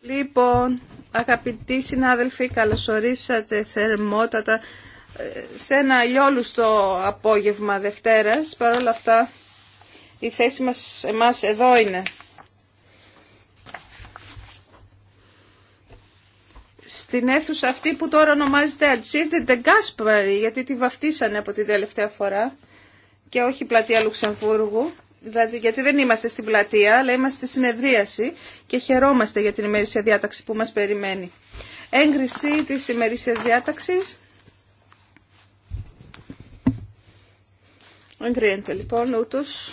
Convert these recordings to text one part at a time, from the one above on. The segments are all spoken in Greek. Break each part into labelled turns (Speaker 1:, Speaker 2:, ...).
Speaker 1: Λοιπόν, αγαπητοί συνάδελφοι, καλωσορίσατε θερμότατα ε, σε ένα αλλιόλουστο απόγευμα Δευτέρας. Παρ' όλα αυτά, η θέση μας εμάς εδώ είναι. Στην αίθουσα αυτή που τώρα ονομάζεται Αλτσίρτε Ντεγκάσπαρη, γιατί τη βαφτίσανε από την τελευταία φορά και όχι πλατεία Λουξεμβούργου δηλαδή γιατί δεν είμαστε στην πλατεία, αλλά είμαστε στη συνεδρίαση και χαιρόμαστε για την ημερήσια διάταξη που μας περιμένει. Έγκριση της ημερήσιας διάταξης. Εγκρίνεται λοιπόν ούτως.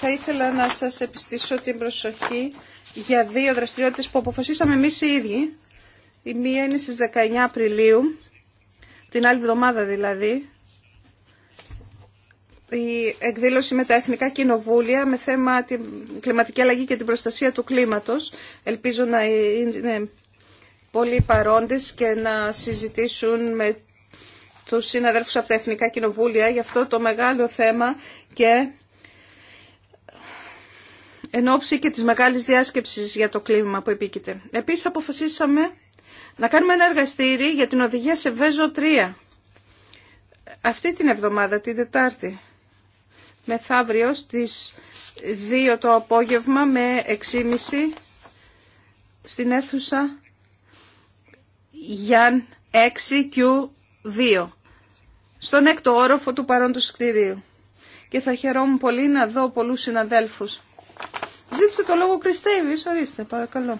Speaker 1: Θα ήθελα να σας επιστήσω την προσοχή για δύο δραστηριότητες που αποφασίσαμε εμείς οι ίδιοι. Η μία είναι στις 19 Απριλίου, την άλλη εβδομάδα δηλαδή, η εκδήλωση με τα Εθνικά Κοινοβούλια με θέμα την κλιματική αλλαγή και την προστασία του κλίματος. Ελπίζω να είναι πολύ παρόντες και να συζητήσουν με τους συναδέλφους από τα Εθνικά Κοινοβούλια για αυτό το μεγάλο θέμα και εν ώψη και της μεγάλης διάσκεψης για το κλίμα που επίκειται. Επίσης αποφασίσαμε να κάνουμε ένα εργαστήρι για την οδηγία σε Βέζο 3 αυτή την εβδομάδα, την Τετάρτη μεθαύριο στις 2 το απόγευμα με 6.30 στην αίθουσα Γιάν 6Q2 στον έκτο όροφο του παρόντος κτηρίου. Και θα χαιρόμουν πολύ να δω πολλούς συναδέλφους. Ζήτησε το λόγο Κριστέιβης, ορίστε παρακαλώ.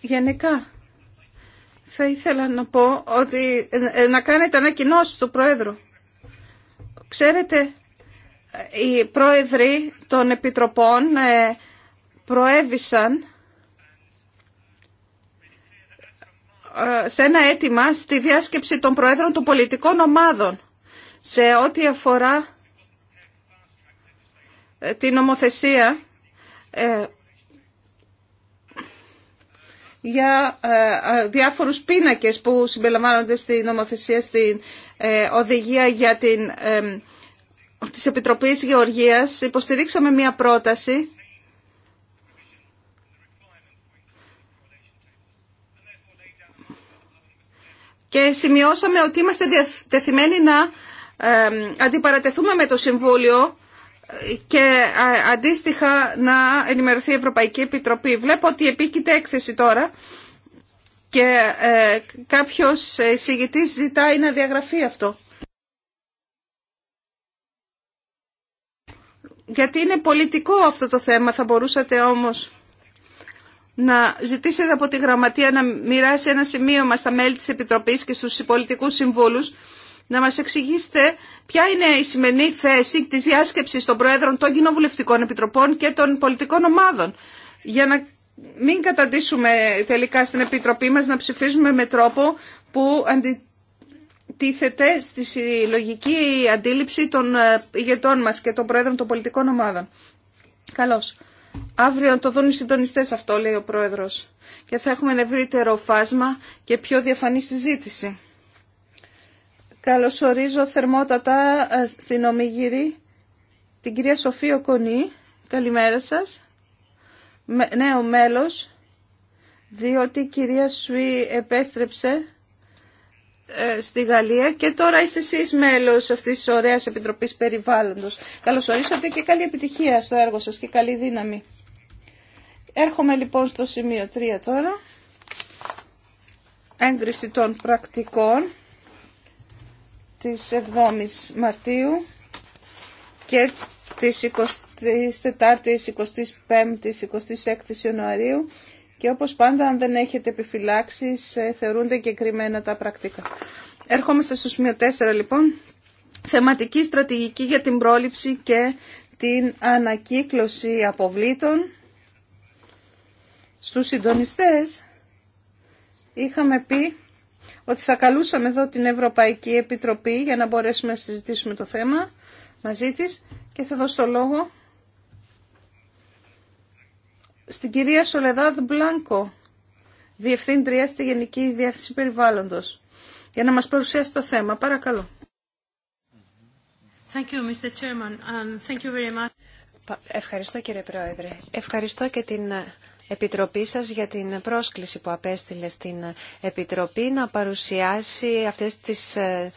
Speaker 1: Γενικά, θα ήθελα να πω ότι ε, ε να κάνετε ανακοινώσει του Πρόεδρου. Ξέρετε, οι πρόεδροι των επιτροπών ε, προέβησαν ε, σε ένα αίτημα στη διάσκεψη των προέδρων των πολιτικών ομάδων σε ό,τι αφορά ε, την νομοθεσία για διάφορους πίνακες που συμπεριλαμβάνονται στη νομοθεσία στην ε, οδηγία για την, ε, της Επιτροπής Γεωργίας υποστηρίξαμε μία πρόταση και σημειώσαμε ότι είμαστε διατεθειμένοι να ε, αντιπαρατεθούμε με το Συμβούλιο και ε, αντίστοιχα να ενημερωθεί η Ευρωπαϊκή Επιτροπή. Βλέπω ότι επίκειται έκθεση τώρα και ε, κάποιος εισηγητής ζητάει να διαγραφεί αυτό. Γιατί είναι πολιτικό αυτό το θέμα, θα μπορούσατε όμως να ζητήσετε από τη Γραμματεία να μοιράσει ένα σημείο μας στα μέλη της Επιτροπής και στους πολιτικούς συμβούλους να μας εξηγήσετε ποια είναι η σημερινή θέση της διάσκεψης των Προέδρων των Κοινοβουλευτικών Επιτροπών και των πολιτικών ομάδων για να μην καταντήσουμε τελικά στην Επιτροπή μας να ψηφίζουμε με τρόπο που αντιτίθεται στη συλλογική αντίληψη των ε, ηγετών μας και των Πρόεδρων των πολιτικών ομάδων. Καλώς. Αύριο το δουν οι συντονιστές αυτό, λέει ο Πρόεδρος. Και θα έχουμε ευρύτερο φάσμα και πιο διαφανή συζήτηση. Καλωσορίζω θερμότατα ε, στην Ομιγύρη την κυρία Σοφία Κονή. Καλημέρα σας νέο μέλος, διότι η κυρία Σουή επέστρεψε ε, στη Γαλλία και τώρα είστε εσείς μέλος αυτής της ωραίας Επιτροπής Περιβάλλοντος. Καλώς και καλή επιτυχία στο έργο σας και καλή δύναμη. Έρχομαι λοιπόν στο σημείο 3 τώρα. Έγκριση των πρακτικών της 7 Μαρτίου και της 24ης, 25ης, 26ης Ιανουαρίου και όπως πάντα αν δεν έχετε επιφυλάξεις ε, θεωρούνται εγκεκριμένα τα πρακτικά. Ερχόμαστε στο σημείο 4 λοιπόν. Θεματική στρατηγική για την πρόληψη και την ανακύκλωση αποβλήτων στους συντονιστές είχαμε πει ότι θα καλούσαμε εδώ την Ευρωπαϊκή Επιτροπή για να μπορέσουμε να συζητήσουμε το θέμα μαζί της και θα δώσω το λόγο στην κυρία Σολεδάδ Μπλάνκο, Διευθύντρια στη Γενική Διεύθυνση Περιβάλλοντος, για να μας παρουσιάσει το θέμα. Παρακαλώ.
Speaker 2: Thank you, Mr. Chairman, and thank you very much. Ευχαριστώ κύριε Πρόεδρε. Ευχαριστώ και την ε, Επιτροπή σας για την πρόσκληση που απέστειλε στην ε, Επιτροπή να παρουσιάσει αυτές τις ε,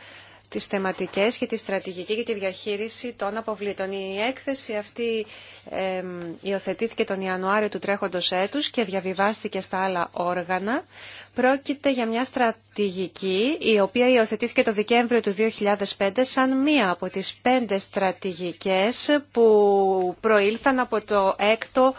Speaker 2: τις θεματικές και τη στρατηγική και τη διαχείριση των αποβλήτων. Η έκθεση αυτή ε, υιοθετήθηκε τον Ιανουάριο του τρέχοντος έτους και διαβιβάστηκε στα άλλα όργανα. Πρόκειται για μια στρατηγική η οποία υιοθετήθηκε το Δεκέμβριο του 2005 σαν μία από τις πέντε στρατηγικές που προήλθαν από το έκτο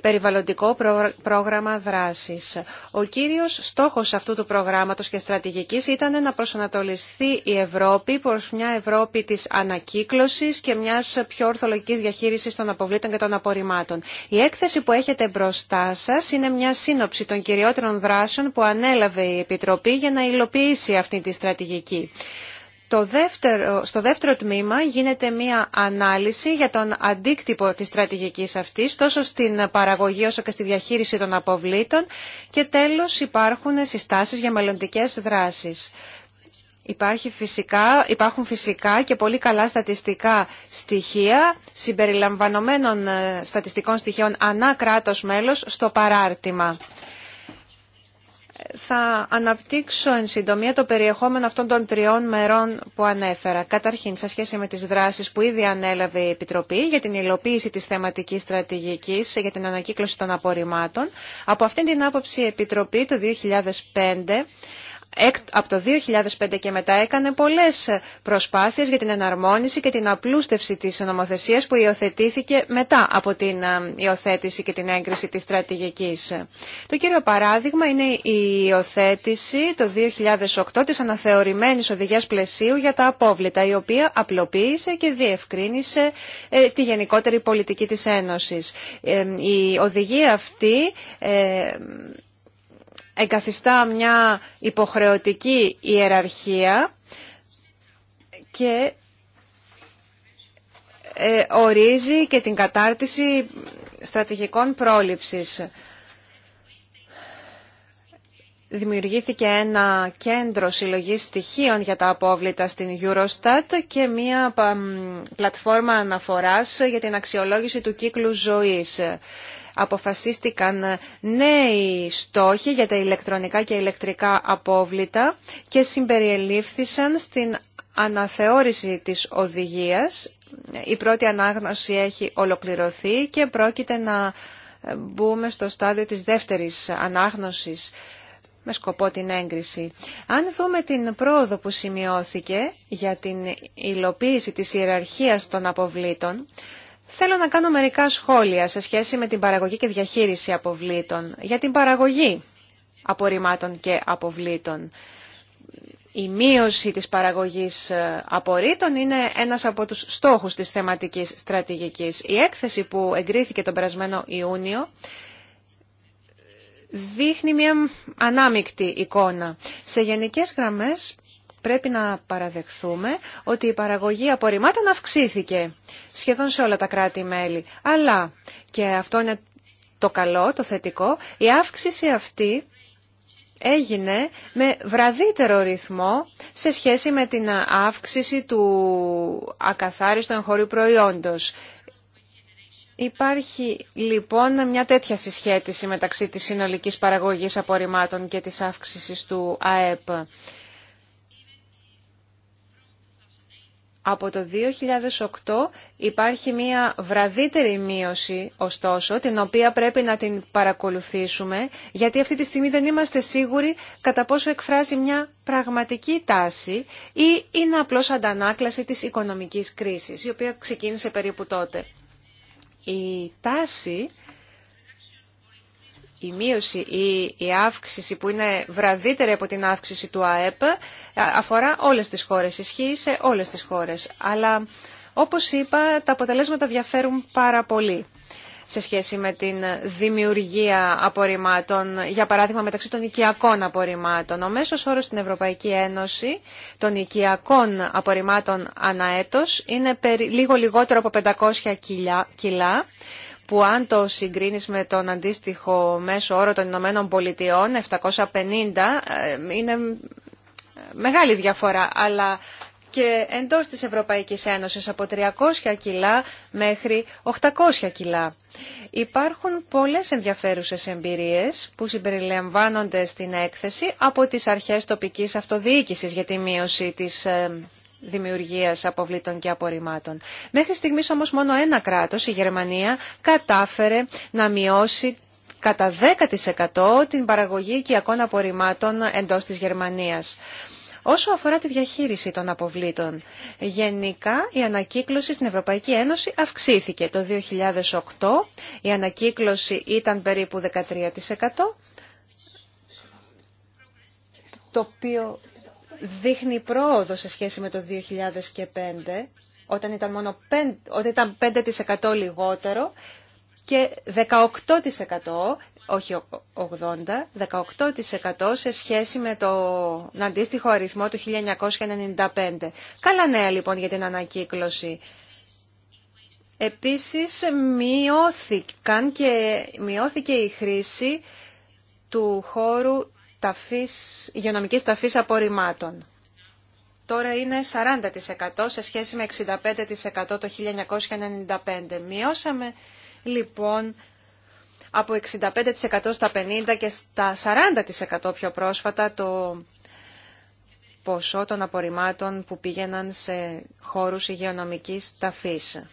Speaker 2: περιβαλλοντικό πρόγραμμα δράσης. Ο κύριος στόχος αυτού του προγράμματος και στρατηγικής ήταν να προσανατολιστεί η Ευρώπη προς μια Ευρώπη της ανακύκλωσης και μιας πιο ορθολογικής διαχείρισης των αποβλήτων και των απορριμμάτων. Η έκθεση που έχετε μπροστά σας είναι μια σύνοψη των κυριότερων δράσεων που ανέλαβε η Επιτροπή για να υλοποιήσει αυτή τη στρατηγική το δεύτερο, στο δεύτερο τμήμα γίνεται μία ανάλυση για τον αντίκτυπο της στρατηγικής αυτής, τόσο στην παραγωγή όσο και στη διαχείριση των αποβλήτων και τέλος υπάρχουν συστάσεις για μελλοντικές δράσεις. Υπάρχει φυσικά, υπάρχουν φυσικά και πολύ καλά στατιστικά στοιχεία συμπεριλαμβανομένων ε, στατιστικών στοιχείων ανά κράτος μέλος στο παράρτημα. Θα αναπτύξω εν συντομία το περιεχόμενο αυτών των τριών μερών που ανέφερα. Καταρχήν, σε σχέση με τις δράσεις που ήδη ανέλαβε η Επιτροπή για την υλοποίηση της θεματικής στρατηγικής για την ανακύκλωση των απορριμμάτων. Από αυτήν την άποψη η Επιτροπή το 2005 από το 2005 και μετά έκανε πολλές προσπάθειες για την εναρμόνιση και την απλούστευση της νομοθεσίας που υιοθετήθηκε μετά από την ε, υιοθέτηση και την έγκριση της στρατηγικής. Το κύριο παράδειγμα είναι η υιοθέτηση το 2008 της αναθεωρημένης οδηγίας πλαισίου για τα απόβλητα, η οποία απλοποίησε και διευκρίνησε ε, τη γενικότερη πολιτική της Ένωσης. Ε, η οδηγία αυτή εγκαθιστά μια υποχρεωτική ιεραρχία και ε, ορίζει και την κατάρτιση στρατηγικών πρόληψης. Δημιουργήθηκε ένα κέντρο συλλογής στοιχείων για τα απόβλητα στην Eurostat και μία πλατφόρμα αναφοράς για την αξιολόγηση του κύκλου ζωής αποφασίστηκαν ε, νέοι στόχοι για τα ηλεκτρονικά και ηλεκτρικά απόβλητα και συμπεριελήφθησαν στην αναθεώρηση της οδηγίας. Η πρώτη ανάγνωση έχει ολοκληρωθεί και πρόκειται να ε, μπούμε στο στάδιο της δεύτερης ανάγνωσης με σκοπό την έγκριση. Αν δούμε την πρόοδο που σημειώθηκε για την υλοποίηση της ιεραρχίας των αποβλήτων, Θέλω να κάνω μερικά σχόλια σε σχέση με την παραγωγή και διαχείριση αποβλήτων. Για την παραγωγή απορριμμάτων και αποβλήτων. Η μείωση της παραγωγής ε, απορρίτων είναι ένας από τους στόχους της θεματικής στρατηγικής. Η έκθεση που εγκρίθηκε τον περασμένο Ιούνιο δείχνει μια ανάμεικτη εικόνα. Σε γενικές γραμμές πρέπει να παραδεχθούμε ότι η παραγωγή απορριμμάτων αυξήθηκε σχεδόν σε όλα τα κράτη-μέλη. Αλλά, και αυτό είναι το καλό, το θετικό, η αύξηση αυτή έγινε με βραδύτερο ρυθμό σε σχέση με την αύξηση του ακαθάριστου εγχωρίου προϊόντος. Υπάρχει λοιπόν μια τέτοια συσχέτιση μεταξύ της συνολικής παραγωγής απορριμμάτων και της αύξησης του ΑΕΠ. Από το 2008 υπάρχει μια βραδύτερη μείωση, ωστόσο, την οποία πρέπει να την παρακολουθήσουμε, γιατί αυτή τη στιγμή δεν είμαστε σίγουροι κατά πόσο εκφράζει μια πραγματική τάση ή είναι απλώς αντανάκλαση της οικονομικής κρίσης, η οποία ξεκίνησε περίπου τότε. Η τάση η μείωση ή η αύξηση που είναι βραδύτερη από την αύξηση του ΑΕΠ αφορά όλες τις χώρες, ισχύει σε όλες τις χώρες. Αλλά όπως είπα τα αποτελέσματα διαφέρουν πάρα πολύ σε σχέση με την δημιουργία απορριμμάτων, για παράδειγμα μεταξύ των οικιακών απορριμμάτων. Ο μέσος όρος στην Ευρωπαϊκή Ένωση των οικιακών απορριμμάτων αναέτος είναι λίγο λιγότερο από 500 κιλά, που αν το συγκρίνεις με τον αντίστοιχο μέσο όρο των Ηνωμένων Πολιτειών, 750, ε, είναι μεγάλη διαφορά, αλλά και εντός της Ευρωπαϊκής Ένωσης από 300 κιλά μέχρι 800 κιλά. Υπάρχουν πολλές ενδιαφέρουσες εμπειρίες που συμπεριλαμβάνονται στην έκθεση από τις αρχές τοπικής αυτοδιοίκησης για τη μείωση της ε, δημιουργίας αποβλήτων και απορριμμάτων. Μέχρι στιγμής όμως μόνο ένα κράτος, η Γερμανία, κατάφερε να μειώσει κατά 10% την παραγωγή οικιακών απορριμμάτων εντός της Γερμανίας. Όσο αφορά τη διαχείριση των αποβλήτων, γενικά η ανακύκλωση στην Ευρωπαϊκή Ένωση αυξήθηκε. Το 2008 η ανακύκλωση ήταν περίπου 13%, το οποίο δείχνει πρόοδο σε σχέση με το 2005, όταν ήταν μόνο 5, ήταν 5% λιγότερο και 18% όχι 80, 18% σε σχέση με τον αντίστοιχο αριθμό του 1995. Καλά νέα λοιπόν για την ανακύκλωση. Επίσης μειώθηκαν και μειώθηκε η χρήση του χώρου ταφής, υγειονομικής ταφής απορριμμάτων. Τώρα είναι 40% σε σχέση με 65% το 1995. Μειώσαμε λοιπόν από 65% στα 50% και στα 40% πιο πρόσφατα το ποσό των απορριμμάτων που πήγαιναν σε χώρους υγειονομικής ταφής.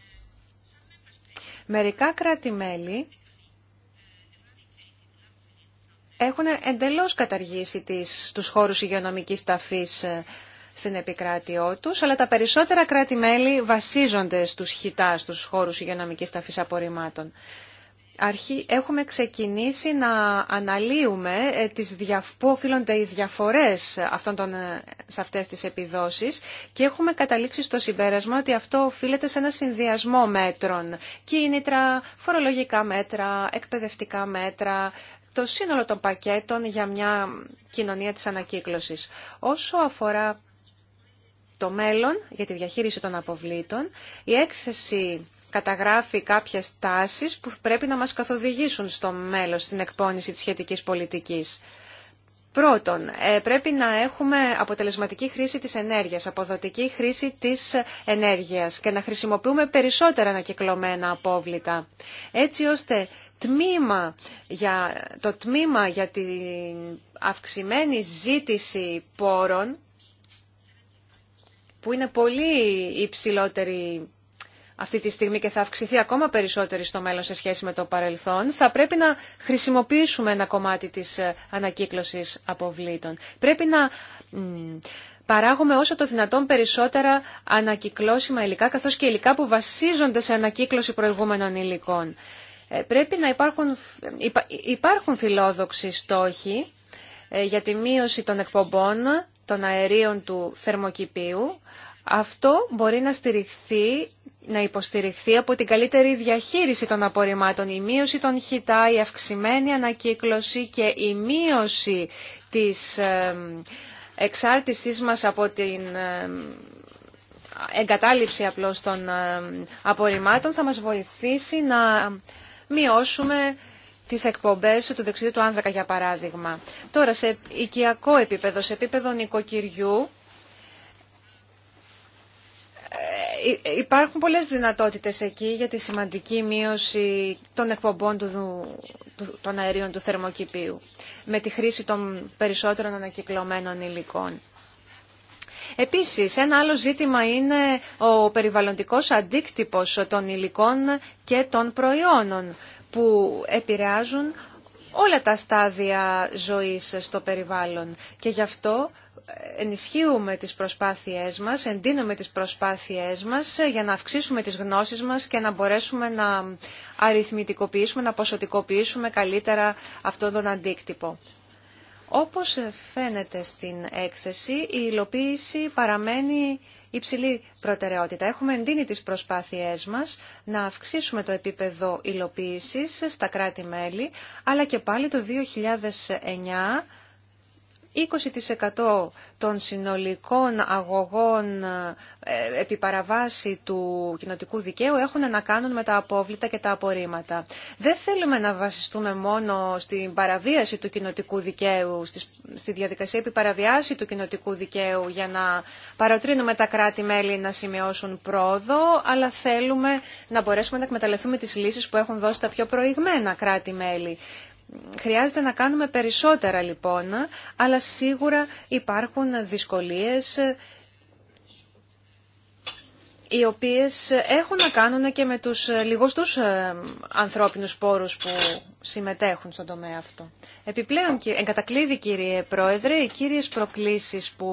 Speaker 2: Μερικά κράτη-μέλη έχουν εντελώς καταργήσει τις, τους χώρους υγειονομικής ταφής ε, στην επικράτειό τους, αλλά τα περισσότερα κράτη-μέλη βασίζονται στους χιτά, στους χώρους υγειονομικής ταφής απορριμμάτων. Αρχή, έχουμε ξεκινήσει να αναλύουμε ε, τις που οφείλονται οι διαφορές ε, αυτών των, σε αυτές τις επιδόσεις και έχουμε καταλήξει στο συμπέρασμα ότι αυτό οφείλεται σε ένα συνδυασμό μέτρων, κίνητρα, φορολογικά μέτρα, εκπαιδευτικά μέτρα, το σύνολο των πακέτων για μια κοινωνία της ανακύκλωσης. Όσο αφορά το μέλλον για τη διαχείριση των αποβλήτων, η έκθεση καταγράφει κάποιες τάσεις που πρέπει να μας καθοδηγήσουν στο μέλλον στην εκπόνηση της σχετικής πολιτικής. Πρώτον, ε, πρέπει να έχουμε αποτελεσματική χρήση της ενέργειας, αποδοτική χρήση της ενέργειας και να χρησιμοποιούμε περισσότερα ανακυκλωμένα απόβλητα, έτσι ώστε τμήμα για, το τμήμα για την αυξημένη ζήτηση πόρων που είναι πολύ υψηλότερη αυτή τη στιγμή και θα αυξηθεί ακόμα περισσότερο στο μέλλον σε σχέση με το παρελθόν, θα πρέπει να χρησιμοποιήσουμε ένα κομμάτι της ε, ανακύκλωσης αποβλήτων. Πρέπει να παράγουμε όσο το δυνατόν περισσότερα ανακυκλώσιμα υλικά, καθώς και υλικά που βασίζονται σε ανακύκλωση προηγούμενων υλικών. Ε, πρέπει να υπάρχουν, υπάρχουν φιλόδοξοι στόχοι ε, για τη μείωση των εκπομπών των αερίων του θερμοκηπίου. Αυτό μπορεί να στηριχθεί να υποστηριχθεί από την καλύτερη διαχείριση των απορριμμάτων, η μείωση των χιτά, η αυξημένη ανακύκλωση και η μείωση της ε, εξάρτησής μας από την εγκατάλειψη απλώς των απορριμμάτων θα μας βοηθήσει να μειώσουμε τις εκπομπές του δεξιού του άνδρακα για παράδειγμα. Τώρα, σε οικιακό επίπεδο, σε επίπεδο νοικοκυριού, ε, υπάρχουν πολλές δυνατότητες εκεί για τη σημαντική μείωση των εκπομπών του, των αερίων του θερμοκηπίου με τη χρήση των περισσότερων ανακυκλωμένων υλικών. Επίσης, ένα άλλο ζήτημα είναι ο περιβαλλοντικός αντίκτυπος των υλικών και των προϊόνων που επηρεάζουν όλα τα στάδια ζωής στο περιβάλλον. Και γι' αυτό ε, ενισχύουμε τις προσπάθειές μας, εντείνουμε τις προσπάθειές μας ε, για να αυξήσουμε τις γνώσεις μας και να μπορέσουμε να αριθμητικοποιήσουμε, να ποσοτικοποιήσουμε καλύτερα αυτόν τον αντίκτυπο. Όπως φαίνεται στην έκθεση, η υλοποίηση παραμένει υψηλή προτεραιότητα. Έχουμε εντείνει τις προσπάθειές μας να αυξήσουμε το επίπεδο υλοποίησης στα κράτη-μέλη, αλλά και πάλι το 2009 20% των συνολικών αγωγών ε, επί παραβάση του κοινοτικού δικαίου έχουν να κάνουν με τα απόβλητα και τα απορρίμματα. Δεν θέλουμε να βασιστούμε μόνο στην παραβίαση του κοινοτικού δικαίου, στη διαδικασία επί παραβιάση του κοινοτικού δικαίου για να παροτρύνουμε τα κράτη-μέλη να σημειώσουν πρόοδο, αλλά θέλουμε να μπορέσουμε να εκμεταλλευτούμε τις λύσεις που έχουν δώσει τα πιο προηγμένα κράτη-μέλη. Χρειάζεται να κάνουμε περισσότερα λοιπόν, αλλά σίγουρα υπάρχουν δυσκολίες οι οποίες έχουν να κάνουν και με τους λιγοστούς ε, ανθρώπινους πόρους που συμμετέχουν στον τομέα αυτό. Επιπλέον, εγκατακλείδη κύριε Πρόεδρε, οι κύριες προκλήσεις που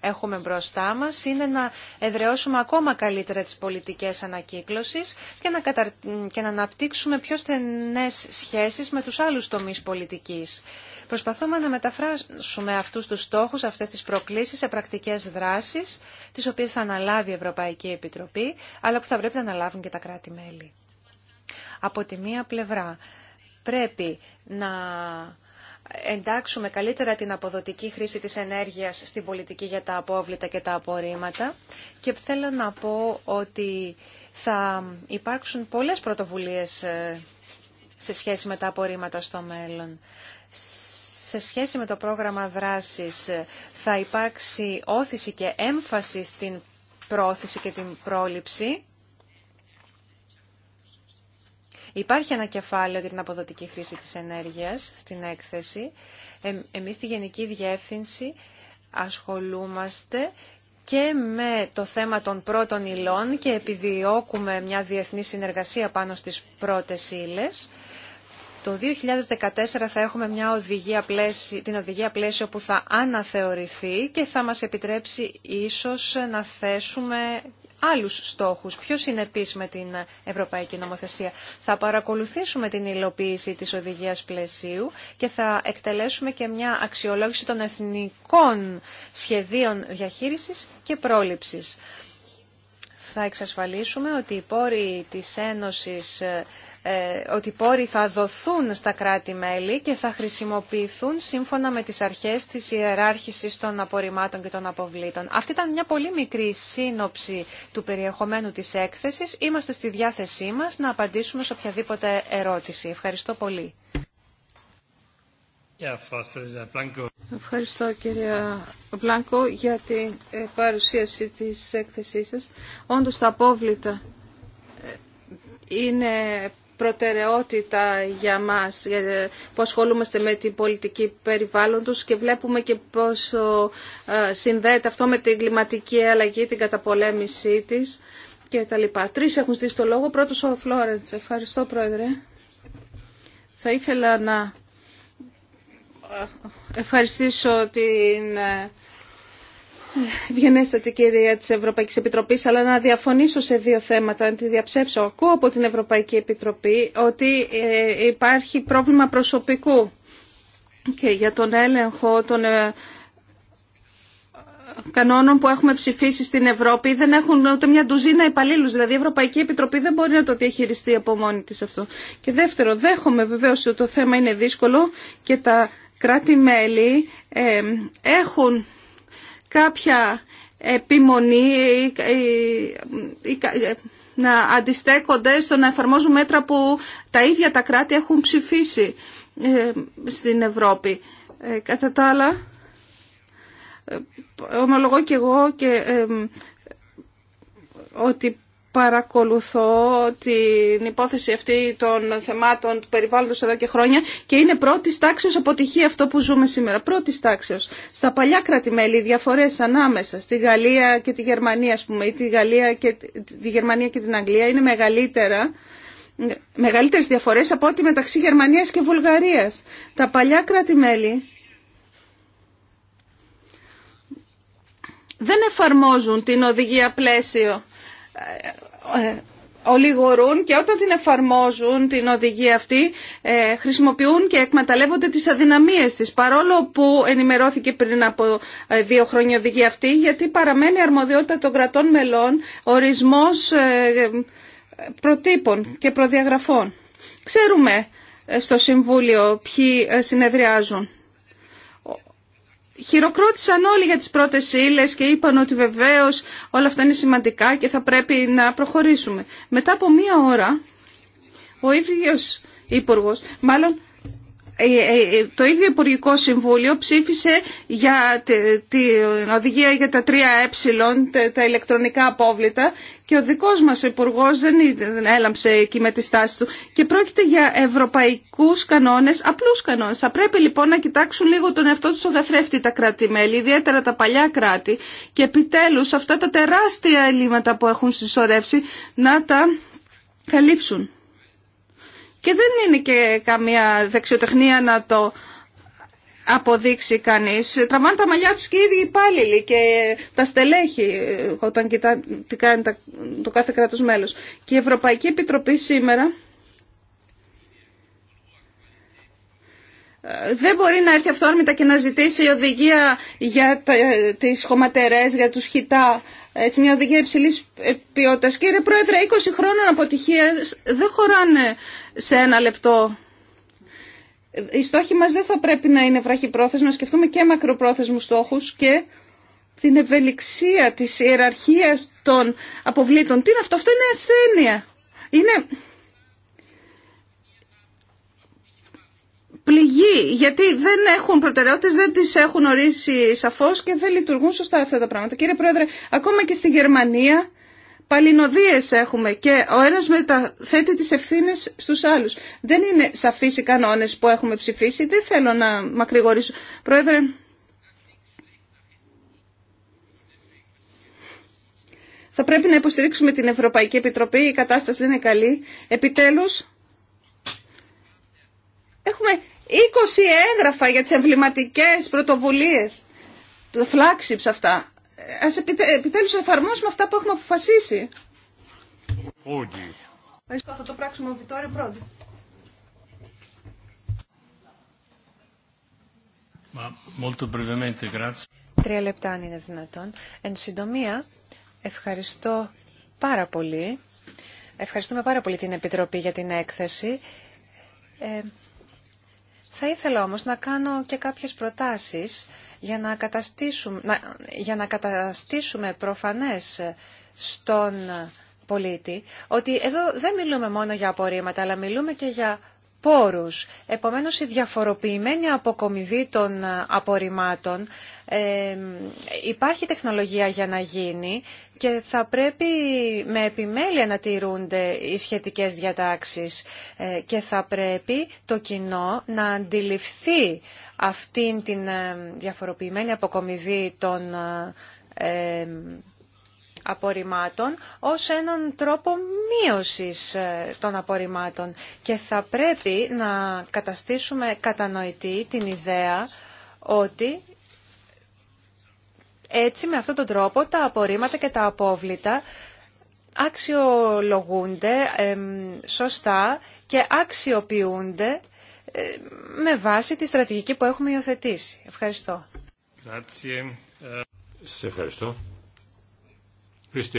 Speaker 2: έχουμε μπροστά μας είναι να εδραιώσουμε ακόμα καλύτερα τις πολιτικές ανακύκλωσης και να, καταρ... και να αναπτύξουμε πιο στενές σχέσεις με τους άλλους τομείς πολιτικής. Προσπαθούμε να μεταφράσουμε αυτούς τους στόχους, αυτές τις προκλήσεις σε πρακτικές δράσεις, τις οποίες θα αναλάβει η Ευρωπαϊκή Επιτροπή, αλλά που θα πρέπει να αναλάβουν και τα κράτη-μέλη. Από τη μία πλευρά πρέπει να εντάξουμε καλύτερα την αποδοτική χρήση της ενέργειας στην πολιτική για τα απόβλητα και τα απορρίμματα και θέλω να πω ότι θα υπάρξουν πολλές πρωτοβουλίες ε, σε σχέση με τα απορρίμματα στο μέλλον σε σχέση με το πρόγραμμα δράσης ε, θα υπάρξει όθηση και έμφαση στην πρόθεση και την πρόληψη. Υπάρχει ένα κεφάλαιο για την αποδοτική χρήση της ενέργειας στην έκθεση. Ε, εμείς στη Γενική Διεύθυνση ασχολούμαστε και με το θέμα των πρώτων υλών και επιδιώκουμε μια διεθνή συνεργασία πάνω στις πρώτες ύλες. Το 2014 θα έχουμε μια οδηγία πλαίση, την οδηγία πλαίσιο που θα αναθεωρηθεί και θα μας επιτρέψει ίσως να θέσουμε άλλους στόχους, πιο συνεπείς με την Ευρωπαϊκή Νομοθεσία. Θα παρακολουθήσουμε την υλοποίηση της οδηγίας πλαισίου και θα εκτελέσουμε και μια αξιολόγηση των εθνικών σχεδίων διαχείρισης και πρόληψης θα εξασφαλίσουμε ότι οι πόροι της Ένωσης ε, ότι οι πόροι θα δοθούν στα κράτη-μέλη και θα χρησιμοποιηθούν σύμφωνα με τις αρχές της ιεράρχησης των απορριμμάτων και των αποβλήτων. Αυτή ήταν μια πολύ μικρή σύνοψη του περιεχομένου της έκθεσης. Είμαστε στη διάθεσή μας να απαντήσουμε σε οποιαδήποτε ερώτηση. Ευχαριστώ πολύ.
Speaker 1: Ευχαριστώ κυρία Μπλάνκο για την ε, παρουσίαση της έκθεσής σας. Όντως τα απόβλητα ε, είναι προτεραιότητα για μας ε, που ασχολούμαστε με την πολιτική περιβάλλοντος και βλέπουμε και πόσο συνδέεται αυτό με την κλιματική αλλαγή, την καταπολέμησή της και τα λοιπά. Τρεις έχουν στήσει το λόγο. Πρώτος ο Φλόρεντς. Ευχαριστώ πρόεδρε. Θα ήθελα να ευχαριστήσω την Βγενέστατη ε, κυρία της Ευρωπαϊκής Επιτροπής, αλλά να διαφωνήσω σε δύο θέματα, να τη διαψεύσω. Ακούω από την Ευρωπαϊκή Επιτροπή ότι ε, υπάρχει πρόβλημα προσωπικού και για τον έλεγχο των ε, κανόνων που έχουμε ψηφίσει στην Ευρώπη δεν έχουν ούτε μια ντουζίνα υπαλλήλου. Δηλαδή η Ευρωπαϊκή Επιτροπή δεν μπορεί να το διαχειριστεί από μόνη τη αυτό. Και δεύτερο, δέχομαι βεβαίω ότι το θέμα είναι δύσκολο και τα κράτη-μέλη ε, έχουν κάποια επιμονή ε, να αντιστέκονται στο να εφαρμόζουν μέτρα που τα ίδια τα κράτη έχουν ψηφίσει ε, στην Ευρώπη. Κατά τα άλλα, ομολογώ και εγώ και ότι παρακολουθώ την υπόθεση αυτή των θεμάτων του περιβάλλοντος εδώ και χρόνια και είναι πρώτη τάξεως αποτυχία αυτό που ζούμε σήμερα. Πρώτη τάξεως. Στα παλιά κράτη-μέλη οι διαφορές ανάμεσα στη Γαλλία και τη Γερμανία, ας πούμε, ή τη, Γαλλία και, τη Γερμανία και την Αγγλία είναι μεγαλύτερα μεγαλύτερες διαφορές από ό,τι μεταξύ Γερμανίας και Βουλγαρίας. Τα παλιά κράτη-μέλη δεν εφαρμόζουν την οδηγία πλαίσιο ε, ολιγορούν και όταν την εφαρμόζουν την οδηγία αυτή ε, χρησιμοποιούν και εκμεταλλεύονται τις αδυναμίες της παρόλο που ενημερώθηκε πριν από ε, δύο χρόνια οδηγία αυτή γιατί παραμένει αρμοδιότητα των κρατών μελών ορισμός προτύπων και προδιαγραφών. Ξέρουμε στο Συμβούλιο ποιοι συνεδριάζουν χειροκρότησαν όλοι για τις πρώτες ύλε και είπαν ότι βεβαίως όλα αυτά είναι σημαντικά και θα πρέπει να προχωρήσουμε. Μετά από μία ώρα ο ίδιος υπουργός, μάλλον ε, ε, ε, το ίδιο Υπουργικό Συμβούλιο ψήφισε για την οδηγία για τα 3 ε, τα ηλεκτρονικά απόβλητα και ο δικός μας υπουργό δεν έλαμψε εκεί με τη στάση του και πρόκειται για ευρωπαϊκούς κανόνες, απλούς κανόνες. Θα πρέπει λοιπόν να κοιτάξουν λίγο τον εαυτό του στον τα κράτη-μέλη, ιδιαίτερα τα παλιά κράτη και επιτέλους αυτά τα τεράστια ελλείμματα που έχουν συσσωρεύσει να τα καλύψουν. Και δεν είναι και καμία δεξιοτεχνία να το αποδείξει κανείς. Τραβάνε τα μαλλιά τους και οι ίδιοι υπάλληλοι και τα στελέχη όταν κοιτάνε τι κάνει το κάθε κράτος μέλος. Και η Ευρωπαϊκή Επιτροπή σήμερα ε, δεν μπορεί να έρθει αυθόρμητα και να ζητήσει οδηγία για τις χωματερές, για τους χιτά έτσι μια οδηγία υψηλή ποιότητα. Κύριε Πρόεδρε, 20 χρόνων αποτυχία δεν χωράνε σε ένα λεπτό. Οι στόχοι μα δεν θα πρέπει να είναι βραχυπρόθεσμοι, να σκεφτούμε και μακροπρόθεσμου στόχους και την ευελιξία τη ιεραρχία των αποβλήτων. Τι είναι αυτό, αυτό είναι ασθένεια. Είναι Πληγή, γιατί δεν έχουν προτεραιότητε, δεν τις έχουν ορίσει σαφώς και δεν λειτουργούν σωστά αυτά τα πράγματα. Κύριε Πρόεδρε, ακόμα και στη Γερμανία παλινοδίες έχουμε και ο ένας μεταθέτει τις ευθύνε στους άλλους. Δεν είναι σαφεί οι κανόνες που έχουμε ψηφίσει, δεν θέλω να μακρηγορήσω. Πρόεδρε, θα πρέπει να υποστηρίξουμε την Ευρωπαϊκή Επιτροπή, η κατάσταση δεν είναι καλή. Επιτέλους, έχουμε 20 έγγραφα για τις εμβληματικές πρωτοβουλίες. Το flagships αυτά. Ας επιτε... επιτέλους εφαρμόσουμε αυτά που έχουμε αποφασίσει. Όχι. Ευχαριστώ, θα το πράξουμε ο Βιτόριο
Speaker 2: Τρία λεπτά αν είναι δυνατόν. Εν συντομία, ευχαριστώ πάρα πολύ. Ευχαριστούμε πάρα πολύ την Επιτροπή για την έκθεση. Ε, θα ήθελα όμως να κάνω και κάποιες προτάσεις για να καταστήσουμε, να, για να καταστήσουμε προφανές στον πολίτη ότι εδώ δεν μιλούμε μόνο για απορρίμματα, αλλά μιλούμε και για πόρους. Επομένως, η διαφοροποιημένη αποκομιδή των απορριμμάτων ε, υπάρχει τεχνολογία για να γίνει και θα πρέπει με επιμέλεια να τηρούνται οι σχετικές διατάξεις ε, και θα πρέπει το κοινό να αντιληφθεί αυτήν την ε, διαφοροποιημένη αποκομιδή των ε, απορριμμάτων ως έναν τρόπο μείωσης ε, των απορριμμάτων και θα πρέπει να καταστήσουμε κατανοητή την ιδέα ότι έτσι με αυτόν τον τρόπο τα απορρίμματα και τα απόβλητα αξιολογούνται σωστά και αξιοποιούνται ε, με βάση τη στρατηγική που έχουμε υιοθετήσει. Ευχαριστώ.
Speaker 3: Ε, Σας ευχαριστώ. Chris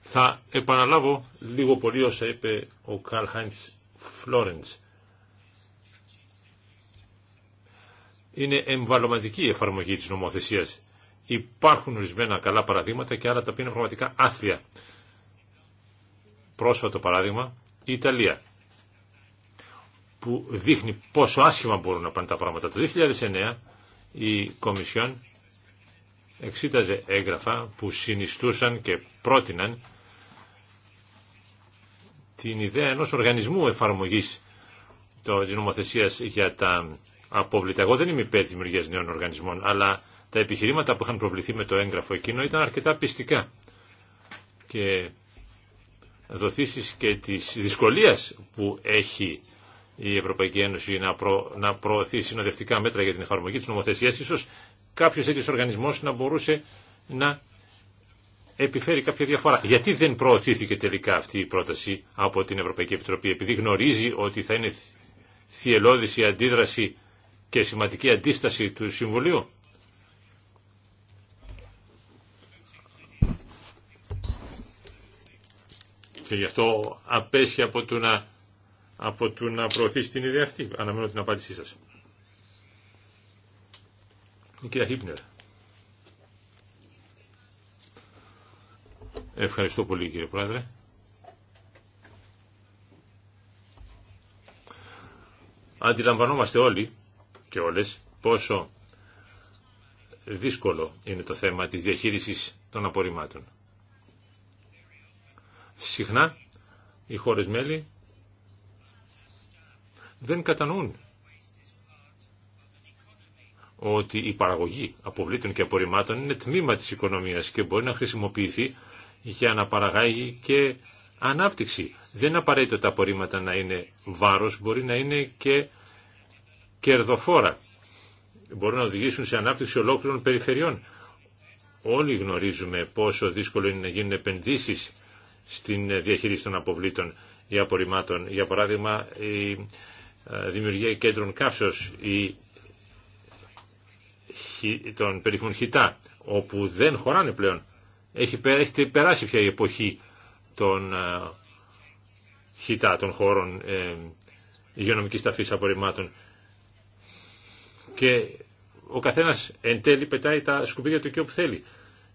Speaker 3: Θα επαναλάβω λίγο πολύ όσα είπε ο Καρλ Χάιντς Φλόρεντς. Είναι εμβαλωματική η εφαρμογή της νομοθεσίας. Υπάρχουν ορισμένα καλά παραδείγματα και άλλα τα οποία είναι πραγματικά άθλια. Πρόσφατο παράδειγμα, η Ιταλία που δείχνει πόσο άσχημα μπορούν να πάνε τα πράγματα. Το 2009 η Κομισιόν εξήταζε έγγραφα που συνιστούσαν και πρότειναν την ιδέα ενός οργανισμού εφαρμογής της νομοθεσίας για τα απόβλητα. Εγώ δεν είμαι υπέρ της δημιουργίας νέων οργανισμών, αλλά τα επιχειρήματα που είχαν προβληθεί με το έγγραφο εκείνο ήταν αρκετά πιστικά. Και δοθήσεις και της δυσκολίας που έχει η Ευρωπαϊκή Ένωση να, προ, να προωθεί συνοδευτικά μέτρα για την εφαρμογή της νομοθεσίας, ίσως κάποιος τέτοιος οργανισμός να μπορούσε να επιφέρει κάποια διαφορά. Γιατί δεν προωθήθηκε τελικά αυτή η πρόταση από την Ευρωπαϊκή Επιτροπή, επειδή γνωρίζει ότι θα είναι θυελώδης η αντίδραση και σημαντική αντίσταση του Συμβουλίου. Και γι' αυτό απέσχει από το να από του να προωθήσει την ιδέα αυτή. Αναμένω την απάντησή σας. Η Χίπνερ. Ευχαριστώ πολύ κύριε Πρόεδρε. Αντιλαμβανόμαστε όλοι και όλες πόσο δύσκολο είναι το θέμα της διαχείρισης των απορριμμάτων. Συχνά οι χώρες μέλη δεν κατανοούν ότι η παραγωγή αποβλήτων και απορριμμάτων είναι τμήμα της οικονομίας και μπορεί να χρησιμοποιηθεί για να παραγάγει και ανάπτυξη. Δεν είναι απαραίτητο τα απορρίμματα να είναι βάρος, μπορεί να είναι και κερδοφόρα. Μπορούν να οδηγήσουν σε ανάπτυξη ολόκληρων περιφερειών. Όλοι γνωρίζουμε πόσο δύσκολο είναι να γίνουν επενδύσεις στην διαχείριση των αποβλήτων ή απορριμμάτων. Για παράδειγμα, η δημιουργία κέντρων καύσεως ή των περιφημών χιτά, όπου δεν χωράνε πλέον. Έχει, περάσει πια η εποχή των ε, χιτά, των χώρων ε, υγειονομικής ταφής απορριμμάτων. Και ο καθένας εν τέλει πετάει τα σκουπίδια του και όπου θέλει.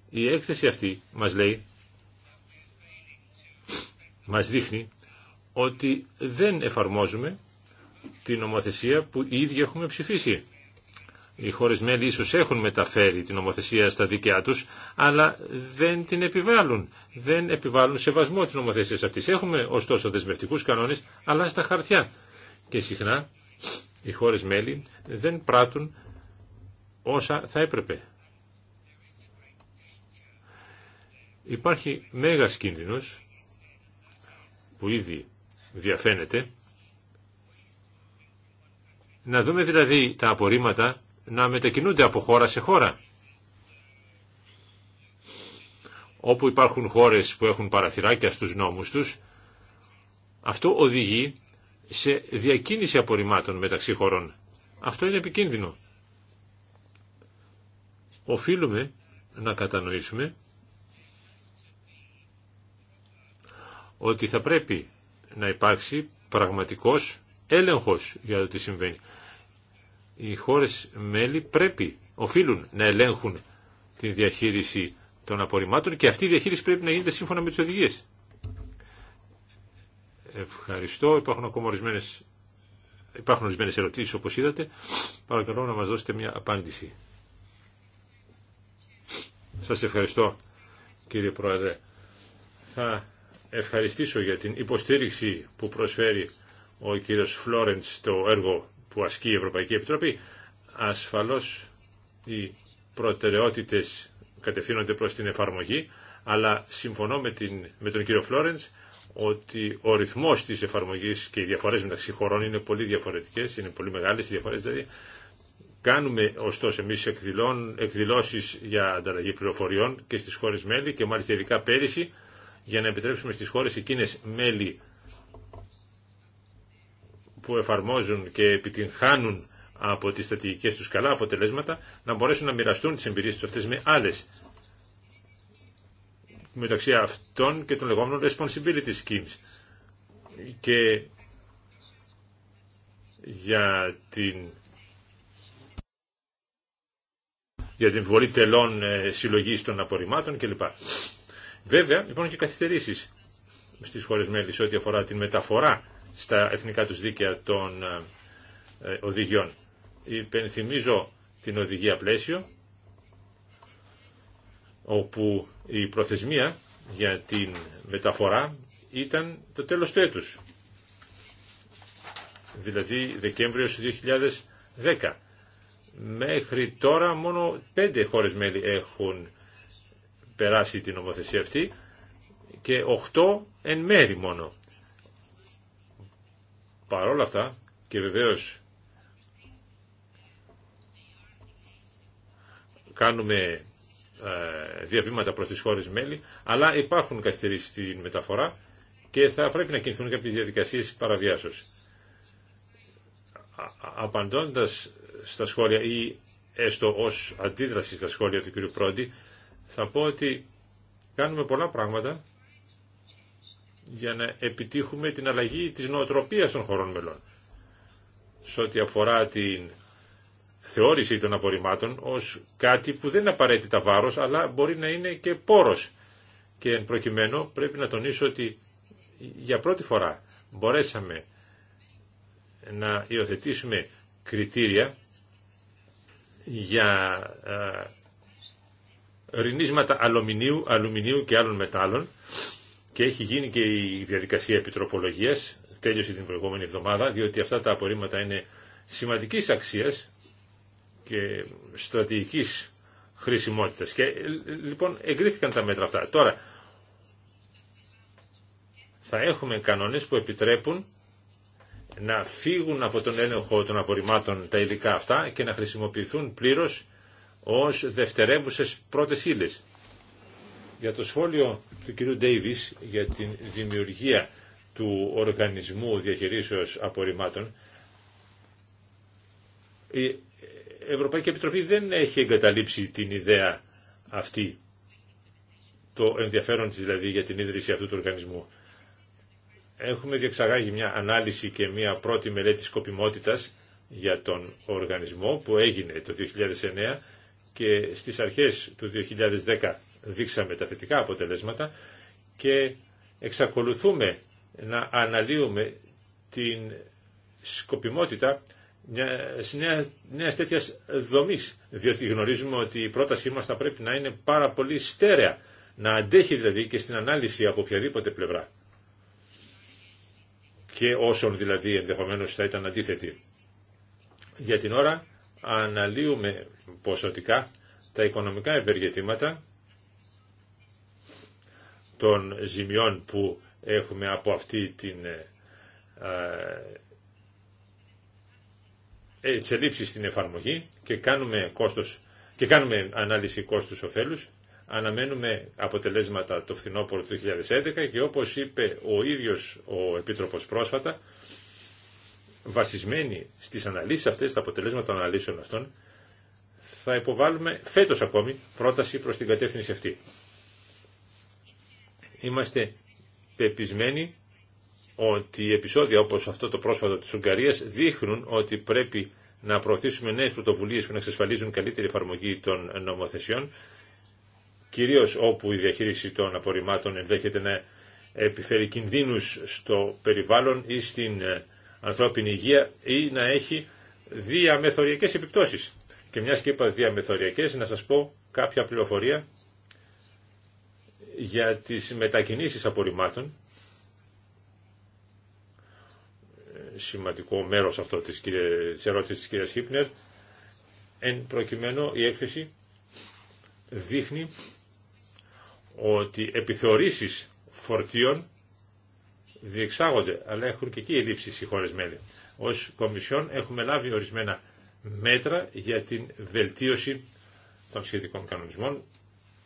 Speaker 3: Η έκθεση αυτή μας λέει, μας δείχνει ότι δεν εφαρμόζουμε την νομοθεσία που ίδιοι έχουμε ψηφίσει. Οι χώρες μέλη ίσως έχουν μεταφέρει την νομοθεσία στα δικιά τους, αλλά δεν την επιβάλλουν. Δεν επιβάλλουν σεβασμό της νομοθεσίας αυτής. Έχουμε ωστόσο δεσμευτικούς κανόνες, αλλά στα χαρτιά. Και συχνά οι χώρες μέλη δεν πράττουν όσα θα έπρεπε. Υπάρχει μέγας κίνδυνος που ήδη διαφαίνεται να δούμε δηλαδή τα απορρίμματα να μετακινούνται από χώρα σε χώρα. Όπου υπάρχουν χώρες που έχουν παραθυράκια στους νόμους τους, αυτό οδηγεί σε διακίνηση απορριμμάτων μεταξύ χωρών. Αυτό είναι επικίνδυνο. Οφείλουμε να κατανοήσουμε ότι θα πρέπει να υπάρξει πραγματικός έλεγχος για το τι συμβαίνει οι χώρες μέλη πρέπει, οφείλουν να ελέγχουν τη διαχείριση των απορριμμάτων και αυτή η διαχείριση πρέπει να γίνεται σύμφωνα με τις οδηγίες. Ευχαριστώ. Υπάρχουν ακόμα ορισμένες, υπάρχουν ορισμένες ερωτήσεις όπως είδατε. Παρακαλώ να μας δώσετε μια απάντηση. Σας ευχαριστώ κύριε Πρόεδρε. Θα ευχαριστήσω για την υποστήριξη που προσφέρει ο κύριος Φλόρεντς στο έργο που ασκεί η Ευρωπαϊκή Επιτροπή. Ασφαλώς οι προτεραιότητες κατευθύνονται προς την εφαρμογή, αλλά συμφωνώ με, την, με τον κύριο Φλόρενς ότι ο ρυθμός της εφαρμογής και οι διαφορές μεταξύ χωρών είναι πολύ διαφορετικές, είναι πολύ μεγάλες οι διαφορές δηλαδή. Κάνουμε ωστόσο εμείς εκδηλώσεις για ανταλλαγή πληροφοριών και στις χώρες μέλη και μάλιστα ειδικά πέρυσι για να επιτρέψουμε στις χώρες εκείνες μέλη που εφαρμόζουν και επιτυγχάνουν από τις στρατηγικές τους καλά αποτελέσματα να μπορέσουν να μοιραστούν τις εμπειρίες τους αυτές με άλλες μεταξύ αυτών και των λεγόμενων responsibility schemes και για την για την βολή τελών ε, συλλογής των απορριμμάτων κλπ. Βέβαια, υπάρχουν και καθυστερήσεις στις χώρες μέλη ό,τι αφορά την μεταφορά στα εθνικά τους δίκαια των ε, ε, οδηγιών. Υπενθυμίζω την οδηγία πλαίσιο, όπου η προθεσμία για την μεταφορά ήταν το τέλος του έτους, δηλαδή Δεκέμβριος 2010. Μέχρι τώρα μόνο πέντε χώρες μέλη έχουν περάσει την νομοθεσία αυτή και οχτώ εν μέρη μόνο. Παρόλα αυτά και βεβαίως κάνουμε ε, διαβήματα προς τις χώρες μέλη, αλλά υπάρχουν καθυστερήσεις στην μεταφορά και θα πρέπει να κινηθούν κάποιες διαδικασίες παραβιάσεως. Απαντώντας στα σχόλια ή έστω ως αντίδραση στα σχόλια του κ. Πρόντι, θα πω ότι κάνουμε πολλά πράγματα για να επιτύχουμε την αλλαγή της νοοτροπίας των χωρών μελών σε ό,τι αφορά την θεώρηση των απορριμμάτων ως κάτι που δεν είναι απαραίτητα βάρος αλλά μπορεί να είναι και πόρος και εν προκειμένου πρέπει να τονίσω ότι για πρώτη φορά μπορέσαμε να υιοθετήσουμε κριτήρια για ε, ρινίσματα αλουμινίου, αλουμινίου και άλλων μετάλλων και έχει γίνει και η διαδικασία επιτροπολογίας, τέλειωσε την προηγούμενη εβδομάδα, διότι αυτά τα απορρίμματα είναι σημαντικής αξίας και στρατηγικής χρησιμότητας. Και ε, λοιπόν εγκρίθηκαν τα μέτρα αυτά. Τώρα, θα έχουμε κανόνες που επιτρέπουν να φύγουν από τον έλεγχο των απορριμμάτων τα υλικά αυτά και να χρησιμοποιηθούν πλήρως ως δευτερεύουσες πρώτες ύλες. Για το σχόλιο του κυρίου Ντέιβις για την δημιουργία του Οργανισμού Διαχειρίσεως Απορριμμάτων. Η Ευρωπαϊκή Επιτροπή δεν έχει εγκαταλείψει την ιδέα αυτή, το ενδιαφέρον της δηλαδή για την ίδρυση αυτού του οργανισμού. Έχουμε διεξαγάγει μια ανάλυση και μια πρώτη μελέτη σκοπιμότητας για τον οργανισμό που έγινε το 2009 και στις αρχές του 2010 δείξαμε τα θετικά αποτελέσματα και εξακολουθούμε να αναλύουμε την σκοπιμότητα μια νέα τέτοια δομή. Διότι γνωρίζουμε ότι η πρότασή μα θα πρέπει να είναι πάρα πολύ στέρεα. Να αντέχει δηλαδή και στην ανάλυση από οποιαδήποτε πλευρά. Και όσων δηλαδή ενδεχομένω θα ήταν αντίθετη. Για την ώρα αναλύουμε ποσοτικά τα οικονομικά ευεργετήματα των ζημιών που έχουμε από αυτή την ε, ε, ελλείψη στην εφαρμογή και κάνουμε, κόστος, και κάνουμε ανάλυση κόστους ωφέλους. Αναμένουμε αποτελέσματα το φθινόπωρο του 2011 και όπως είπε ο ίδιος ο Επίτροπος πρόσφατα, βασισμένοι στις αναλύσεις αυτές, τα αποτελέσματα των αναλύσεων αυτών, θα υποβάλουμε φέτος ακόμη πρόταση προς την κατεύθυνση αυτή. Είμαστε πεπισμένοι ότι οι επεισόδια όπως αυτό το πρόσφατο της Ουγγαρίας δείχνουν ότι πρέπει να προωθήσουμε νέες πρωτοβουλίες που να εξασφαλίζουν καλύτερη εφαρμογή των νομοθεσιών, κυρίως όπου η διαχείριση των απορριμμάτων ενδέχεται να επιφέρει κινδύνους στο περιβάλλον ή στην ε, ανθρώπινη υγεία ή να έχει διαμεθοριακές επιπτώσεις. Και μιας και είπα διαμεθοριακές, να σας πω κάποια πληροφορία για τις μετακινήσεις απορριμμάτων. Σημαντικό μέρος αυτό της, της ερώτησης της κυρίας Χίπνερ. Εν προκειμένου η έκθεση δείχνει ότι επιθεωρήσεις φορτίων διεξάγονται, αλλά έχουν και εκεί ελλείψει οι χώρε μέλη. Ω Κομισιόν έχουμε λάβει ορισμένα μέτρα για την βελτίωση των σχετικών κανονισμών,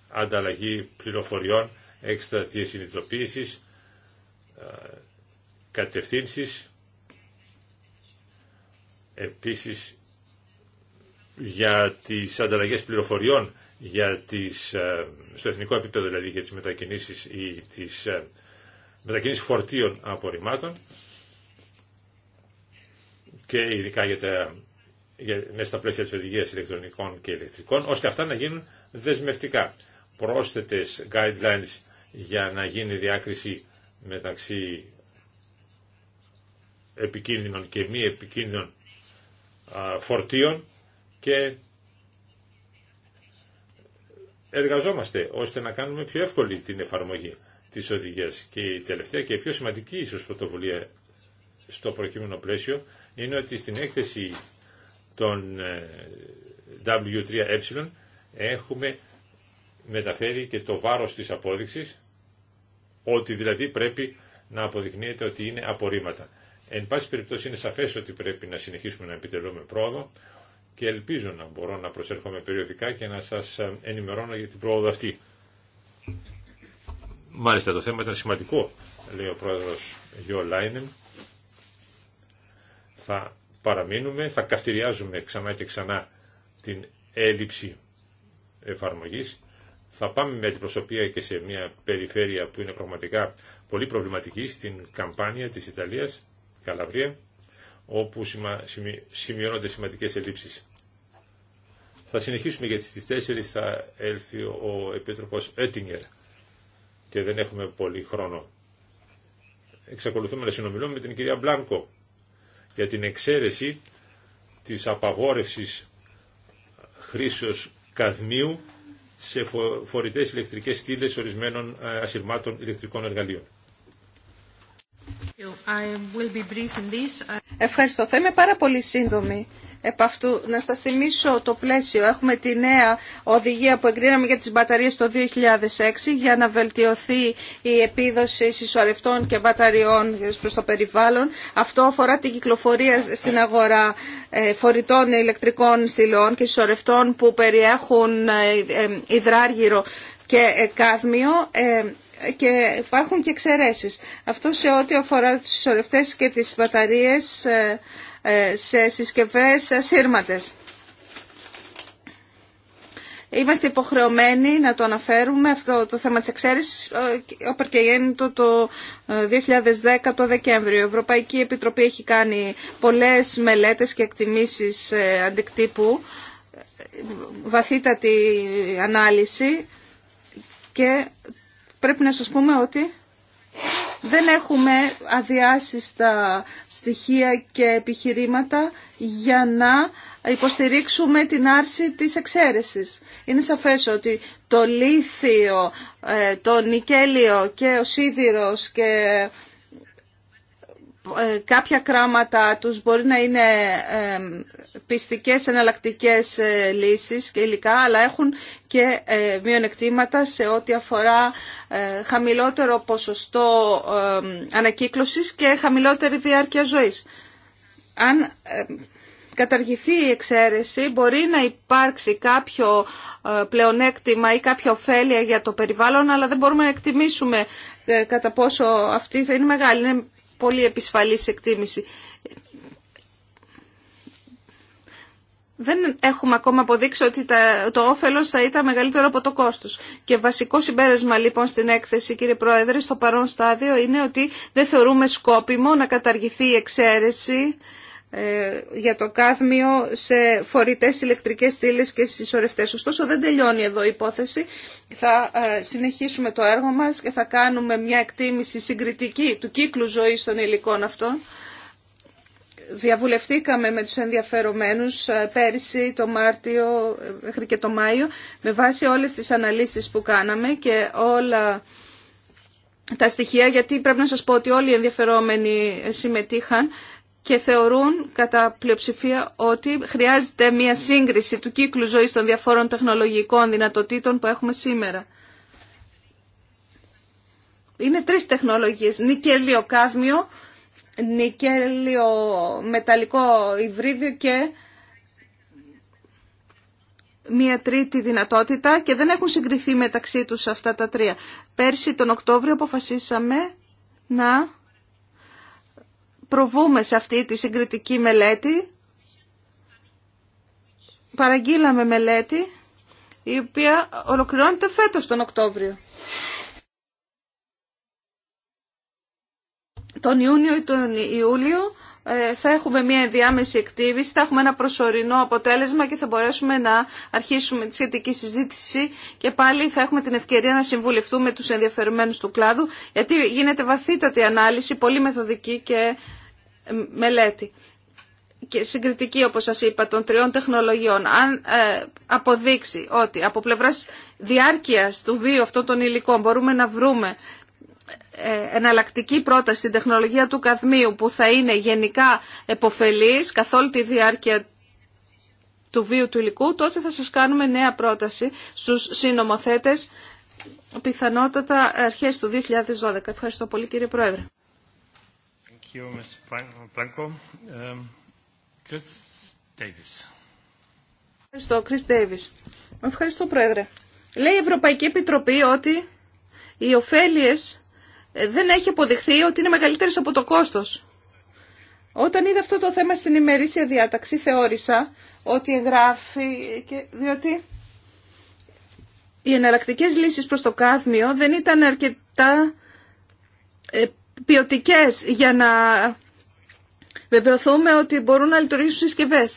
Speaker 3: ανταλλαγή πληροφοριών, εκστρατείες συνειδητοποίηση, ε, κατευθύνσει, επίση για τι ανταλλαγέ πληροφοριών για τις, ε, στο εθνικό επίπεδο δηλαδή για τις μετακινήσεις ή τις ε, μετακίνηση φορτίων απορριμμάτων και ειδικά για τα, μέσα ναι, στα πλαίσια της οδηγίας ηλεκτρονικών και ηλεκτρικών, ώστε αυτά να γίνουν δεσμευτικά. Πρόσθετες guidelines για να γίνει διάκριση μεταξύ επικίνδυνων και μη επικίνδυνων φορτίων και εργαζόμαστε ώστε να κάνουμε πιο εύκολη την εφαρμογή της Και η τελευταία και η πιο σημαντική ίσως πρωτοβουλία στο προκείμενο πλαίσιο είναι ότι στην έκθεση των ε, W3E ε έχουμε μεταφέρει και το βάρος της απόδειξης ότι δηλαδή πρέπει να αποδεικνύεται ότι είναι απορρίμματα. Εν πάση περιπτώσει είναι σαφές ότι πρέπει να συνεχίσουμε να επιτελούμε πρόοδο και ελπίζω να μπορώ να προσέρχομαι περιοδικά και να σας ε, ενημερώνω για την πρόοδο αυτή. Μάλιστα το θέμα ήταν σημαντικό, λέει ο πρόεδρος Γιώ Θα παραμείνουμε, θα καυτηριάζουμε ξανά και ξανά την έλλειψη εφαρμογής. Θα πάμε με αντιπροσωπεία και σε μια περιφέρεια που είναι πραγματικά πολύ προβληματική, στην καμπάνια της Ιταλίας, Καλαβρία, όπου σημειώνονται σημαντικές ελλείψεις. Θα συνεχίσουμε γιατί στις 4 θα έλθει ο Επίτροπος Έτιγκερ και δεν έχουμε πολύ χρόνο. Εξακολουθούμε να συνομιλούμε με την κυρία Μπλάνκο για την εξαίρεση της απαγόρευσης χρήσεως καδμίου σε φορητές ηλεκτρικές στήλες ορισμένων ε, ασυρμάτων ηλεκτρικών εργαλείων.
Speaker 1: Ευχαριστώ. Θα είμαι πάρα πολύ σύντομη επ' να σας θυμίσω το πλαίσιο. Έχουμε τη νέα οδηγία που εγκρίναμε για τις μπαταρίες το 2006 για να βελτιωθεί η επίδοση συσσωρευτών και μπαταριών προς το περιβάλλον. Αυτό αφορά την κυκλοφορία στην αγορά ε, φορητών ηλεκτρικών στυλών και συσσωρευτών που περιέχουν ε, ε, υδράργυρο και κάδμιο και υπάρχουν και εξαιρέσεις. Αυτό σε ό,τι αφορά τις συσσωρευτές και τις μπαταρίες ε, σε συσκευές ασύρματες. Είμαστε υποχρεωμένοι να το αναφέρουμε αυτό το θέμα της εξαίρεσης, ε, όπερ και γέννητο το 2010 ε, το Δεκέμβριο. Η Ευρωπαϊκή Επιτροπή έχει κάνει πολλές μελέτες και εκτιμήσεις αντικτύπου, βαθύτατη ανάλυση και πρέπει να σας πούμε ότι δεν έχουμε στα στοιχεία και επιχειρήματα για να υποστηρίξουμε την άρση της εξαίρεσης. Είναι σαφές ότι το λίθιο, ε, το νικέλιο και ο σίδηρος και ε, κάποια κράματα τους μπορεί να είναι ε, πιστικές εναλλακτικές ε, λύσεις και υλικά, αλλά έχουν και μειονεκτήματα σε ό,τι αφορά χαμηλότερο ποσοστό ανακύκλωσης και χαμηλότερη διάρκεια ζωής. Αν καταργηθεί η εξαίρεση, μπορεί να υπάρξει κάποιο πλεονέκτημα ή κάποια ωφέλεια για το περιβάλλον, αλλά δεν μπορούμε να εκτιμήσουμε κατά πόσο αυτή θα είναι μεγάλη πολύ επισφαλής εκτίμηση. Δεν έχουμε ακόμα αποδείξει ότι το όφελος θα ήταν μεγαλύτερο από το κόστος. Και βασικό συμπέρασμα λοιπόν στην έκθεση κύριε Πρόεδρε στο παρόν στάδιο είναι ότι δεν θεωρούμε σκόπιμο να καταργηθεί η εξαίρεση ε, για το κάθμιο σε φορητές ηλεκτρικές στήλες και συσσωρευτές. Ωστόσο δεν τελειώνει εδώ η υπόθεση. Θα ε, συνεχίσουμε το έργο μας και θα κάνουμε μια εκτίμηση συγκριτική του κύκλου ζωής των υλικών αυτών. Διαβουλευτήκαμε με τους ενδιαφερομένους ε, πέρυσι το Μάρτιο μέχρι και το Μάιο με βάση όλες τις αναλύσεις που κάναμε και όλα τα στοιχεία γιατί πρέπει να σας πω ότι όλοι οι ενδιαφερόμενοι συμμετείχαν και θεωρούν κατά πλειοψηφία ότι χρειάζεται μια σύγκριση του κύκλου ζωής των διαφόρων τεχνολογικών δυνατοτήτων που έχουμε σήμερα. Είναι τρεις τεχνολογίες, νικέλιο καύμιο, νικέλιο μεταλλικό υβρίδιο και μία τρίτη δυνατότητα και δεν έχουν συγκριθεί μεταξύ τους αυτά τα τρία. Πέρσι τον Οκτώβριο αποφασίσαμε να προβούμε σε αυτή τη συγκριτική μελέτη. Παραγγείλαμε μελέτη η οποία ολοκληρώνεται φέτος τον Οκτώβριο. Τον Ιούνιο ή τον Ιούλιο ε, θα έχουμε μια ενδιάμεση εκτίμηση, θα έχουμε ένα προσωρινό αποτέλεσμα και θα μπορέσουμε να αρχίσουμε τη σχετική συζήτηση και πάλι θα έχουμε την ευκαιρία να συμβουλευτούμε τους ενδιαφερομένους του κλάδου γιατί γίνεται βαθύτατη ανάλυση, πολύ μεθοδική και μελέτη και συγκριτική όπως σας είπα των τριών τεχνολογιών αν ε, αποδείξει ότι από πλευράς διάρκειας του βίου αυτών των υλικών μπορούμε να βρούμε ε, εναλλακτική πρόταση στην τεχνολογία του καθμίου που θα είναι γενικά εποφελής καθ' όλη τη διάρκεια του βίου του υλικού, τότε θα σας κάνουμε νέα πρόταση στους συνομοθέτες πιθανότατα αρχές του 2012. Ευχαριστώ πολύ κύριε Πρόεδρε.
Speaker 3: Thank you, Blanco. Chris Davis.
Speaker 1: Ευχαριστώ, Chris Davis. Ευχαριστώ, Πρόεδρε. Λέει η Ευρωπαϊκή Επιτροπή ότι οι ωφέλειες ε, δεν έχει αποδειχθεί ότι είναι μεγαλύτερες από το κόστος. Όταν είδα αυτό το θέμα στην ημερήσια διάταξη θεώρησα ότι εγγράφει και διότι οι εναλλακτικές λύσεις προς το κάθμιο δεν ήταν αρκετά ε, ποιοτικέ για να βεβαιωθούμε ότι μπορούν να λειτουργήσουν συσκευέ.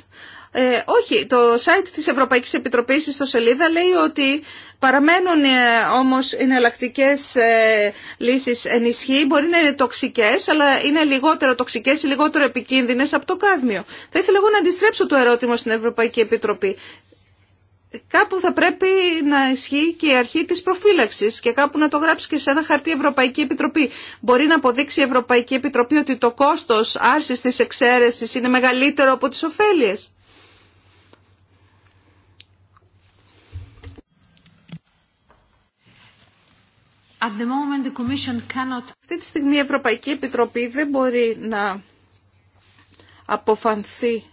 Speaker 1: Ε, όχι, το site της Ευρωπαϊκής Επιτροπής στο σελίδα λέει ότι παραμένουν ε, όμως εναλλακτικέ ε, λύσεις ενισχύ, μπορεί να είναι τοξικές, αλλά είναι λιγότερο τοξικές ή λιγότερο επικίνδυνες από το κάδμιο. Θα ήθελα εγώ να αντιστρέψω το ερώτημα στην Ευρωπαϊκή Επιτροπή κάπου θα πρέπει να ισχύει και η αρχή της προφύλαξης και κάπου να το γράψει και σε ένα χαρτί Ευρωπαϊκή Επιτροπή. Μπορεί να αποδείξει η Ευρωπαϊκή Επιτροπή ότι το κόστος άρσης της εξαίρεσης είναι μεγαλύτερο από τις ωφέλειες. At the moment the Commission cannot... Αυτή τη στιγμή η Ευρωπαϊκή Επιτροπή δεν μπορεί να αποφανθεί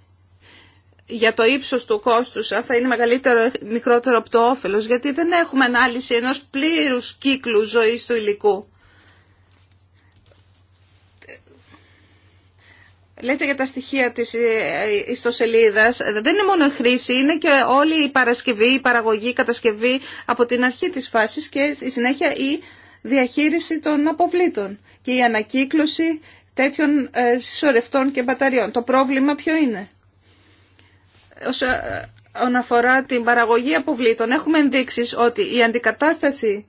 Speaker 1: για το ύψος του κόστους, αν θα είναι μεγαλύτερο ή μικρότερο από το όφελος, γιατί δεν έχουμε ανάλυση ενός πλήρους κύκλου ζωής του υλικού. Λέτε για τα στοιχεία της ε, ιστοσελίδας, δεν είναι μόνο η χρήση, είναι και όλη η παρασκευή, η παραγωγή, η κατασκευή από την αρχή της φάσης και η συνέχεια η διαχείριση των αποβλήτων και η ανακύκλωση τέτοιων ε, συσσωρευτών και μπαταριών. Το πρόβλημα ποιο είναι. Ε, όσον αφορά την παραγωγή αποβλήτων, έχουμε ενδείξει ότι η αντικατάσταση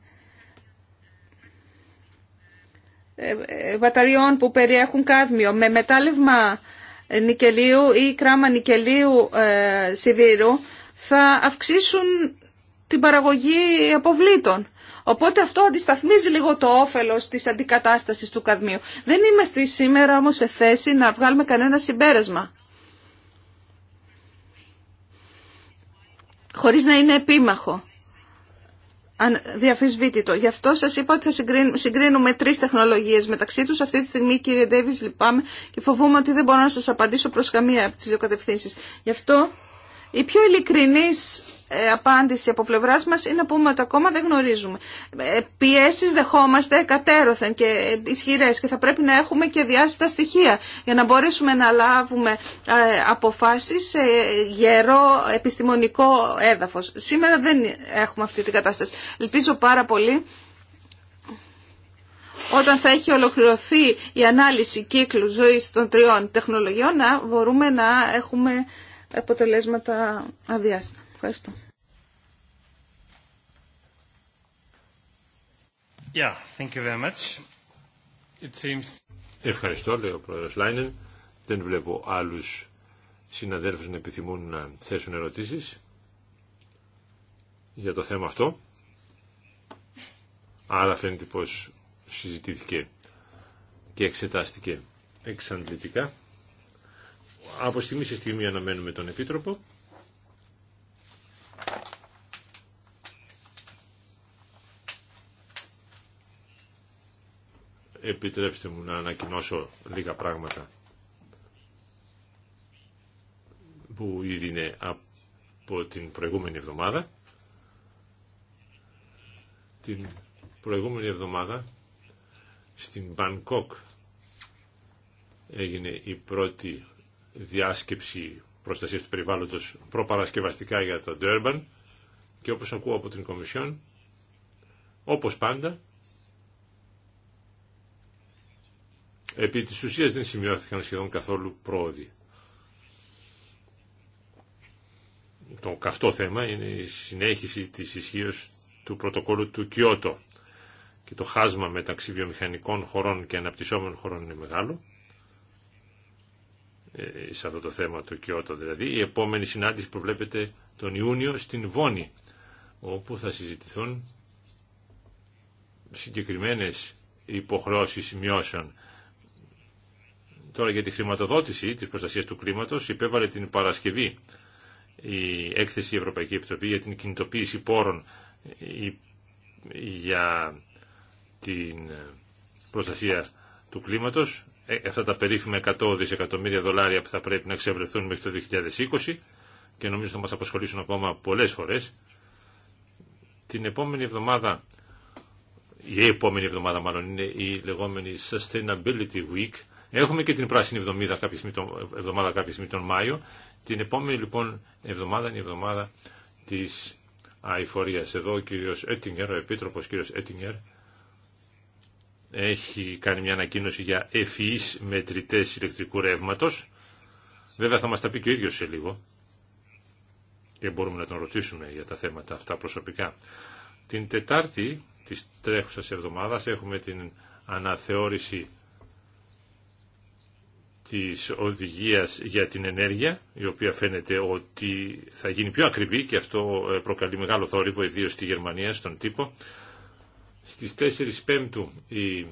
Speaker 1: ε, ε, βαταριών που περιέχουν κάδμιο με μετάλλευμα νικελίου ή κράμα νικελίου ε, σιδήρου θα αυξήσουν την παραγωγή αποβλήτων. Οπότε αυτό αντισταθμίζει λίγο το όφελος της αντικατάστασης του καδμίου. Δεν είμαστε σήμερα όμως σε θέση να βγάλουμε κανένα συμπέρασμα. χωρίς να είναι επίμαχο. αν Διαφυσβήτητο. Γι' αυτό σας είπα ότι θα συγκρίνουμε τρεις τεχνολογίες μεταξύ τους. Αυτή τη στιγμή, κύριε Ντέβις, λυπάμαι και φοβούμαι ότι δεν μπορώ να σας απαντήσω προς καμία από τις δύο κατευθύνσεις. Γι' αυτό η πιο ειλικρινής ε, απάντηση από πλευρά μα είναι να πούμε ότι ακόμα δεν γνωρίζουμε. Ε, πιέσεις δεχόμαστε κατέρωθεν και ισχυρέ και θα πρέπει να έχουμε και διάστα στοιχεία για να μπορέσουμε να λάβουμε ε, αποφάσεις σε γερό επιστημονικό έδαφος. Σήμερα δεν έχουμε αυτή την κατάσταση. Ελπίζω πάρα πολύ όταν θα έχει ολοκληρωθεί η ανάλυση κύκλου ζωής των τριών τεχνολογιών να μπορούμε να έχουμε αποτελέσματα αδιάστα.
Speaker 3: Ευχαριστώ. Yeah, thank Ευχαριστώ, λέει ο πρόεδρος Λάινεν. Δεν βλέπω άλλους συναδέλφους να επιθυμούν να θέσουν ερωτήσεις για το θέμα αυτό. Άρα φαίνεται πως συζητήθηκε και εξετάστηκε εξαντλητικά από στιγμή σε στιγμή αναμένουμε τον Επίτροπο. Επιτρέψτε μου να ανακοινώσω λίγα πράγματα που ήδη είναι από την προηγούμενη εβδομάδα. Την προηγούμενη εβδομάδα στην Μπανκόκ έγινε η πρώτη διάσκεψη προστασίας του περιβάλλοντος προπαρασκευαστικά για το Durban και όπως ακούω από την Κομισιόν, όπως πάντα, επί της ουσίας δεν σημειώθηκαν σχεδόν καθόλου πρόοδοι. Το καυτό θέμα είναι η συνέχιση της ισχύω του πρωτοκόλου του Κιώτο και το χάσμα μεταξύ βιομηχανικών χωρών και αναπτυσσόμενων χωρών είναι μεγάλο ε, σε αυτό το θέμα του Κιώτο. Δηλαδή η επόμενη συνάντηση προβλέπεται τον Ιούνιο στην Βόνη όπου θα συζητηθούν συγκεκριμένες υποχρώσεις μειώσεων. Τώρα για τη χρηματοδότηση της προστασίας του κλίματος υπέβαλε την Παρασκευή η έκθεση Ευρωπαϊκή Επιτροπή για την κινητοποίηση πόρων ε, για την ε, προστασία του κλίματος ε, αυτά τα περίφημα 100 δισεκατομμύρια δολάρια που θα πρέπει να ξεβρεθούν μέχρι το 2020 και νομίζω θα μας απασχολήσουν ακόμα πολλές φορές. Την επόμενη εβδομάδα, η επόμενη εβδομάδα μάλλον είναι η λεγόμενη Sustainability Week. Έχουμε και την πράσινη εβδομάδα κάποια στιγμή τον, εβδομάδα κάποια στιγμή τον Μάιο. Την επόμενη λοιπόν εβδομάδα είναι η εβδομάδα της αηφορίας. Εδώ ο κύριος Έτιγκερ, ο επίτροπος κύριος Έτιγκερ, έχει κάνει μια ανακοίνωση για ευφυείς μετρητές ηλεκτρικού ρεύματος. Βέβαια θα μας τα πει και ο ίδιος σε λίγο και μπορούμε να τον ρωτήσουμε για τα θέματα αυτά προσωπικά. Την Τετάρτη της τρέχουσας εβδομάδας έχουμε την αναθεώρηση της οδηγίας για την ενέργεια, η οποία φαίνεται ότι θα γίνει πιο ακριβή και αυτό ε, προκαλεί μεγάλο θόρυβο, ιδίως στη Γερμανία, στον τύπο. Στις 4 Πέμπτου η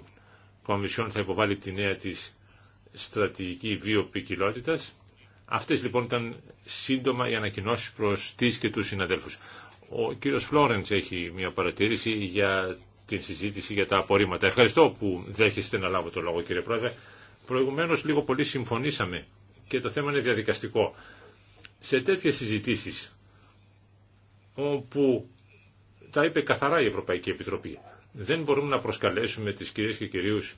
Speaker 3: Κομισιόν θα υποβάλει τη νέα της στρατηγική βιοπικιλότητας. Αυτές λοιπόν ήταν σύντομα οι ανακοινώσεις προς τις και τους συναδέλφους. Ο κύριος Φλόρεντς έχει μια παρατήρηση για την συζήτηση για τα απορρίμματα. Ευχαριστώ που δέχεστε να λάβω το λόγο κύριε Πρόεδρε. Προηγουμένως λίγο πολύ συμφωνήσαμε και το θέμα είναι διαδικαστικό. Σε τέτοιες συζητήσεις όπου τα είπε καθαρά η Ευρωπαϊκή Επιτροπή. Δεν μπορούμε να προσκαλέσουμε τις κυρίες και κυρίους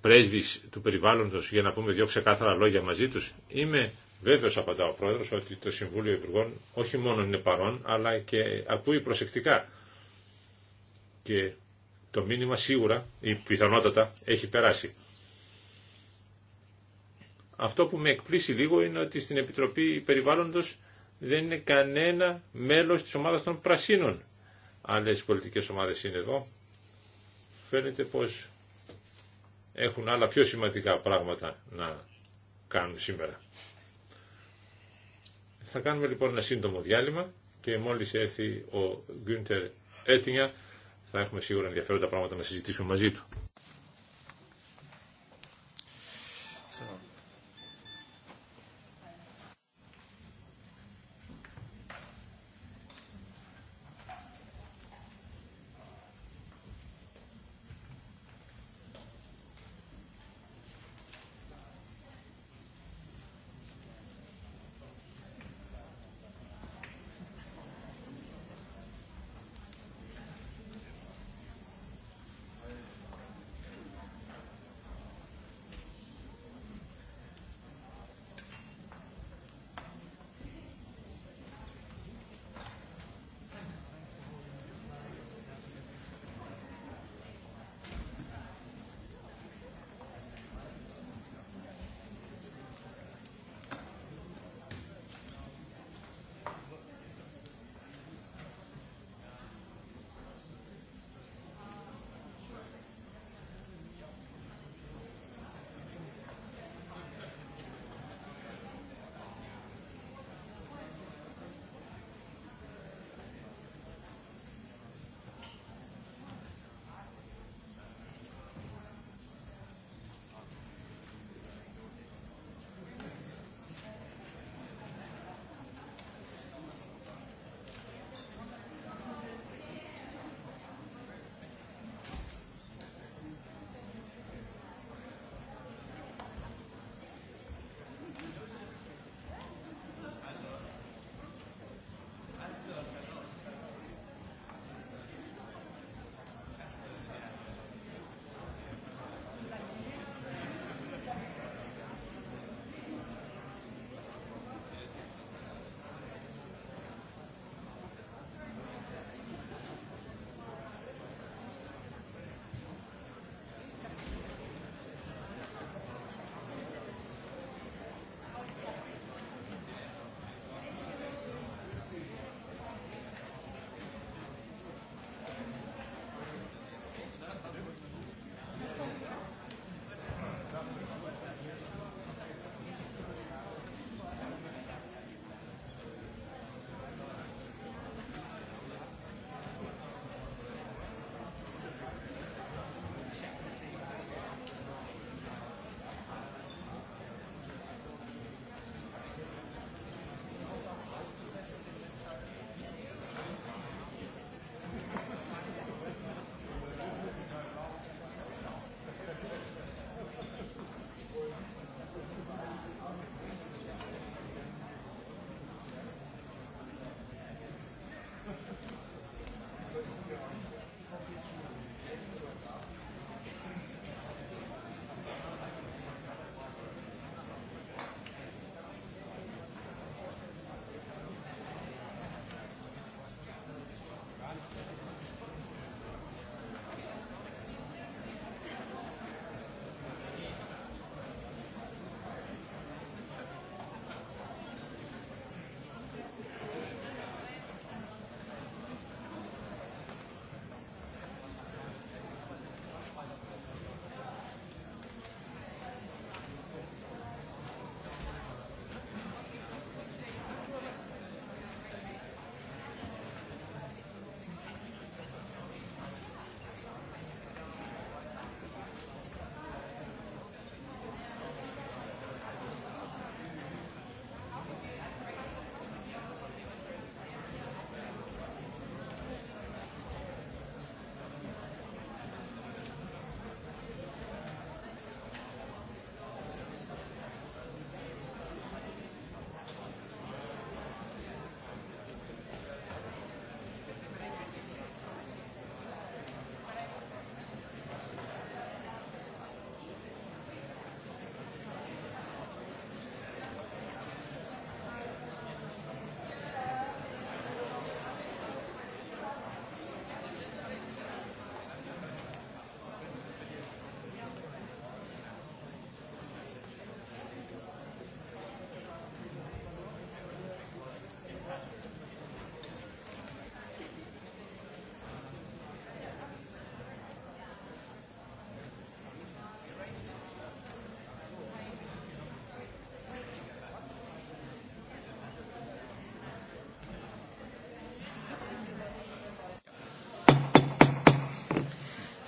Speaker 3: πρέσβεις του περιβάλλοντος για να πούμε δυο ξεκάθαρα λόγια μαζί τους. Είμαι βέβαιος, απαντά ο Πρόεδρος, ότι το Συμβούλιο Υπουργών όχι μόνο είναι παρόν, αλλά και ακούει προσεκτικά. Και το μήνυμα σίγουρα, η πιθανότατα, έχει περάσει. Αυτό που με εκπλήσει λίγο είναι ότι στην Επιτροπή Περιβάλλοντος δεν είναι κανένα μέλος της ομάδας των Πρασίνων. Άλλες πολιτικές ομάδες είναι εδώ. Φαίνεται πως έχουν άλλα πιο σημαντικά πράγματα να κάνουν σήμερα. Θα κάνουμε λοιπόν ένα σύντομο διάλειμμα και μόλις έρθει ο Γκίντερ Έτινια θα έχουμε σίγουρα ενδιαφέροντα πράγματα να συζητήσουμε μαζί του.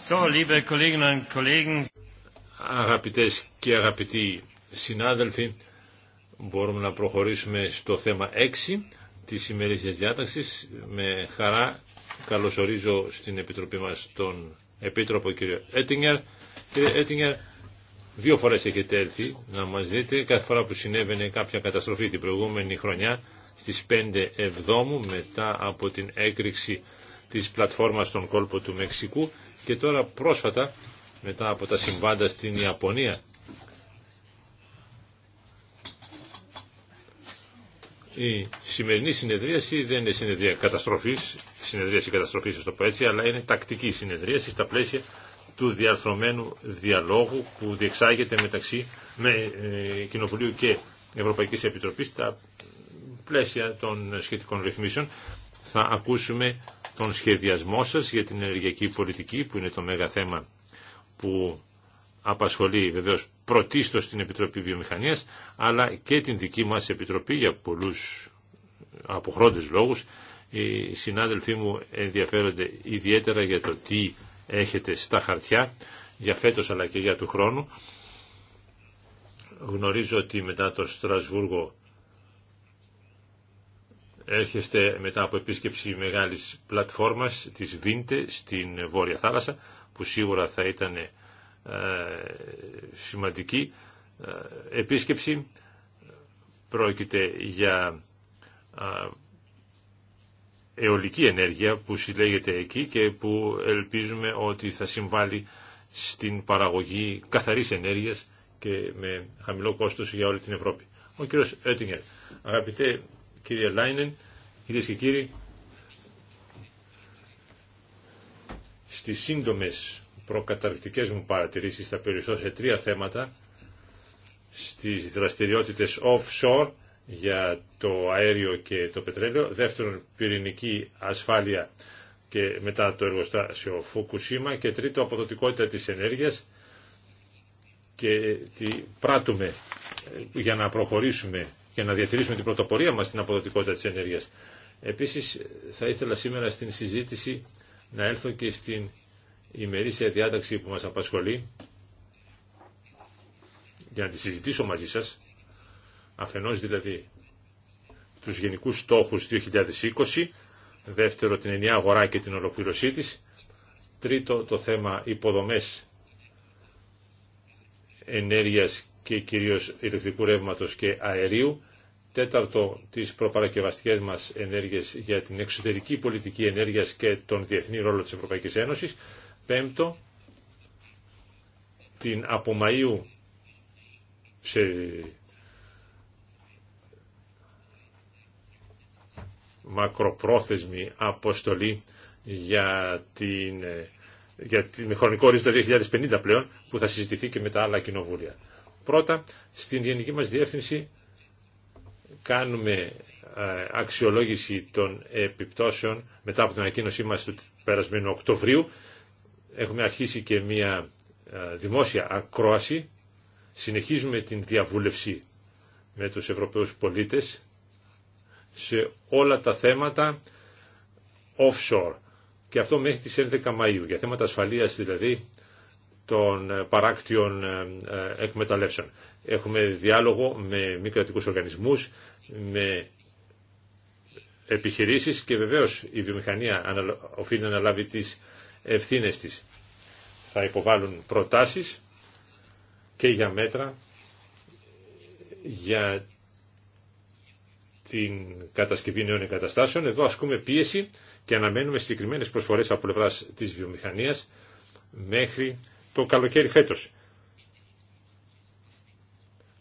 Speaker 3: So, liebe und Αγαπητές και αγαπητοί συνάδελφοι, μπορούμε να προχωρήσουμε στο θέμα 6 της ημερήσιας διάταξης. Με χαρά καλωσορίζω στην Επιτροπή μας τον Επίτροπο κύριο Έτινγκερ. Κύριε Έτινγκερ, δύο φορές έχετε έρθει να μας δείτε κάθε φορά που συνέβαινε κάποια καταστροφή την προηγούμενη χρονιά στις 5 Εβδόμου μετά από την έκρηξη της πλατφόρμας στον κόλπο του Μεξικού και τώρα πρόσφατα μετά από τα συμβάντα στην Ιαπωνία. Η σημερινή συνεδρίαση δεν είναι συνεδρία καταστροφής, συνεδρίαση καταστροφής, το πω έτσι, αλλά είναι τακτική συνεδρίαση στα πλαίσια του διαρθρωμένου διαλόγου που διεξάγεται μεταξύ με, ε, Κοινοβουλίου και Ευρωπαϊκής Επιτροπής στα πλαίσια των σχετικών ρυθμίσεων. Θα ακούσουμε τον σχεδιασμό σας για την ενεργειακή πολιτική που είναι το μέγα θέμα που απασχολεί βεβαίως πρωτίστως την Επιτροπή Βιομηχανίας αλλά και την δική μας Επιτροπή για πολλούς αποχρόντες λόγους. Οι συνάδελφοί μου ενδιαφέρονται ιδιαίτερα για το τι έχετε στα χαρτιά για φέτος αλλά και για του χρόνου. Γνωρίζω ότι μετά το Στρασβούργο έρχεστε μετά από επίσκεψη μεγάλης πλατφόρμας της Βίντε στην Βόρεια Θάλασσα που σίγουρα θα ήταν ε, σημαντική ε, επίσκεψη. Πρόκειται για ε, αιωλική ενέργεια που συλλέγεται εκεί και που ελπίζουμε ότι θα συμβάλλει στην παραγωγή καθαρής ενέργειας και με χαμηλό κόστος για όλη την Ευρώπη. Ο κύριος Έτιγερ, αγαπητέ κύριε Λάινεν, κυρίες και κύριοι, στις σύντομες προκαταρκτικές μου παρατηρήσεις θα περιοριστώ σε τρία θέματα στις δραστηριότητες offshore για το αέριο και το πετρέλαιο, δεύτερον πυρηνική ασφάλεια και μετά το εργοστάσιο Φουκουσίμα και τρίτο αποδοτικότητα της ενέργειας και τι πράττουμε για να προχωρήσουμε για να διατηρήσουμε την πρωτοπορία μας στην αποδοτικότητα της ενέργειας. Επίσης θα ήθελα σήμερα στην συζήτηση να έλθω και στην ημερήσια διάταξη που μας απασχολεί για να τη συζητήσω μαζί σας, αφενός δηλαδή τους γενικούς στόχους 2020, δεύτερο την ενιαία αγορά και την ολοκλήρωσή της, τρίτο το θέμα υποδομές ενέργειας και κυρίως ηλεκτρικού ρεύματος και αερίου. Τέταρτο, τις προπαρακευαστικές μας ενέργειες για την εξωτερική πολιτική ενέργειας και τον διεθνή ρόλο της Ευρωπαϊκής Ένωσης. Πέμπτο, την από Μαΐου σε μακροπρόθεσμη αποστολή για, την, για την, με χρονικό ορίζοντα 2050 πλέον που θα συζητηθεί και με τα άλλα κοινοβούλια. Πρώτα, στην γενική μας διεύθυνση κάνουμε ε, αξιολόγηση των επιπτώσεων μετά από την ανακοίνωσή μας του περασμένου Οκτωβρίου. Έχουμε αρχίσει και μια ε, δημόσια ακρόαση. Συνεχίζουμε την διαβούλευση με τους Ευρωπαίους πολίτες σε όλα τα θέματα offshore. Και αυτό μέχρι τις 11 Μαΐου. Για θέματα ασφαλείας δηλαδή των ε, παράκτιων ε, ε, εκμεταλλεύσεων. Έχουμε διάλογο με μη κρατικού οργανισμούς, με επιχειρήσεις και βεβαίως η βιομηχανία οφείλει να αναλάβει τις ευθύνες της. Θα υποβάλουν προτάσεις και για μέτρα για την κατασκευή νέων εγκαταστάσεων. Εδώ ασκούμε πίεση και αναμένουμε συγκεκριμένες προσφορές από πλευρά της βιομηχανίας μέχρι το καλοκαίρι φέτος.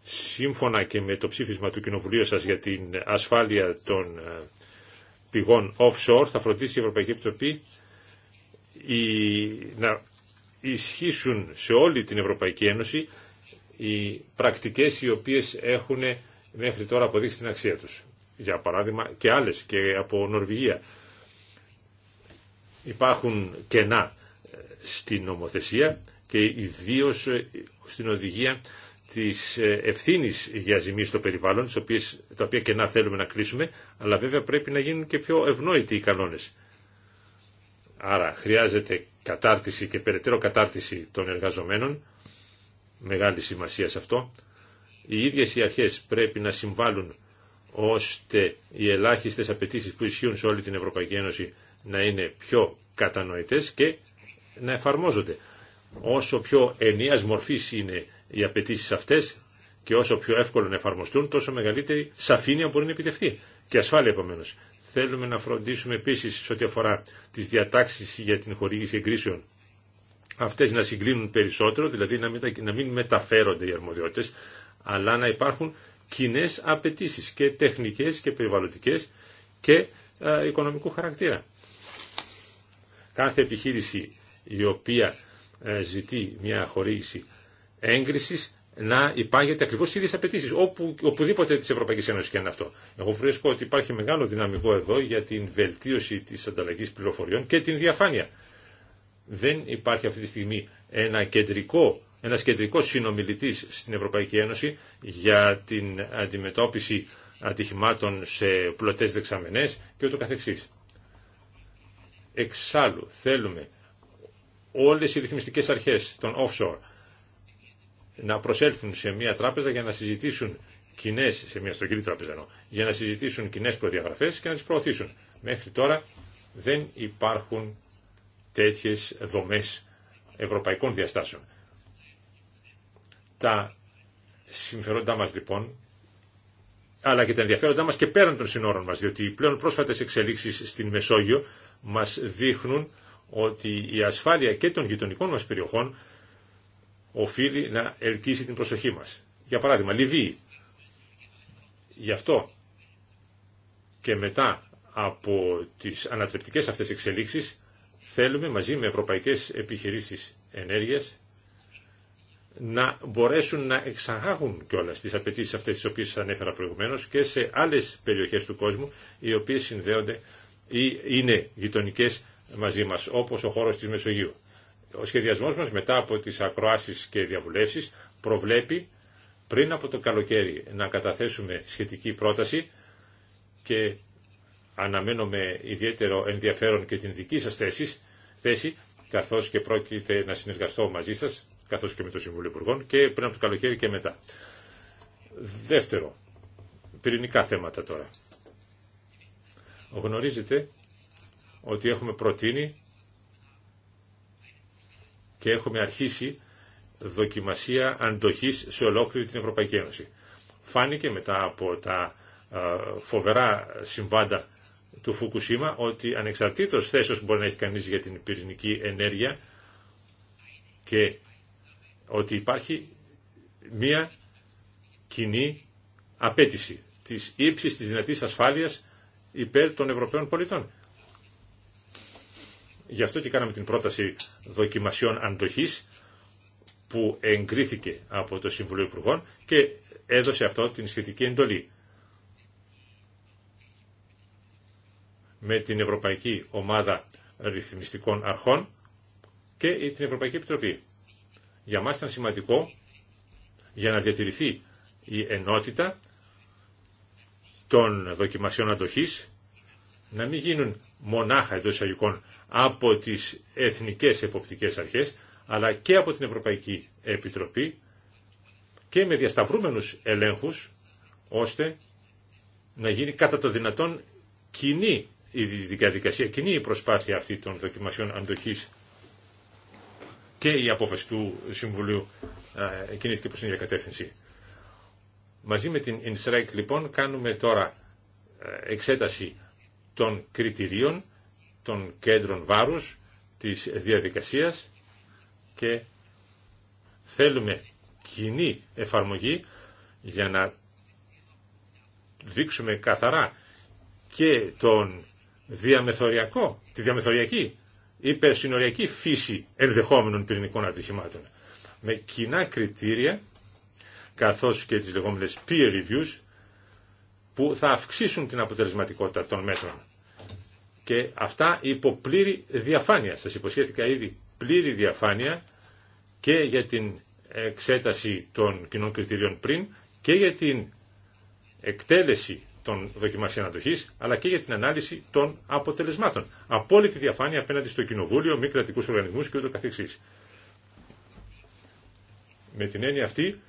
Speaker 3: Σύμφωνα και με το ψήφισμα του Κοινοβουλίου σας για την ασφάλεια των ε, πηγών offshore, θα φροντίσει η Ευρωπαϊκή Επιτροπή να ισχύσουν σε όλη την Ευρωπαϊκή Ένωση οι πρακτικές οι οποίες έχουν μέχρι τώρα αποδείξει την αξία τους. Για παράδειγμα και άλλες και από Νορβηγία. Υπάρχουν κενά ε, στην νομοθεσία και ιδίω ε, στην οδηγία της ε, ευθύνη για ζημίε στο περιβάλλον, τα οποία και να θέλουμε να κλείσουμε, αλλά βέβαια πρέπει να γίνουν και πιο ευνόητοι οι κανόνες. Άρα χρειάζεται κατάρτιση και περαιτέρω κατάρτιση των εργαζομένων, μεγάλη σημασία σε αυτό. Οι ίδιες οι αρχές πρέπει να συμβάλλουν ώστε οι ελάχιστες απαιτήσει που ισχύουν σε όλη την Ευρωπαϊκή Ένωση να είναι πιο κατανοητές και να εφαρμόζονται. Όσο πιο ενιαίας μορφής είναι οι απαιτήσει αυτές και όσο πιο εύκολο να εφαρμοστούν, τόσο μεγαλύτερη σαφήνεια μπορεί να επιτευχθεί. Και ασφάλεια επομένω. Θέλουμε να φροντίσουμε επίση σε ό,τι αφορά τι διατάξει για την χορήγηση εγκρίσεων. Αυτέ να συγκλίνουν περισσότερο, δηλαδή να μην μεταφέρονται οι αρμοδιότητε, αλλά να υπάρχουν κοινέ απαιτήσει και τεχνικέ και περιβαλλοντικέ και ε, οικονομικού χαρακτήρα. Κάθε επιχείρηση η οποία ε, ζητεί μια χορήγηση έγκριση να υπάγεται ακριβώ στι ίδιε απαιτήσει, όπου, οπουδήποτε τη Ευρωπαϊκή Ένωση και αν αυτό. Εγώ βρίσκω ότι υπάρχει μεγάλο δυναμικό εδώ για την βελτίωση τη ανταλλαγή πληροφοριών και την διαφάνεια. Δεν υπάρχει αυτή τη στιγμή ένα κεντρικό, ένας συνομιλητής στην Ευρωπαϊκή Ένωση για την αντιμετώπιση ατυχημάτων σε πλωτές δεξαμενές και ούτω καθεξής. Εξάλλου θέλουμε όλες οι ρυθμιστικές αρχές των offshore να προσέλθουν σε μια τράπεζα για να συζητήσουν κοινέ, σε μια τράπεζα για να συζητήσουν κοινέ προδιαγραφές και να τις προωθήσουν. Μέχρι τώρα δεν υπάρχουν τέτοιες δομές ευρωπαϊκών διαστάσεων. Τα συμφερόντά μας λοιπόν, αλλά και τα ενδιαφέροντά μας και πέραν των συνόρων μας, διότι οι πλέον πρόσφατες εξελίξεις στην Μεσόγειο μας δείχνουν ότι η ασφάλεια και των γειτονικών μας περιοχών οφείλει να ελκύσει την προσοχή μας. Για παράδειγμα, Λιβύη. Γι' αυτό και μετά από τις ανατρεπτικές αυτές εξελίξεις θέλουμε μαζί με ευρωπαϊκές επιχειρήσεις ενέργειας να μπορέσουν να εξαγάγουν κιόλας τις απαιτήσεις αυτές τις οποίες ανέφερα προηγουμένως και σε άλλες περιοχές του κόσμου οι οποίες συνδέονται ή είναι γειτονικέ μαζί μας, όπως ο χώρος της Μεσογείου. Ο σχεδιασμός μας μετά από τις ακροάσεις και διαβουλεύσεις προβλέπει πριν από το καλοκαίρι να καταθέσουμε σχετική πρόταση και αναμένω με ιδιαίτερο ενδιαφέρον και την δική σας θέση, θέση καθώς και πρόκειται να συνεργαστώ μαζί σας, καθώς και με το Συμβούλιο Υπουργών και πριν από το καλοκαίρι και μετά. Δεύτερο, πυρηνικά θέματα τώρα. Γνωρίζετε ότι έχουμε προτείνει και έχουμε αρχίσει δοκιμασία αντοχής σε ολόκληρη την Ευρωπαϊκή Ένωση. Φάνηκε μετά από τα ε, φοβερά συμβάντα του Φουκουσίμα ότι ανεξαρτήτως θέσεως μπορεί να έχει κανείς για την πυρηνική ενέργεια και ότι υπάρχει μία κοινή απέτηση της ύψης της δυνατής ασφάλειας υπέρ των Ευρωπαίων πολιτών. Γι' αυτό και κάναμε την πρόταση δοκιμασιών αντοχής που εγκρίθηκε από το Συμβουλίο Υπουργών και έδωσε αυτό την σχετική εντολή. με την Ευρωπαϊκή Ομάδα Ρυθμιστικών Αρχών και την Ευρωπαϊκή Επιτροπή. Για μας ήταν σημαντικό για να διατηρηθεί η ενότητα των δοκιμασιών αντοχής να μην γίνουν μονάχα εντό εισαγωγικών από τις εθνικές εποπτικές αρχές αλλά και από την Ευρωπαϊκή Επιτροπή και με διασταυρούμενους ελέγχους ώστε να γίνει κατά το δυνατόν κοινή η διαδικασία, κοινή η προσπάθεια αυτή των δοκιμασιών αντοχής και η απόφαση του Συμβουλίου ε, κινήθηκε προς την διακατεύθυνση. Μαζί με την INSREC λοιπόν κάνουμε τώρα ε, εξέταση των κριτηρίων, των κέντρων βάρους, της διαδικασίας και θέλουμε κοινή εφαρμογή για να δείξουμε καθαρά και τον διαμεθοριακό, τη διαμεθοριακή υπερσυνοριακή φύση ενδεχόμενων πυρηνικών ατυχημάτων με κοινά κριτήρια καθώς και τις λεγόμενες peer reviews που θα αυξήσουν την αποτελεσματικότητα των μέτρων. Και αυτά υπό πλήρη διαφάνεια. Σας υποσχέθηκα ήδη πλήρη διαφάνεια και για την εξέταση των κοινών κριτηρίων πριν και για την εκτέλεση των δοκιμασίων αντοχής, αλλά και για την ανάλυση των αποτελεσμάτων. Απόλυτη διαφάνεια απέναντι στο Κοινοβούλιο, μη κρατικού οργανισμού και ούτω καθεξής. Με την έννοια αυτή,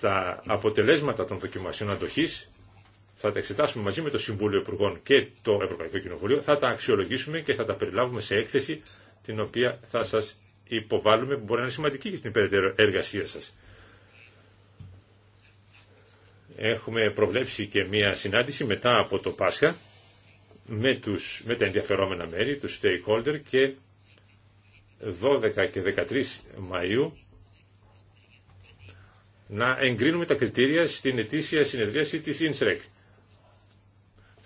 Speaker 3: τα αποτελέσματα των δοκιμασίων αντοχής θα τα εξετάσουμε μαζί με το Συμβούλιο Υπουργών και το Ευρωπαϊκό Κοινοβούλιο, θα τα αξιολογήσουμε και θα τα περιλάβουμε σε έκθεση την οποία θα σας υποβάλλουμε που μπορεί να είναι σημαντική για την περαιτέρω εργασία σας. Έχουμε προβλέψει και μία συνάντηση μετά από το Πάσχα με, τους, με τα ενδιαφερόμενα μέρη, τους stakeholder και 12 και 13 Μαΐου να εγκρίνουμε τα κριτήρια στην ετήσια συνεδρίαση της Ινσρεκ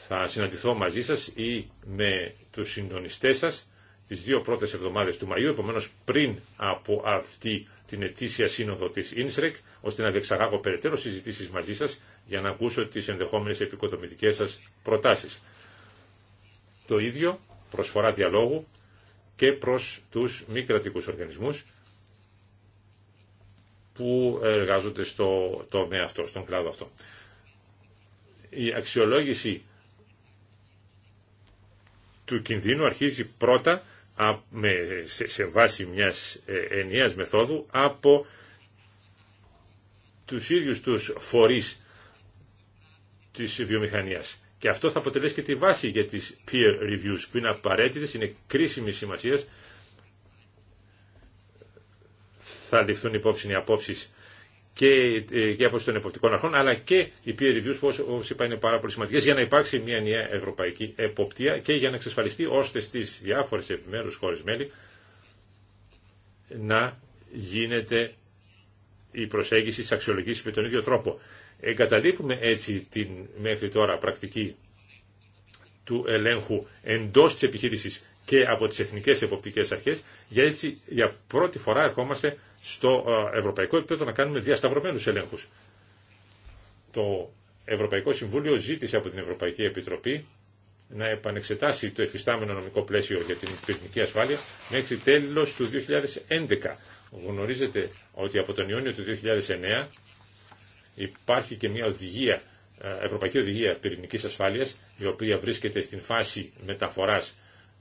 Speaker 3: θα συναντηθώ μαζί σας ή με τους συντονιστές σας τις δύο πρώτες εβδομάδες του Μαΐου, επομένως πριν από αυτή την ετήσια σύνοδο της Ίνσρεκ, ώστε να διεξαγάγω περαιτέρω συζητήσεις μαζί σας για να ακούσω τις ενδεχόμενες επικοδομητικές σας προτάσεις. Το ίδιο προσφορά διαλόγου και προς τους μη κρατικούς οργανισμούς που εργάζονται στο τομέα αυτό, στον κλάδο αυτό. Η αξιολόγηση του κινδύνου αρχίζει πρώτα σε βάση μιας ε, ενιαίας μεθόδου από τους ίδιους τους φορείς της βιομηχανίας. Και αυτό θα αποτελέσει και τη βάση για τις peer reviews που είναι απαραίτητες, είναι κρίσιμη σημασία. Θα ληφθούν υπόψη οι απόψεις και, ε, και άποψη των εποπτικών αρχών, αλλά και οι peer reviews που όπως είπα είναι πάρα πολύ σημαντικές για να υπάρξει μια νέα ευρωπαϊκή εποπτεία και για να εξασφαλιστεί ώστε στις διάφορες επιμέρους χώρες μέλη να γίνεται η προσέγγιση της αξιολογήσης με τον ίδιο τρόπο. Εγκαταλείπουμε έτσι την μέχρι τώρα πρακτική του ελέγχου εντός της επιχείρησης και από τις εθνικές εποπτικές αρχές, για έτσι για πρώτη φορά ερχόμαστε στο ε, ευρωπαϊκό επίπεδο να κάνουμε διασταυρωμένους ελέγχους. Το Ευρωπαϊκό Συμβούλιο ζήτησε από την Ευρωπαϊκή Επιτροπή να επανεξετάσει το εφιστάμενο νομικό πλαίσιο για την πυρηνική ασφάλεια μέχρι τέλος του 2011. Γνωρίζετε ότι από τον Ιούνιο του 2009 υπάρχει και μια οδηγία, ε, Ευρωπαϊκή Οδηγία Πυρηνικής Ασφάλειας, η οποία βρίσκεται στην φάση μεταφοράς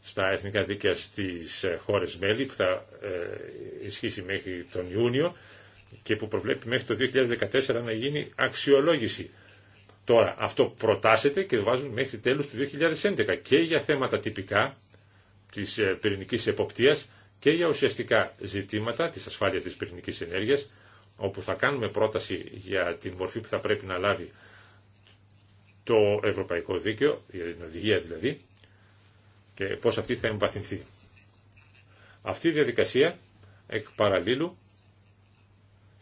Speaker 3: στα εθνικά δίκαια στις ε, χώρες μέλη που θα ε, ισχύσει μέχρι τον Ιούνιο και που προβλέπει μέχρι το 2014 να γίνει αξιολόγηση. Τώρα αυτό προτάσεται και βάζουν μέχρι τέλους του 2011 και για θέματα τυπικά της ε, πυρηνικής εποπτείας και για ουσιαστικά ζητήματα της ασφάλειας της πυρηνικής ενέργειας όπου θα κάνουμε πρόταση για την μορφή που θα πρέπει να λάβει το Ευρωπαϊκό Δίκαιο, για την οδηγία δηλαδή, και πώς αυτή θα εμβαθυνθεί. Αυτή η διαδικασία εκ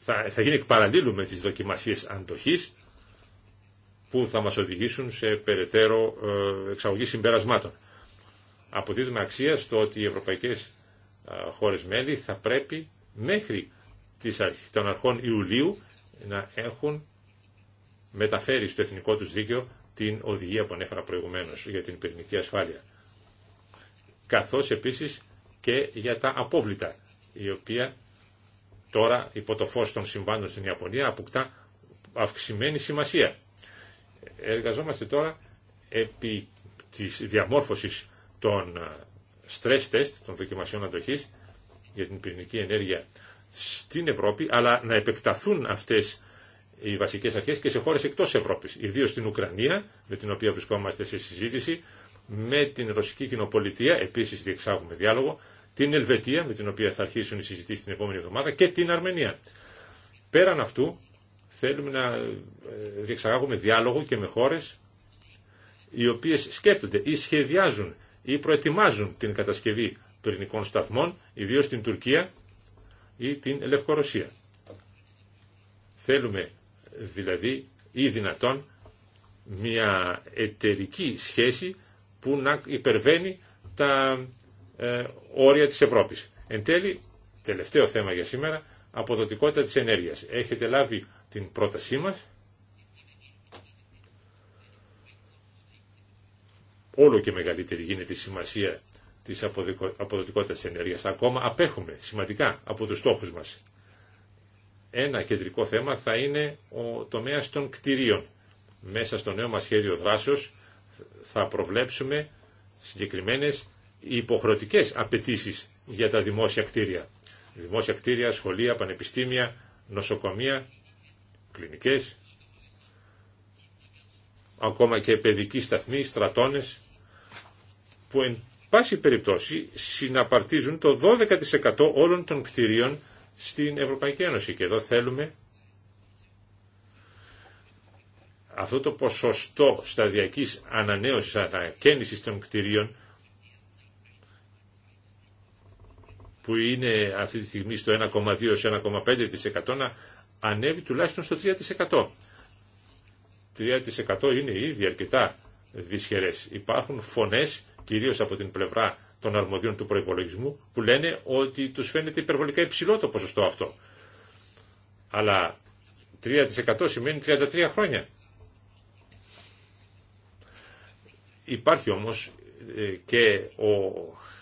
Speaker 3: θα, θα γίνει εκ παραλίλου με τις δοκιμασίες αντοχής που θα μας οδηγήσουν σε περαιτέρω ε, εξαγωγή συμπερασμάτων. Αποδίδουμε αξία στο ότι οι ευρωπαϊκές ε, χώρες μέλη θα πρέπει μέχρι τις, των αρχών Ιουλίου να έχουν μεταφέρει στο εθνικό τους δίκαιο την οδηγία που ανέφερα προηγουμένως για την πυρηνική ασφάλεια καθώς επίσης και για τα απόβλητα, η οποία τώρα υπό το φως των συμβάντων στην Ιαπωνία αποκτά αυξημένη σημασία. Εργαζόμαστε τώρα επί της διαμόρφωσης των ε, stress test, των δοκιμασιών αντοχής για την πυρηνική ενέργεια στην Ευρώπη, αλλά να επεκταθούν αυτές οι βασικές αρχές και σε χώρες εκτός Ευρώπης, ιδίως στην Ουκρανία, με την οποία βρισκόμαστε σε συζήτηση, με την Ρωσική Κοινοπολιτεία, επίση διεξάγουμε διάλογο, την Ελβετία, με την οποία θα αρχίσουν οι συζητήσει την επόμενη εβδομάδα, και την Αρμενία. Πέραν αυτού, θέλουμε να ε, διεξαγάγουμε διάλογο και με χώρες οι οποίες σκέπτονται ή σχεδιάζουν ή προετοιμάζουν την κατασκευή πυρηνικών σταθμών, ιδίω την Τουρκία ή την Λευκορωσία. Θέλουμε δηλαδή ή δυνατόν μια εταιρική σχέση που να υπερβαίνει τα ε, όρια της Ευρώπης. Εν τέλει, τελευταίο θέμα για σήμερα, αποδοτικότητα της ενέργειας. Έχετε λάβει την πρότασή μας. Όλο και μεγαλύτερη γίνεται η σημασία της αποδοτικότητας της ενέργειας. Ακόμα απέχουμε σημαντικά από τους στόχους μας. Ένα κεντρικό θέμα θα είναι ο τομέας των κτηρίων. Μέσα στο νέο μας σχέδιο δράσεως θα προβλέψουμε συγκεκριμένες υποχρεωτικές απαιτήσει για τα δημόσια κτίρια. Δημόσια κτίρια, σχολεία, πανεπιστήμια, νοσοκομεία, κλινικές, ακόμα και παιδικοί σταθμοί, στρατώνες, που εν πάση περιπτώσει συναπαρτίζουν το 12% όλων των κτίριων στην Ευρωπαϊκή Ένωση. Και εδώ θέλουμε αυτό το ποσοστό σταδιακής ανανέωσης ανακαίνησης των κτηρίων που είναι αυτή τη στιγμή στο 1,2-1,5% ανέβει τουλάχιστον στο 3%. 3% είναι ήδη αρκετά δυσχερές. Υπάρχουν φωνές, κυρίως από την πλευρά των αρμοδίων του προϋπολογισμού, που λένε ότι τους φαίνεται υπερβολικά υψηλό το ποσοστό αυτό. Αλλά 3% σημαίνει 33 χρόνια. Υπάρχει όμως ε, και ο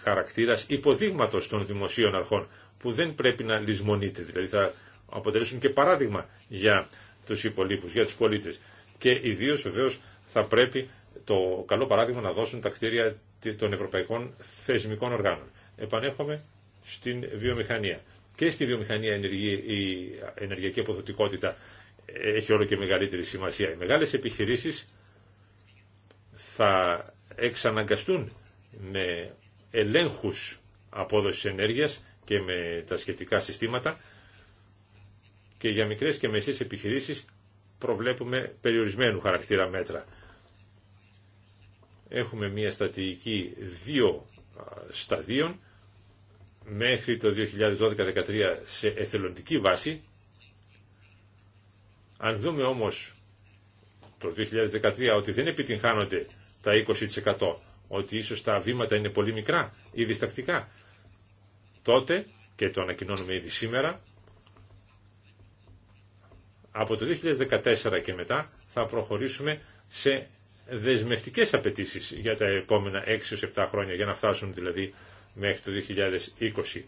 Speaker 3: χαρακτήρας υποδείγματος των δημοσίων αρχών που δεν πρέπει να λησμονείται. Δηλαδή θα αποτελέσουν και παράδειγμα για τους υπολείπους, για τους πολίτες. Και ιδίως βεβαίω θα πρέπει το καλό παράδειγμα να δώσουν τα κτίρια των ευρωπαϊκών θεσμικών οργάνων. Επανέρχομαι στην βιομηχανία. Και στη βιομηχανία η ενεργειακή αποδοτικότητα ε, έχει όλο και μεγαλύτερη σημασία. Οι μεγάλες επιχειρήσεις θα εξαναγκαστούν με ελέγχους απόδοσης ενέργειας και με τα σχετικά συστήματα και για μικρές και μεσές επιχειρήσεις προβλέπουμε περιορισμένου χαρακτήρα μέτρα. Έχουμε μια στατική δύο σταδίων μέχρι το 2012-2013 σε εθελοντική βάση. Αν δούμε όμως το 2013 ότι δεν επιτυγχάνονται τα 20%, ότι ίσως τα βήματα είναι πολύ μικρά ή διστακτικά, τότε, και το ανακοινώνουμε ήδη σήμερα, από το 2014 και μετά θα προχωρήσουμε σε δεσμευτικές απαιτήσει για τα επόμενα 6-7 χρόνια, για να φτάσουν δηλαδή μέχρι το 2020.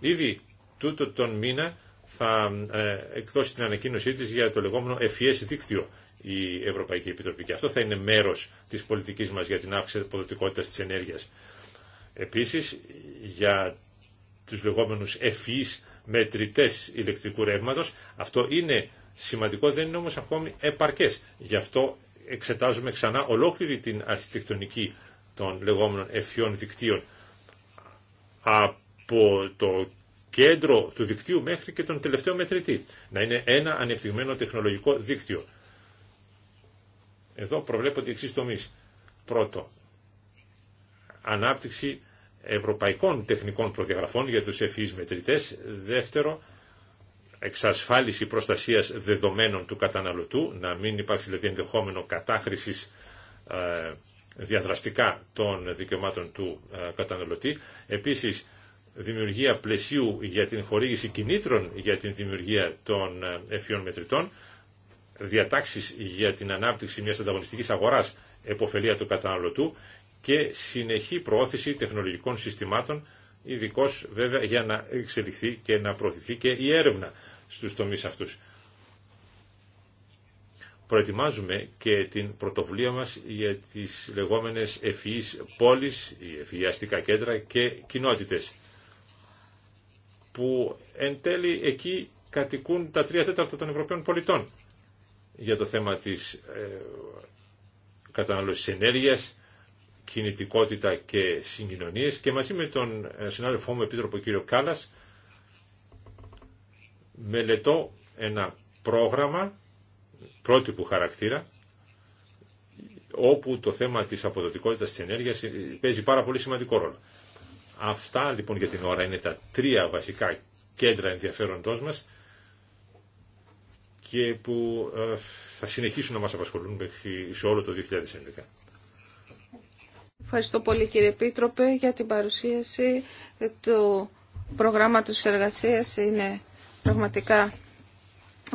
Speaker 3: Ήδη τούτο τον μήνα θα ε, εκδώσει την ανακοίνωσή της για το λεγόμενο FES δίκτυο, η Ευρωπαϊκή Επιτροπή. Και αυτό θα είναι μέρος της πολιτικής μας για την αύξηση της αποδοτικότητα της ενέργειας. Επίσης, για του λεγόμενους ευφυεί e μετρητές ηλεκτρικού ρεύματος, αυτό είναι σημαντικό, δεν είναι όμως ακόμη επαρκές. Γι' αυτό εξετάζουμε ξανά ολόκληρη την αρχιτεκτονική των λεγόμενων ευφυών e δικτύων από το κέντρο του δικτύου μέχρι και τον τελευταίο μετρητή. Να είναι ένα ανεπτυγμένο τεχνολογικό δίκτυο. Εδώ προβλέπονται εξή τομεί. Πρώτο, ανάπτυξη ευρωπαϊκών τεχνικών προδιαγραφών για τους ευφυείς μετρητές. Δεύτερο, εξασφάλιση προστασίας δεδομένων του καταναλωτού, να μην υπάρξει δηλαδή ενδεχόμενο κατάχρησης ε, διαδραστικά των δικαιωμάτων του ε, καταναλωτή. Επίσης, δημιουργία πλαισίου για την χορήγηση κινήτρων για την δημιουργία των ε, ευφυών μετρητών διατάξεις για την ανάπτυξη μιας ανταγωνιστική αγοράς εποφελία του καταναλωτού και συνεχή προώθηση τεχνολογικών συστημάτων, ειδικώ βέβαια για να εξελιχθεί και να προωθηθεί και η έρευνα στους τομείς αυτούς. Προετοιμάζουμε και την πρωτοβουλία μας για τις λεγόμενες ευφυείς πόλεις, οι κέντρα και κοινότητες, που εν τέλει εκεί κατοικούν τα τρία τέταρτα των Ευρωπαίων πολιτών για το θέμα της ε, κατανάλωσης ενέργειας, κινητικότητα και συγκοινωνίες και μαζί με τον ε, συνάδελφό μου επίτροπο κύριο Κάλλας μελετώ ένα πρόγραμμα πρότυπου χαρακτήρα όπου το θέμα της αποδοτικότητας της ενέργειας παίζει πάρα πολύ σημαντικό ρόλο. Αυτά λοιπόν για την ώρα είναι τα τρία βασικά κέντρα ενδιαφέροντός μας και που ε, θα συνεχίσουν να μας απασχολούν σε όλο το 2011.
Speaker 1: Ευχαριστώ πολύ κύριε Επίτροπε για την παρουσίαση του προγράμματος εργασίας. Είναι πραγματικά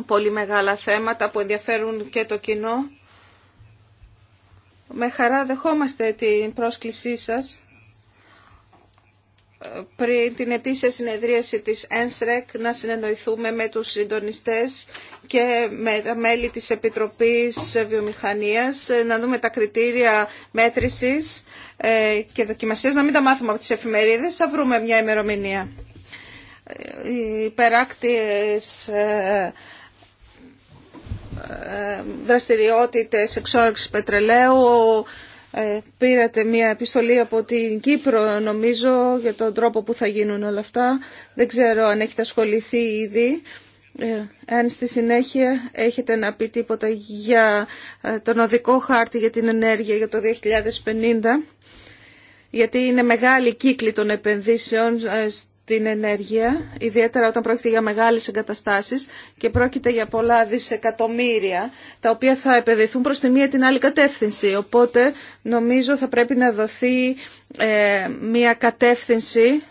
Speaker 1: πολύ μεγάλα θέματα που ενδιαφέρουν και το κοινό. Με χαρά δεχόμαστε την πρόσκλησή σας πριν την ετήσια συνεδρίαση της ΕΝΣΡΕΚ να συνεννοηθούμε με τους συντονιστές και με τα μέλη της Επιτροπής Βιομηχανίας να δούμε τα κριτήρια μέτρησης ε, και δοκιμασίας, να μην τα μάθουμε από τις εφημερίδες, θα βρούμε μια ημερομηνία. Ε, οι υπεράκτιες ε, δραστηριότητες εξόρυξης πετρελαίου, ε, πήρατε μια επιστολή από την Κύπρο νομίζω για τον τρόπο που θα γίνουν όλα αυτά. Δεν ξέρω αν έχετε ασχοληθεί ήδη. Ε, αν στη συνέχεια έχετε να πει τίποτα για ε, τον οδικό χάρτη για την ενέργεια για το 2050 γιατί είναι μεγάλη κύκλη των επενδύσεων την ενέργεια, ιδιαίτερα όταν πρόκειται για μεγάλες εγκαταστάσεις και πρόκειται για πολλά δισεκατομμύρια, τα οποία θα επενδυθούν προς τη μία την άλλη κατεύθυνση. Οπότε νομίζω θα πρέπει να δοθεί ε, μία κατεύθυνση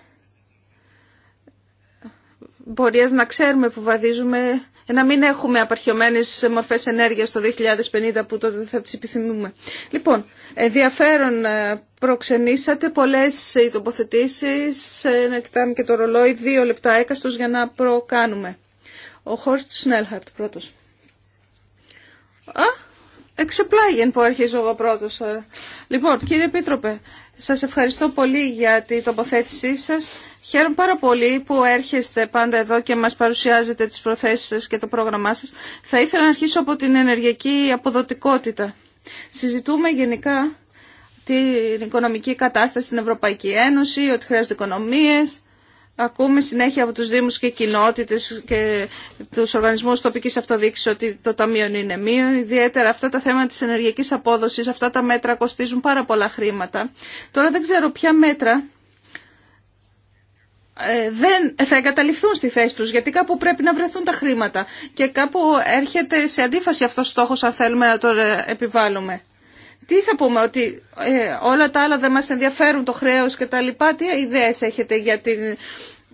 Speaker 1: πορείας να ξέρουμε που βαδίζουμε ε, να μην έχουμε απαρχιωμένε μορφέ ενέργειας το 2050 που τότε θα τι επιθυμούμε. Λοιπόν, ενδιαφέρον ε, προξενήσατε πολλές ε, οι τοποθετήσεις, να κοιτάμε και το ρολόι, δύο λεπτά έκαστος για να προκάνουμε. Ο Χόρστ Σνέλχαρτ πρώτος. Α, Εξεπλάγεν που αρχίζω εγώ πρώτο. Λοιπόν, κύριε πίτροπε, σας ευχαριστώ πολύ για την τοποθέτησή σα. Χαίρομαι πάρα πολύ που έρχεστε πάντα εδώ και μας παρουσιάζετε τις προθέσεις σα και το πρόγραμμά σας. Θα ήθελα να αρχίσω από την ενεργειακή αποδοτικότητα. Συζητούμε γενικά την οικονομική κατάσταση στην Ευρωπαϊκή Ένωση, ότι χρειάζονται οικονομίες, Ακούμε συνέχεια από τους Δήμους και κοινότητες και τους οργανισμούς τοπικής αυτοδίκησης ότι το ταμείο είναι μείον. Ιδιαίτερα αυτά τα θέματα της ενεργειακής απόδοσης, αυτά τα μέτρα κοστίζουν πάρα πολλά χρήματα. Τώρα δεν ξέρω ποια μέτρα ε, δεν θα εγκαταληφθούν στη θέση τους γιατί κάπου πρέπει να βρεθούν τα χρήματα και κάπου έρχεται σε αντίφαση αυτός ο στόχος αν θέλουμε να τον ε, επιβάλλουμε. Τι θα πούμε, ότι ε, όλα τα άλλα δεν μας ενδιαφέρουν, το χρέος και τα λοιπά, τι ιδέες έχετε για την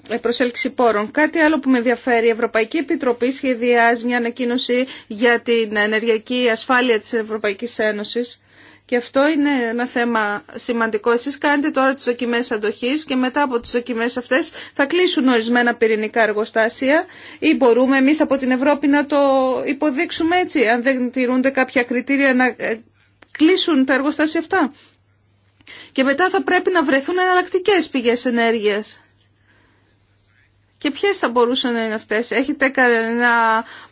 Speaker 1: ε, προσέλκυση πόρων. Κάτι άλλο που με ενδιαφέρει, η Ευρωπαϊκή Επιτροπή σχεδιάζει μια ανακοίνωση για την ενεργειακή ασφάλεια της Ευρωπαϊκής Ένωσης. Και αυτό είναι ένα θέμα σημαντικό. Εσείς κάνετε τώρα τις δοκιμές αντοχής και μετά από τις δοκιμές αυτές θα κλείσουν ορισμένα πυρηνικά εργοστάσια ή μπορούμε εμείς από την Ευρώπη να το υποδείξουμε έτσι, αν δεν τηρούνται κάποια κριτήρια να ε, κλείσουν τα εργοστάσια αυτά. Και μετά θα πρέπει να βρεθούν εναλλακτικέ πηγές ενέργειας. Και ποιε θα μπορούσαν να είναι αυτέ, Έχετε κανένα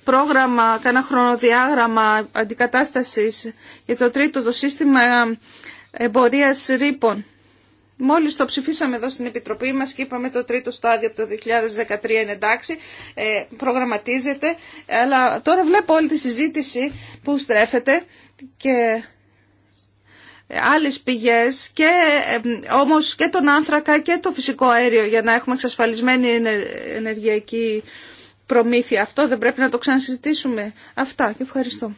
Speaker 1: πρόγραμμα, κανένα χρονοδιάγραμμα αντικατάστασης για το τρίτο, το σύστημα εμπορίας ρήπων. Μόλις το ψηφίσαμε εδώ στην Επιτροπή μας και είπαμε το τρίτο στάδιο από το 2013 είναι εντάξει, ε, προγραμματίζεται, αλλά τώρα βλέπω όλη τη συζήτηση που στρέφεται και άλλες πηγές και ε, όμως και τον άνθρακα και το φυσικό αέριο για να έχουμε εξασφαλισμένη ενεργειακή προμήθεια. Αυτό δεν πρέπει να το ξανασυζητήσουμε. Αυτά και ευχαριστώ.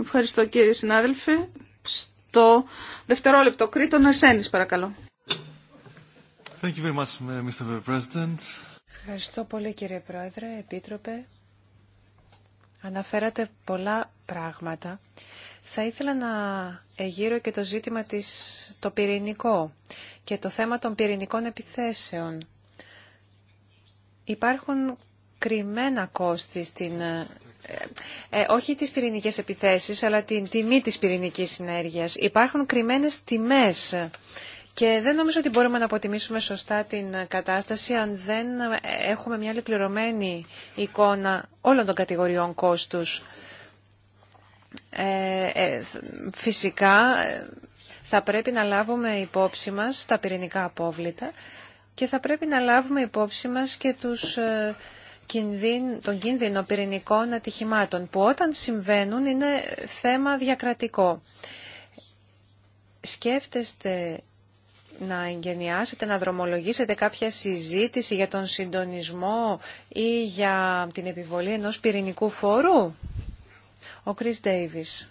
Speaker 1: Ευχαριστώ κύριε συνάδελφε. Στο δευτερόλεπτο Κρήτον Αρσένης παρακαλώ.
Speaker 2: President. Ευχαριστώ πολύ κύριε Πρόεδρε, Επίτροπε. Αναφέρατε πολλά πράγματα. Θα ήθελα να εγείρω και το ζήτημα της, το πυρηνικό και το θέμα των πυρηνικών επιθέσεων. Υπάρχουν κρυμμένα κόστη στην... Ε, ε, ε, όχι τις πυρηνικές επιθέσεις, αλλά την τιμή της πυρηνικής συνέργειας. Υπάρχουν κρυμμένες τιμές και δεν νομίζω ότι μπορούμε να αποτιμήσουμε σωστά την κατάσταση αν δεν έχουμε μια λεπληρωμένη εικόνα όλων των κατηγοριών κόστους. Ε, ε, φυσικά θα πρέπει να λάβουμε υπόψη μας τα πυρηνικά απόβλητα και θα πρέπει να λάβουμε υπόψη μας και τους, ε, κινδύν, τον κίνδυνο πυρηνικών ατυχημάτων που όταν συμβαίνουν είναι θέμα διακρατικό. Σκέφτεστε να εγγενιάσετε, να δρομολογήσετε κάποια συζήτηση για τον συντονισμό ή για την επιβολή ενός πυρηνικού φόρου. Ο Κρίς Ντέιβις,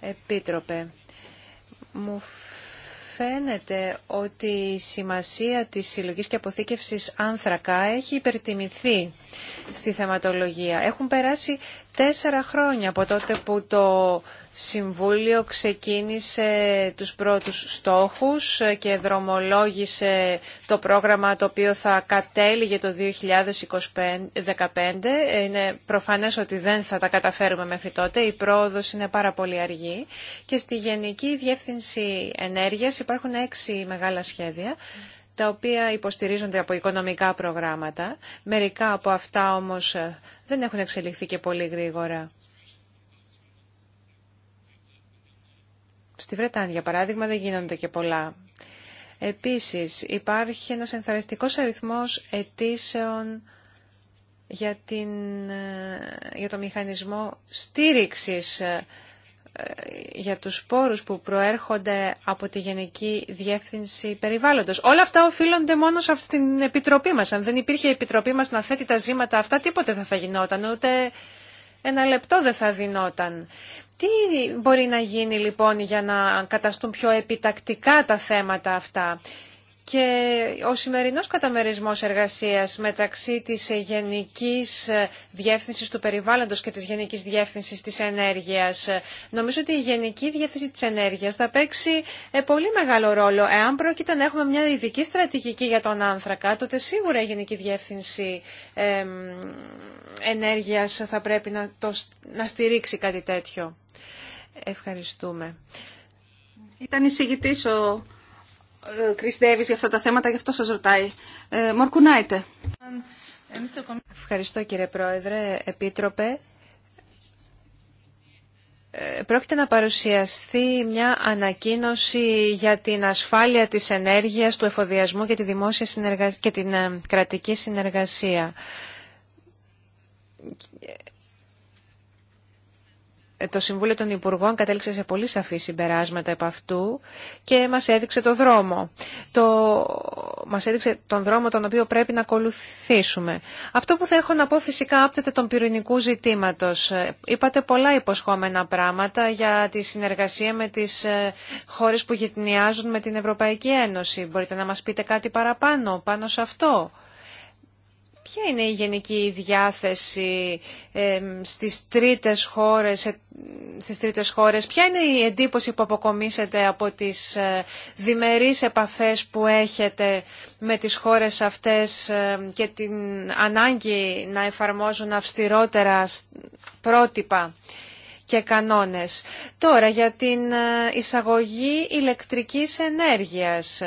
Speaker 2: Επίτροπε, μου φαίνεται ότι η σημασία της συλλογής και αποθήκευσης άνθρακα έχει υπερτιμηθεί στη θεματολογία. Έχουν περάσει τέσσερα χρόνια από τότε που το Συμβούλιο ξεκίνησε τους πρώτους στόχους και δρομολόγησε το πρόγραμμα το οποίο θα κατέληγε το 2015. Είναι προφανές ότι δεν θα τα καταφέρουμε μέχρι τότε, η πρόοδος είναι πάρα πολύ αργή και στη Γενική Διεύθυνση Ενέργειας υπάρχουν έξι μεγάλα σχέδια τα οποία υποστηρίζονται από οικονομικά προγράμματα. Μερικά από αυτά όμως δεν έχουν εξελιχθεί και πολύ γρήγορα. Στη Βρετάνια, για παράδειγμα, δεν γίνονται και πολλά. Επίσης, υπάρχει ένας ενθαρρυντικός αριθμός αιτήσεων για, την, ε, για το μηχανισμό στήριξης ε, για τους σπόρους που προέρχονται από τη Γενική Διεύθυνση Περιβάλλοντος. Όλα αυτά οφείλονται μόνο σε αυτή την επιτροπή μας. Αν δεν υπήρχε η επιτροπή μας να θέτει τα ζήματα αυτά, τίποτε δεν θα γινόταν, ούτε ένα λεπτό δεν θα δινόταν. Τι μπορεί να γίνει λοιπόν για να καταστούν πιο επιτακτικά τα θέματα αυτά και ο σημερινός καταμερισμός εργασίας μεταξύ της Γενικής Διεύθυνσης του Περιβάλλοντος και της Γενικής Διεύθυνσης της Ενέργειας. Νομίζω ότι η Γενική Διεύθυνση της Ενέργειας θα παίξει ε, πολύ μεγάλο ρόλο. Εάν πρόκειται να έχουμε μια ειδική στρατηγική για τον άνθρακα, τότε σίγουρα η Γενική Διεύθυνση Ενέργειας θα πρέπει να, να
Speaker 1: στηρίξει κάτι τέτοιο. Ευχαριστούμε. Ήταν εισηγητής ο ε, για αυτά τα θέματα, γι' αυτό σας ρωτάει. Ε, Μορκουνάιτε. Ευχαριστώ κύριε Πρόεδρε. Επίτροπε,
Speaker 2: ε, πρόκειται να παρουσιαστεί μια ανακοίνωση για την ασφάλεια της ενέργειας, του εφοδιασμού και τη δημόσια συνεργασία και την κρατική συνεργασία. Ε, το Συμβούλιο των Υπουργών κατέληξε σε πολύ σαφή συμπεράσματα επ' αυτού και μας έδειξε το δρόμο. Το... Μας έδειξε τον δρόμο τον οποίο πρέπει να ακολουθήσουμε. Αυτό που θα έχω να πω φυσικά άπτεται τον πυρηνικού ζητήματος. Ε, είπατε πολλά υποσχόμενα πράγματα για τη συνεργασία με τις ε, χώρες που γυτνιάζουν με την Ευρωπαϊκή Ένωση. Μπορείτε να μας πείτε κάτι παραπάνω πάνω σε αυτό. Ποια είναι η γενική διάθεση ε, στις, τρίτες χώρες, ε, στις τρίτες χώρες, ποια είναι η εντύπωση που αποκομίσετε από τις ε, διμερείς επαφές που έχετε με τις χώρες αυτές και την ανάγκη να εφαρμόζουν αυστηρότερα πρότυπα και κανόνες. Τώρα για την ε, εισαγωγή ηλεκτρικής ενέργειας.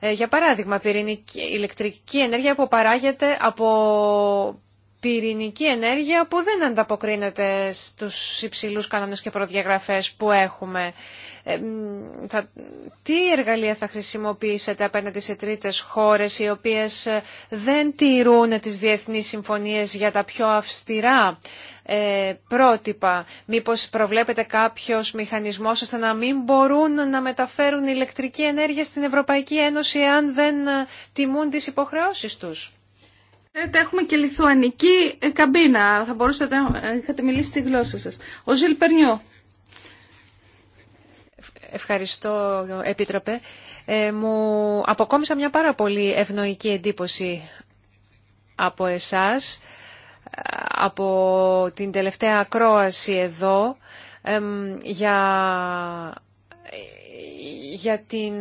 Speaker 2: Ε, για παράδειγμα, πυρηνική ηλεκτρική ενέργεια που παράγεται από πυρηνική ενέργεια που δεν ανταποκρίνεται στους υψηλούς κανόνες και προδιαγραφές που έχουμε. Ε, θα, τι εργαλεία θα χρησιμοποιήσετε απέναντι σε τρίτες χώρες οι οποίες ε, δεν τηρούν τις διεθνείς συμφωνίες για τα πιο αυστηρά ε, πρότυπα. Μήπως προβλέπετε κάποιος μηχανισμός ώστε να μην μπορούν να μεταφέρουν ηλεκτρική ενέργεια στην Ευρωπαϊκή Ένωση αν δεν τιμούν τις υποχρεώσεις τους.
Speaker 1: Ε, έχουμε και λιθουανική ε, καμπίνα. Θα μπορούσατε να ε, είχατε μιλήσει τη γλώσσα σας. Ο Ζιλ Περνιό.
Speaker 2: Ευχαριστώ, Επίτροπε. μου αποκόμισα μια πάρα πολύ ευνοϊκή εντύπωση από εσάς, από την τελευταία ακρόαση εδώ, για, για την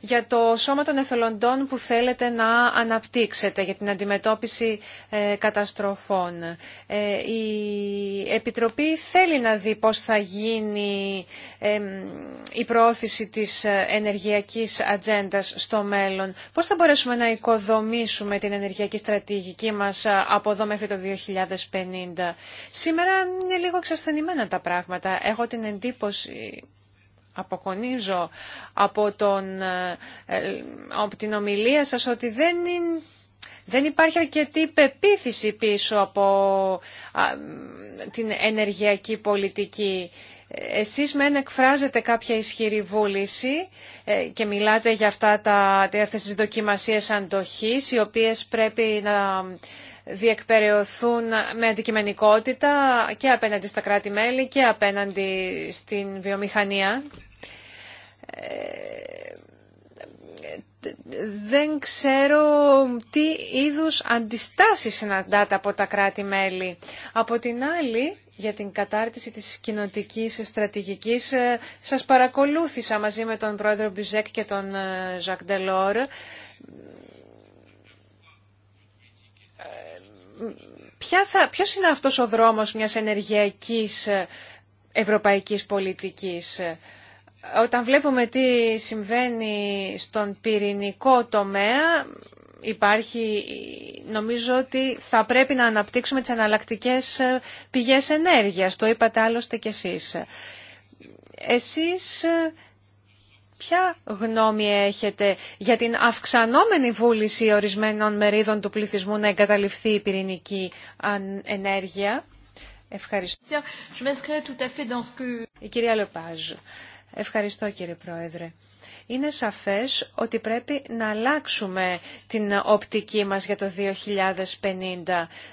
Speaker 2: για το σώμα των εθελοντών που θέλετε να αναπτύξετε για την αντιμετώπιση ε, καταστροφών. Ε, η Επιτροπή θέλει να δει πώς θα γίνει η προώθηση της ε, ενεργειακής ατζέντα στο μέλλον. Πώς θα μπορέσουμε να οικοδομήσουμε την ενεργειακή στρατηγική μας από εδώ μέχρι το 2050. Σήμερα είναι λίγο εξασθενημένα τα πράγματα. Έχω την εντύπωση αποκονίζω από, τον, ε, ε, την ομιλία σας ότι δεν δεν υπάρχει αρκετή πεποίθηση πίσω από την ενεργειακή πολιτική. Εσείς μεν εκφράζετε κάποια ισχυρή βούληση ε, και μιλάτε για αυτά τα, αυτές τις δοκιμασίες αντοχής, οι οποίες πρέπει να διεκπεραιωθούν με αντικειμενικότητα και απέναντι στα κράτη-μέλη και απέναντι στην βιομηχανία. Ε, δεν ξέρω τι είδους αντιστάσεις συναντάτε από τα κράτη-μέλη. Από την άλλη, για την κατάρτιση της κοινοτικής στρατηγικής, ε, σας παρακολούθησα μαζί με τον πρόεδρο Μπιζέκ και τον Ζακ ε, Ντελόρ ποια θα, ποιος είναι αυτός ο δρόμος μιας ενεργειακής ε, ευρωπαϊκής πολιτικής. Όταν βλέπουμε τι συμβαίνει στον πυρηνικό τομέα, υπάρχει, νομίζω ότι θα πρέπει να αναπτύξουμε τις αναλλακτικές ε, πηγές ενέργειας. Το είπατε άλλωστε κι εσείς. Εσείς ε, Ποια γνώμη έχετε για την αυξανόμενη βούληση ορισμένων μερίδων του πληθυσμού να εγκαταλειφθεί η πυρηνική ενέργεια. Ευχαριστώ. Η κυρία Λεπάζ. Ευχαριστώ κύριε Πρόεδρε. Είναι σαφές ότι πρέπει να αλλάξουμε την οπτική μας για το 2050.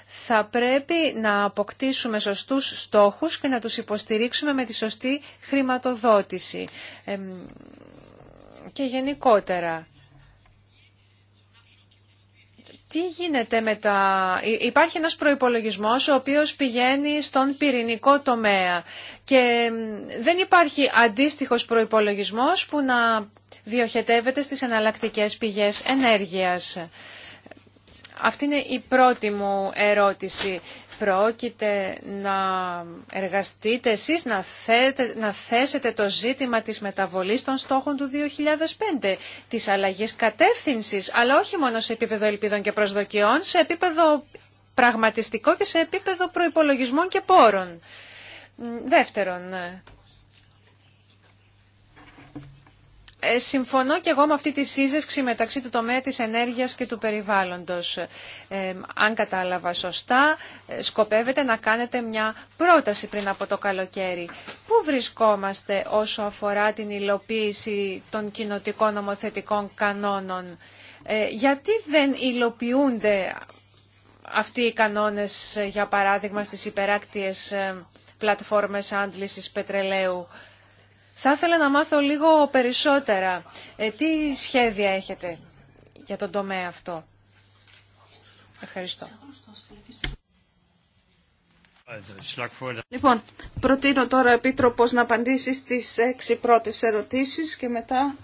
Speaker 2: Θα πρέπει να αποκτήσουμε σωστούς στόχους και να τους υποστηρίξουμε με τη σωστή χρηματοδότηση και γενικότερα. Τι γίνεται με τα... Υπάρχει ένας προϋπολογισμός ο οποίος πηγαίνει στον πυρηνικό τομέα και δεν υπάρχει αντίστοιχος προϋπολογισμός που να διοχετεύεται στις εναλλακτικές πηγές ενέργειας. Αυτή είναι η πρώτη μου ερώτηση πρόκειται να εργαστείτε εσείς να, να θέσετε το ζήτημα της μεταβολής των στόχων του 2005, της αλλαγής κατεύθυνσης, αλλά όχι μόνο σε επίπεδο ελπίδων και προσδοκιών, σε επίπεδο πραγματιστικό και σε επίπεδο προϋπολογισμών και πόρων. Δεύτερον, Ε, συμφωνώ και εγώ με αυτή τη σύζευξη μεταξύ του τομέα της ενέργειας και του περιβάλλοντος. Ε, αν κατάλαβα σωστά, ε, σκοπεύετε να κάνετε μια πρόταση πριν από το καλοκαίρι. Πού βρισκόμαστε όσο αφορά την υλοποίηση των κοινοτικών νομοθετικών κανόνων. γιατί δεν υλοποιούνται αυτοί οι κανόνες, για παράδειγμα, στις υπεράκτιες πλατφόρμες άντλησης πετρελαίου. Θα ήθελα να μάθω λίγο περισσότερα. Ε, τι σχέδια έχετε για τον τομέα
Speaker 1: αυτό. Ευχαριστώ. Λοιπόν, προτείνω τώρα ο Επίτροπος να απαντήσει στις έξι πρώτες ερωτήσεις και μετά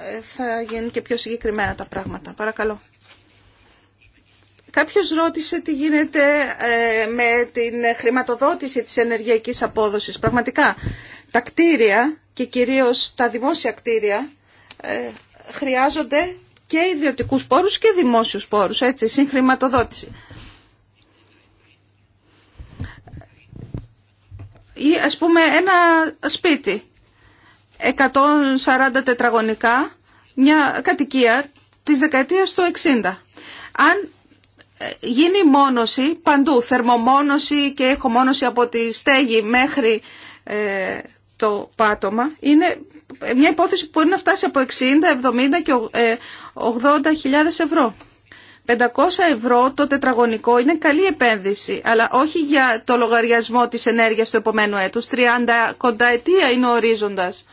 Speaker 1: ε, θα γίνουν και πιο συγκεκριμένα τα πράγματα. Παρακαλώ. Κάποιος ρώτησε τι γίνεται ε, με την χρηματοδότηση της ενεργειακής απόδοσης. Πραγματικά, τα κτίρια και κυρίως τα δημόσια κτίρια ε, χρειάζονται και ιδιωτικούς πόρους και δημόσιους πόρους, έτσι, συγχρηματοδότηση. Ή ας πούμε ένα σπίτι, 140 τετραγωνικά, μια κατοικία της δεκαετίας του 60. Αν ε, γίνει μόνωση παντού, θερμομόνωση και έχω μόνωση από τη στέγη μέχρι ε, το πάτωμα είναι μια υπόθεση που μπορεί να φτάσει από 60, 70 και 80 ε, χιλιάδες ευρώ. 500 ευρώ το τετραγωνικό είναι καλή επένδυση, αλλά όχι για το λογαριασμό της ενέργειας του επομένου έτους. 30 κοντά ετία είναι ο ορίζοντας.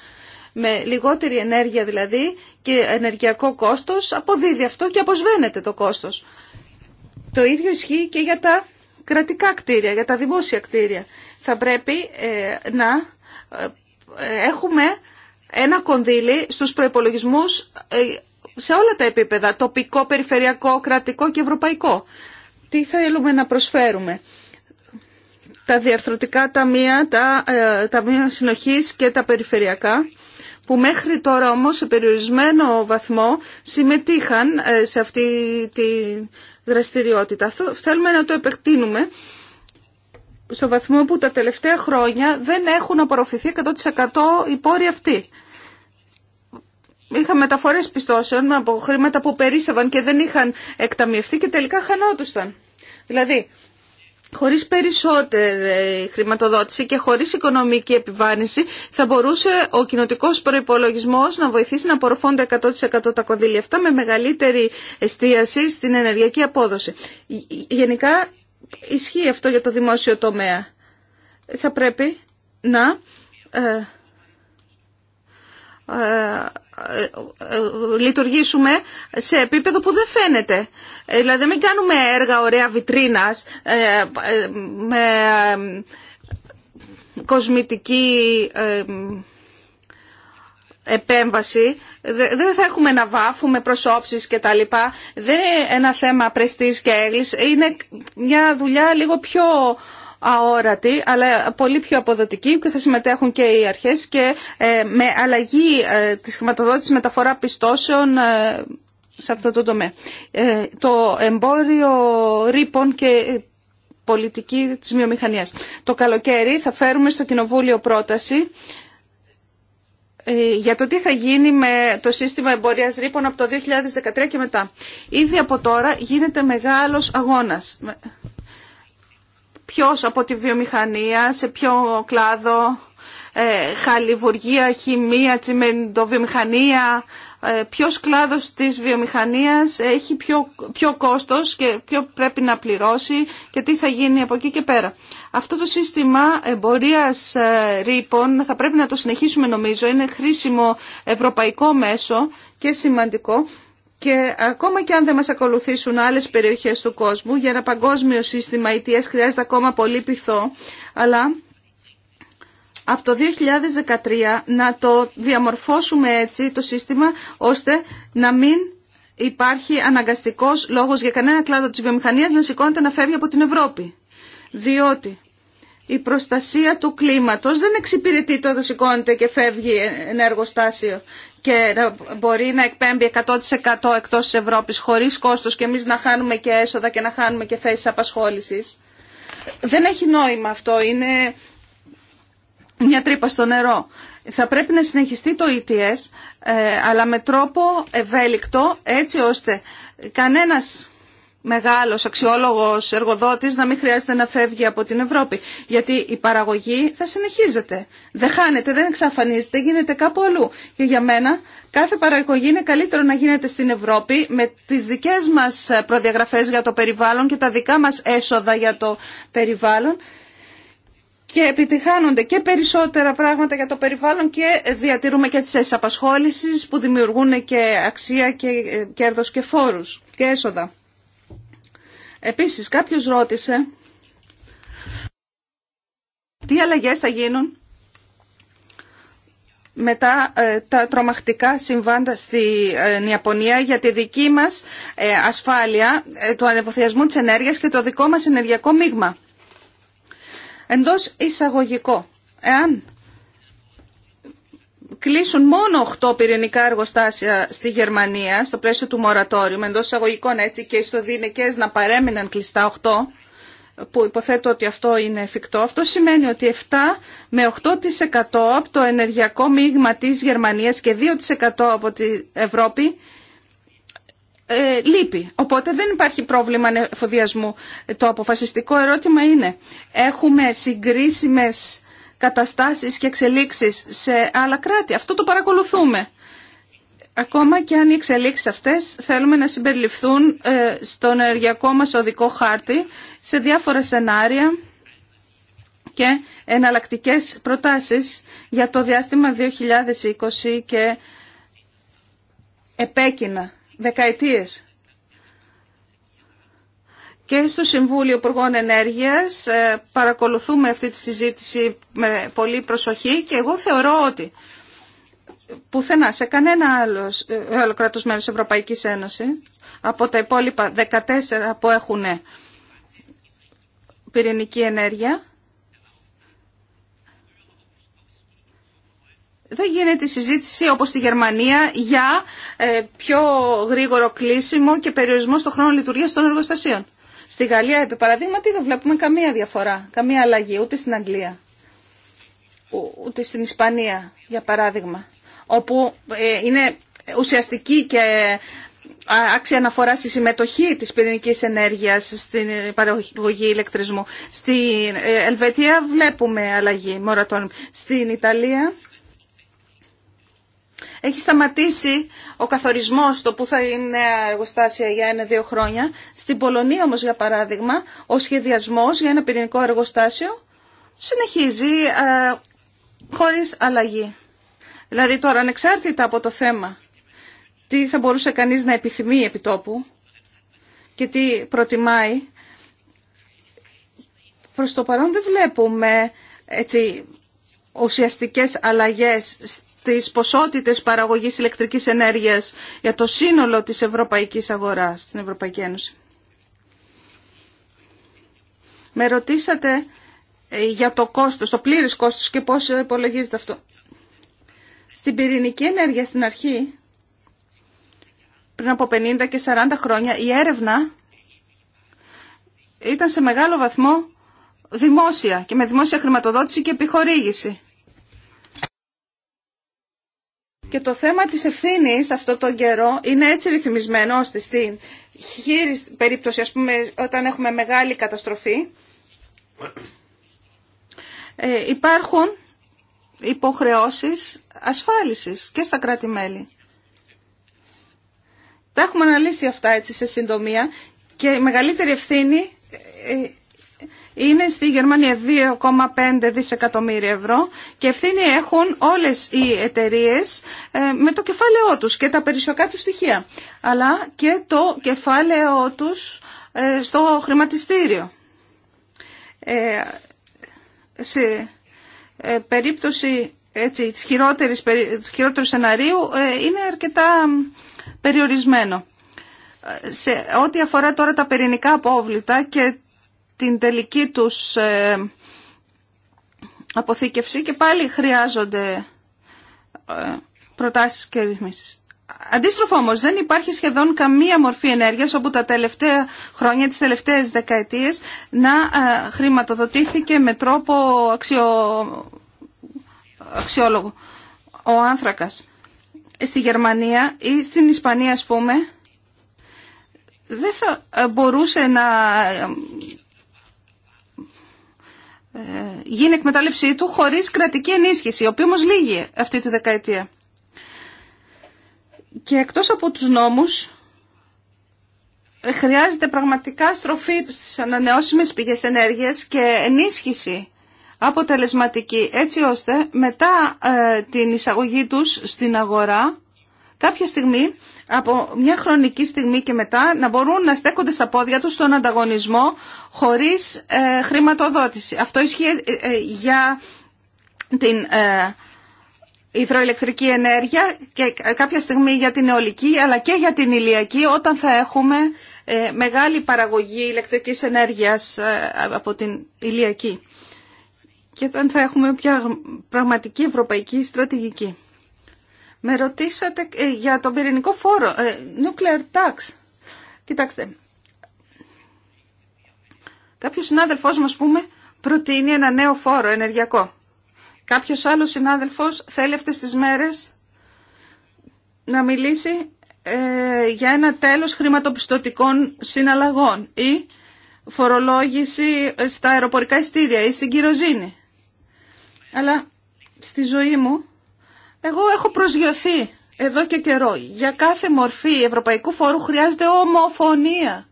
Speaker 1: Με λιγότερη ενέργεια δηλαδή και ενεργειακό κόστος αποδίδει αυτό και αποσβαίνεται το κόστος. Το ίδιο ισχύει και για τα κρατικά κτίρια, για τα δημόσια κτίρια. Θα πρέπει ε, να έχουμε ένα κονδύλι στους προϋπολογισμούς ε, σε όλα τα επίπεδα, τοπικό, περιφερειακό, κρατικό και ευρωπαϊκό. Τι θέλουμε να προσφέρουμε. Τα διαρθρωτικά ταμεία, τα ε, ταμεία συνοχής και τα περιφερειακά, που μέχρι τώρα όμως σε περιορισμένο βαθμό συμμετείχαν ε, σε αυτή τη δραστηριότητα. Θέλουμε να το επεκτείνουμε στο βαθμό που τα τελευταία χρόνια δεν έχουν απορροφηθεί 100% οι πόροι αυτοί. τα μεταφορές πιστώσεων από χρήματα που περίσευαν και δεν είχαν εκταμιευθεί και τελικά χανόντουσαν. Δηλαδή, χωρίς περισσότερη χρηματοδότηση και χωρίς οικονομική επιβάρυνση θα μπορούσε ο κοινοτικό προϋπολογισμός να βοηθήσει να απορροφώνται 100% τα κονδύλια αυτά με μεγαλύτερη εστίαση στην ενεργειακή απόδοση ισχύει αυτό για το δημόσιο τομέα. Θα πρέπει να ε, ε, ε, λειτουργήσουμε σε επίπεδο που δεν φαίνεται. Δηλαδή μην κάνουμε έργα ωραία βιτρίνας με κοσμητική επέμβαση, δεν θα έχουμε να βάφουμε προσώψεις και τα λοιπά. Δεν είναι ένα θέμα πρεστής και έγκλης, είναι μια δουλειά λίγο πιο αόρατη, αλλά πολύ πιο αποδοτική και θα συμμετέχουν και οι αρχές και ε, με αλλαγή ε, της χρηματοδότησης μεταφορά πιστώσεων ε, σε αυτό το τομέα. το εμπόριο ρήπων και πολιτική της βιομηχανίας. Το καλοκαίρι θα φέρουμε στο Κοινοβούλιο πρόταση ε, για το τι θα γίνει με το σύστημα εμπορίας ρήπων από το 2013 και μετά. Ήδη από τώρα γίνεται μεγάλος αγώνας. Ποιος από τη βιομηχανία, σε ποιο κλάδο, ε, χαλιβουργία, χημεία, τσιμεντοβιομηχανία, ε, ποιο κλάδο της βιομηχανίας έχει πιο, πιο κόστος και ποιο πρέπει να πληρώσει και τι θα γίνει από εκεί και πέρα. Αυτό το σύστημα εμπορίας ε, ρήπων θα πρέπει να το συνεχίσουμε νομίζω. Είναι χρήσιμο ευρωπαϊκό μέσο και σημαντικό και ακόμα και αν δεν μας ακολουθήσουν άλλες περιοχές του κόσμου για ένα παγκόσμιο σύστημα ETS χρειάζεται ακόμα πολύ πυθό, αλλά από το 2013 να το διαμορφώσουμε έτσι το σύστημα ώστε να μην υπάρχει αναγκαστικός λόγος για κανένα κλάδο της βιομηχανίας να σηκώνεται να φεύγει από την Ευρώπη. Διότι η προστασία του κλίματος δεν εξυπηρετεί το να σηκώνεται και φεύγει ένα εργοστάσιο και μπορεί να εκπέμπει 100% εκτός της Ευρώπης χωρίς κόστος και εμείς να χάνουμε και έσοδα και να χάνουμε και θέσεις απασχόλησης. Δεν έχει νόημα αυτό. Είναι μια τρύπα στο νερό. Θα πρέπει να συνεχιστεί το ETS, ε, αλλά με τρόπο ευέλικτο, έτσι ώστε κανένας μεγάλος αξιόλογος εργοδότης να μην χρειάζεται να φεύγει από την Ευρώπη. Γιατί η παραγωγή θα συνεχίζεται. Δεν χάνεται, δεν εξαφανίζεται, γίνεται κάπου αλλού. Και για μένα κάθε παραγωγή είναι καλύτερο να γίνεται στην Ευρώπη με τις δικές μας προδιαγραφές για το περιβάλλον και τα δικά μας έσοδα για το περιβάλλον και επιτυχάνονται και περισσότερα πράγματα για το περιβάλλον και διατηρούμε και τις θέσεις που δημιουργούν και αξία και κέρδος και φόρους και έσοδα. Επίσης κάποιος ρώτησε τι αλλαγές θα γίνουν μετά ε, τα τρομακτικά συμβάντα στην ε, Ιαπωνία για τη δική μας ε, ασφάλεια του ανεβοθιασμού της ενέργειας και το δικό μας ενεργειακό μείγμα εντός εισαγωγικό. Εάν κλείσουν μόνο 8 πυρηνικά εργοστάσια στη Γερμανία, στο πλαίσιο του μορατόριου, εντό εισαγωγικών έτσι, και στο Δίνεκε να παρέμειναν κλειστά 8, που υποθέτω ότι αυτό είναι εφικτό, αυτό σημαίνει ότι 7 με 8% από το ενεργειακό μείγμα της Γερμανίας και 2% από την Ευρώπη ε, λείπει. Οπότε δεν υπάρχει πρόβλημα ανεφοδιασμού. Το αποφασιστικό ερώτημα είναι, έχουμε συγκρίσιμες καταστάσεις και εξελίξεις σε άλλα κράτη. Αυτό το παρακολουθούμε. Ακόμα και αν οι εξελίξεις αυτές θέλουμε να συμπεριληφθούν ε, στον ενεργειακό μας οδικό χάρτη σε διάφορα σενάρια και εναλλακτικές προτάσεις για το διάστημα 2020 και επέκεινα δεκαετίες. Και στο Συμβούλιο Υπουργών Ενέργειας ε, παρακολουθούμε αυτή τη συζήτηση με πολύ προσοχή και εγώ θεωρώ ότι πουθενά σε κανένα άλλος, ε, άλλο κράτος μέλος Ευρωπαϊκής Ένωσης από τα υπόλοιπα 14 που έχουν πυρηνική ενέργεια δεν γίνεται συζήτηση όπως στη Γερμανία για ε, πιο γρήγορο κλείσιμο και περιορισμό στο χρόνο λειτουργίας των εργοστασίων. Στη Γαλλία, επί παραδείγματι, δεν βλέπουμε καμία διαφορά, καμία αλλαγή, ούτε στην Αγγλία, ούτε στην Ισπανία, για παράδειγμα, όπου ε, είναι ουσιαστική και ε, άξια αναφορά στη συμμετοχή της πυρηνικής ενέργειας στην παραγωγή ηλεκτρισμού. Στην Ελβετία βλέπουμε αλλαγή Στην Ιταλία έχει σταματήσει ο καθορισμός το που θα είναι εργοστάσια για ένα-δύο χρόνια. Στην Πολωνία όμως για παράδειγμα ο σχεδιασμός για ένα πυρηνικό εργοστάσιο συνεχίζει ε, χωρίς αλλαγή. Δηλαδή τώρα ανεξάρτητα από το θέμα τι θα μπορούσε κανείς να επιθυμεί επί και τι προτιμάει. Προς το παρόν δεν βλέπουμε έτσι, ουσιαστικές αλλαγές τις ποσότητες παραγωγής ηλεκτρικής ενέργειας για το σύνολο της ευρωπαϊκής αγοράς στην Ευρωπαϊκή Ένωση. Με ρωτήσατε ε, για το κόστος, το πλήρες κόστος και πώς υπολογίζεται αυτό. Στην πυρηνική ενέργεια στην αρχή, πριν από 50 και 40 χρόνια, η έρευνα ήταν σε μεγάλο βαθμό δημόσια και με δημόσια χρηματοδότηση και επιχορήγηση. Και το θέμα της ευθύνη αυτό τον καιρό είναι έτσι ρυθμισμένο ώστε στην χείριστη περίπτωση, ας πούμε όταν έχουμε μεγάλη καταστροφή, ε, υπάρχουν υποχρεώσεις ασφάλισης και στα κράτη-μέλη. Τα έχουμε αναλύσει αυτά έτσι σε συντομία και η μεγαλύτερη ευθύνη ε, είναι στη Γερμανία 2,5 δισεκατομμύρια ευρώ και ευθύνη έχουν όλες οι εταιρείες ε, με το κεφάλαιό τους και τα περισσοκά του στοιχεία, αλλά και το κεφάλαιό τους ε, στο χρηματιστήριο. Ε, σε περίπτωση έτσι, χειρότερης, του χειρότερου σενάριου είναι αρκετά περιορισμένο. Σε ό,τι αφορά τώρα τα πυρηνικά απόβλητα και την τελική τους ε, αποθήκευση και πάλι χρειάζονται ε, προτάσεις και ρυθμίσεις. Αντίστροφο όμως δεν υπάρχει σχεδόν καμία μορφή ενέργειας όπου τα τελευταία χρόνια, τις τελευταίες δεκαετίες να ε, χρηματοδοτήθηκε με τρόπο αξιο... αξιόλογο ο άνθρακας. Στη Γερμανία ή στην Ισπανία ας πούμε δεν θα μπορούσε να ε, γίνει εκμετάλλευσή του χωρίς κρατική ενίσχυση, η οποία όμως λύγει αυτή τη δεκαετία. Και εκτός από τους νόμους, ε, χρειάζεται πραγματικά στροφή στις ανανεώσιμες πηγές ενέργειας και ενίσχυση αποτελεσματική, έτσι ώστε μετά ε, την εισαγωγή τους στην αγορά, κάποια στιγμή από μια χρονική στιγμή και μετά να μπορούν να στέκονται στα πόδια τους στον ανταγωνισμό χωρίς ε, χρηματοδότηση. Αυτό ισχύει ε, ε, για την υδροηλεκτρική ενέργεια και κάποια στιγμή για την αιωλική αλλά και για την ηλιακή όταν θα έχουμε μεγάλη παραγωγή ηλεκτρικής ενέργειας από την ηλιακή και όταν θα έχουμε πια πραγματική ευρωπαϊκή στρατηγική. Με ρωτήσατε ε, για τον πυρηνικό φόρο, ε, nuclear tax. Κοιτάξτε, κάποιος συνάδελφός μας, πούμε, προτείνει ένα νέο φόρο ενεργειακό. Κάποιο άλλος συνάδελφος θέλει αυτές τις μέρες να μιλήσει ε, για ένα τέλος χρηματοπιστωτικών συναλλαγών ή φορολόγηση στα αεροπορικά ειστήρια ή στην κυροζήνη. Αλλά στη ζωή μου εγώ έχω προσγειωθεί εδώ και καιρό. Για κάθε μορφή ευρωπαϊκού φόρου χρειάζεται ομοφωνία.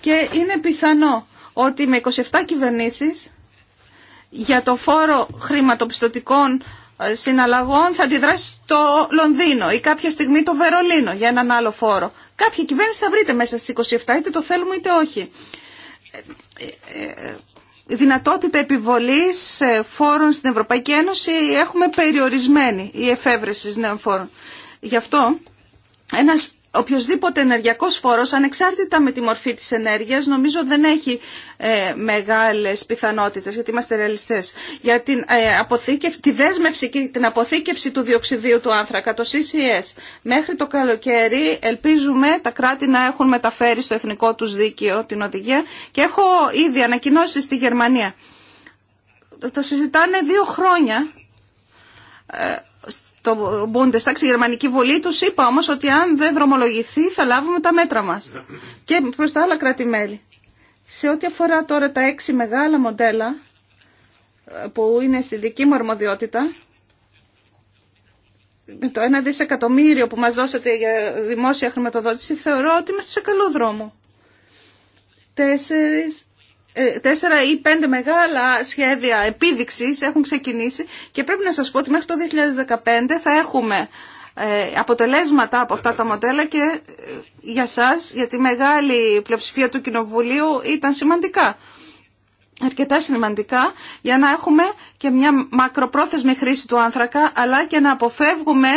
Speaker 1: Και είναι πιθανό ότι με 27 κυβερνήσεις για το φόρο χρηματοπιστωτικών ε, συναλλαγών θα αντιδράσει το Λονδίνο ή κάποια στιγμή το Βερολίνο για έναν άλλο φόρο. Κάποια κυβέρνηση θα βρείτε μέσα στις 27, είτε το θέλουμε είτε όχι. Ε, ε, δυνατότητα επιβολής ε, φόρων στην Ευρωπαϊκή Ένωση έχουμε περιορισμένη η εφεύρεση νέων φόρων. Γι' αυτό ένας οποιοδήποτε ενεργειακός φόρος, ανεξάρτητα με τη μορφή της ενέργειας, νομίζω δεν έχει ε, μεγάλες πιθανότητες, γιατί είμαστε ρεαλιστές. Για την, ε, αποθήκευση, τη δέσμευση και την αποθήκευση του διοξιδίου του άνθρακα, το CCS, μέχρι το καλοκαίρι ελπίζουμε τα κράτη να έχουν μεταφέρει στο εθνικό τους δίκαιο την οδηγία και έχω ήδη ανακοινώσει στη Γερμανία. Το συζητάνε δύο χρόνια ε, το Bundestag στη Γερμανική Βουλή. του, είπα όμω ότι αν δεν δρομολογηθεί θα λάβουμε τα μέτρα μας. Και προ τα άλλα κράτη-μέλη. Σε ό,τι αφορά τώρα τα έξι μεγάλα μοντέλα ε, που είναι στη δική μου αρμοδιότητα, με το ένα δισεκατομμύριο που μας δώσατε για δημόσια χρηματοδότηση, θεωρώ ότι είμαστε σε καλό δρόμο. Τέσσερις ε, τέσσερα ή πέντε μεγάλα σχέδια επίδειξης έχουν ξεκινήσει και πρέπει να σας πω ότι μέχρι το 2015 θα έχουμε ε, αποτελέσματα από αυτά τα μοντέλα και ε, για σας, για τη μεγάλη πλειοψηφία του Κοινοβουλίου ήταν σημαντικά. Αρκετά σημαντικά για να έχουμε και μια μακροπρόθεσμη χρήση του άνθρακα αλλά και να αποφεύγουμε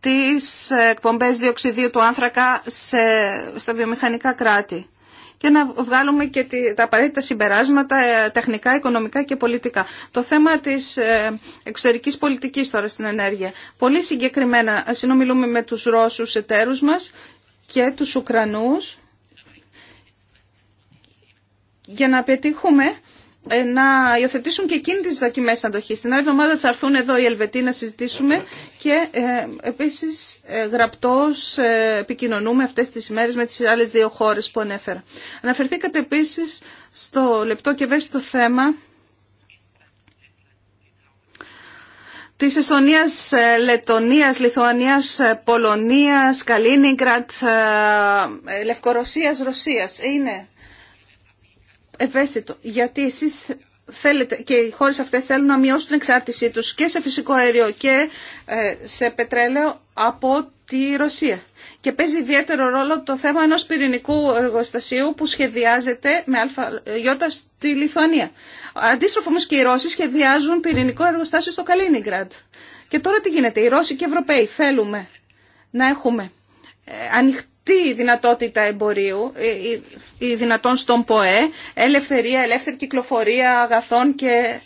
Speaker 1: τις εκπομπές διοξιδίου του άνθρακα σε, στα βιομηχανικά κράτη και να βγάλουμε και τα απαραίτητα συμπεράσματα ε, τεχνικά, οικονομικά και πολιτικά. Το θέμα της ε, εξωτερικής πολιτικής τώρα στην ενέργεια. Πολύ συγκεκριμένα ε, συνομιλούμε με τους Ρώσους εταίρους μας και τους Ουκρανούς για να πετύχουμε ε, να υιοθετήσουν και εκείνη τις δοκιμές αντοχής. Την άλλη εβδομάδα θα έρθουν εδώ οι Ελβετοί να συζητήσουμε και ε, επίσης ε, γραπτός ε, επικοινωνούμε αυτές τις ημέρες με τις άλλες δύο χώρες που ανέφερα. Αναφερθήκατε επίσης στο λεπτό και στο θέμα της Εσωνίας, ε, Λετωνία, Λιθουανίας, Πολωνίας, Καλίνιγκρατ, Λευκορωσία, Ρωσίας. Είναι ευαίσθητο. Γιατί εσείς θέλετε και οι χώρε αυτές θέλουν να μειώσουν την εξάρτησή τους και σε φυσικό αέριο και ε, σε πετρέλαιο από τη Ρωσία. Και παίζει ιδιαίτερο ρόλο το θέμα ενός πυρηνικού εργοστασίου που σχεδιάζεται με ΑΙ ε, στη Λιθουανία. Αντίστροφο όμω και οι Ρώσοι σχεδιάζουν πυρηνικό εργοστάσιο στο Καλίνιγκραντ. Και τώρα τι γίνεται, οι Ρώσοι και οι Ευρωπαίοι θέλουμε να έχουμε ε, ανοιχτή τι δυνατότητα εμπορίου, ή ε, ε, ε, δυνατόν στον ΠΟΕ, ελευθερία, ελεύθερη κυκλοφορία αγαθών και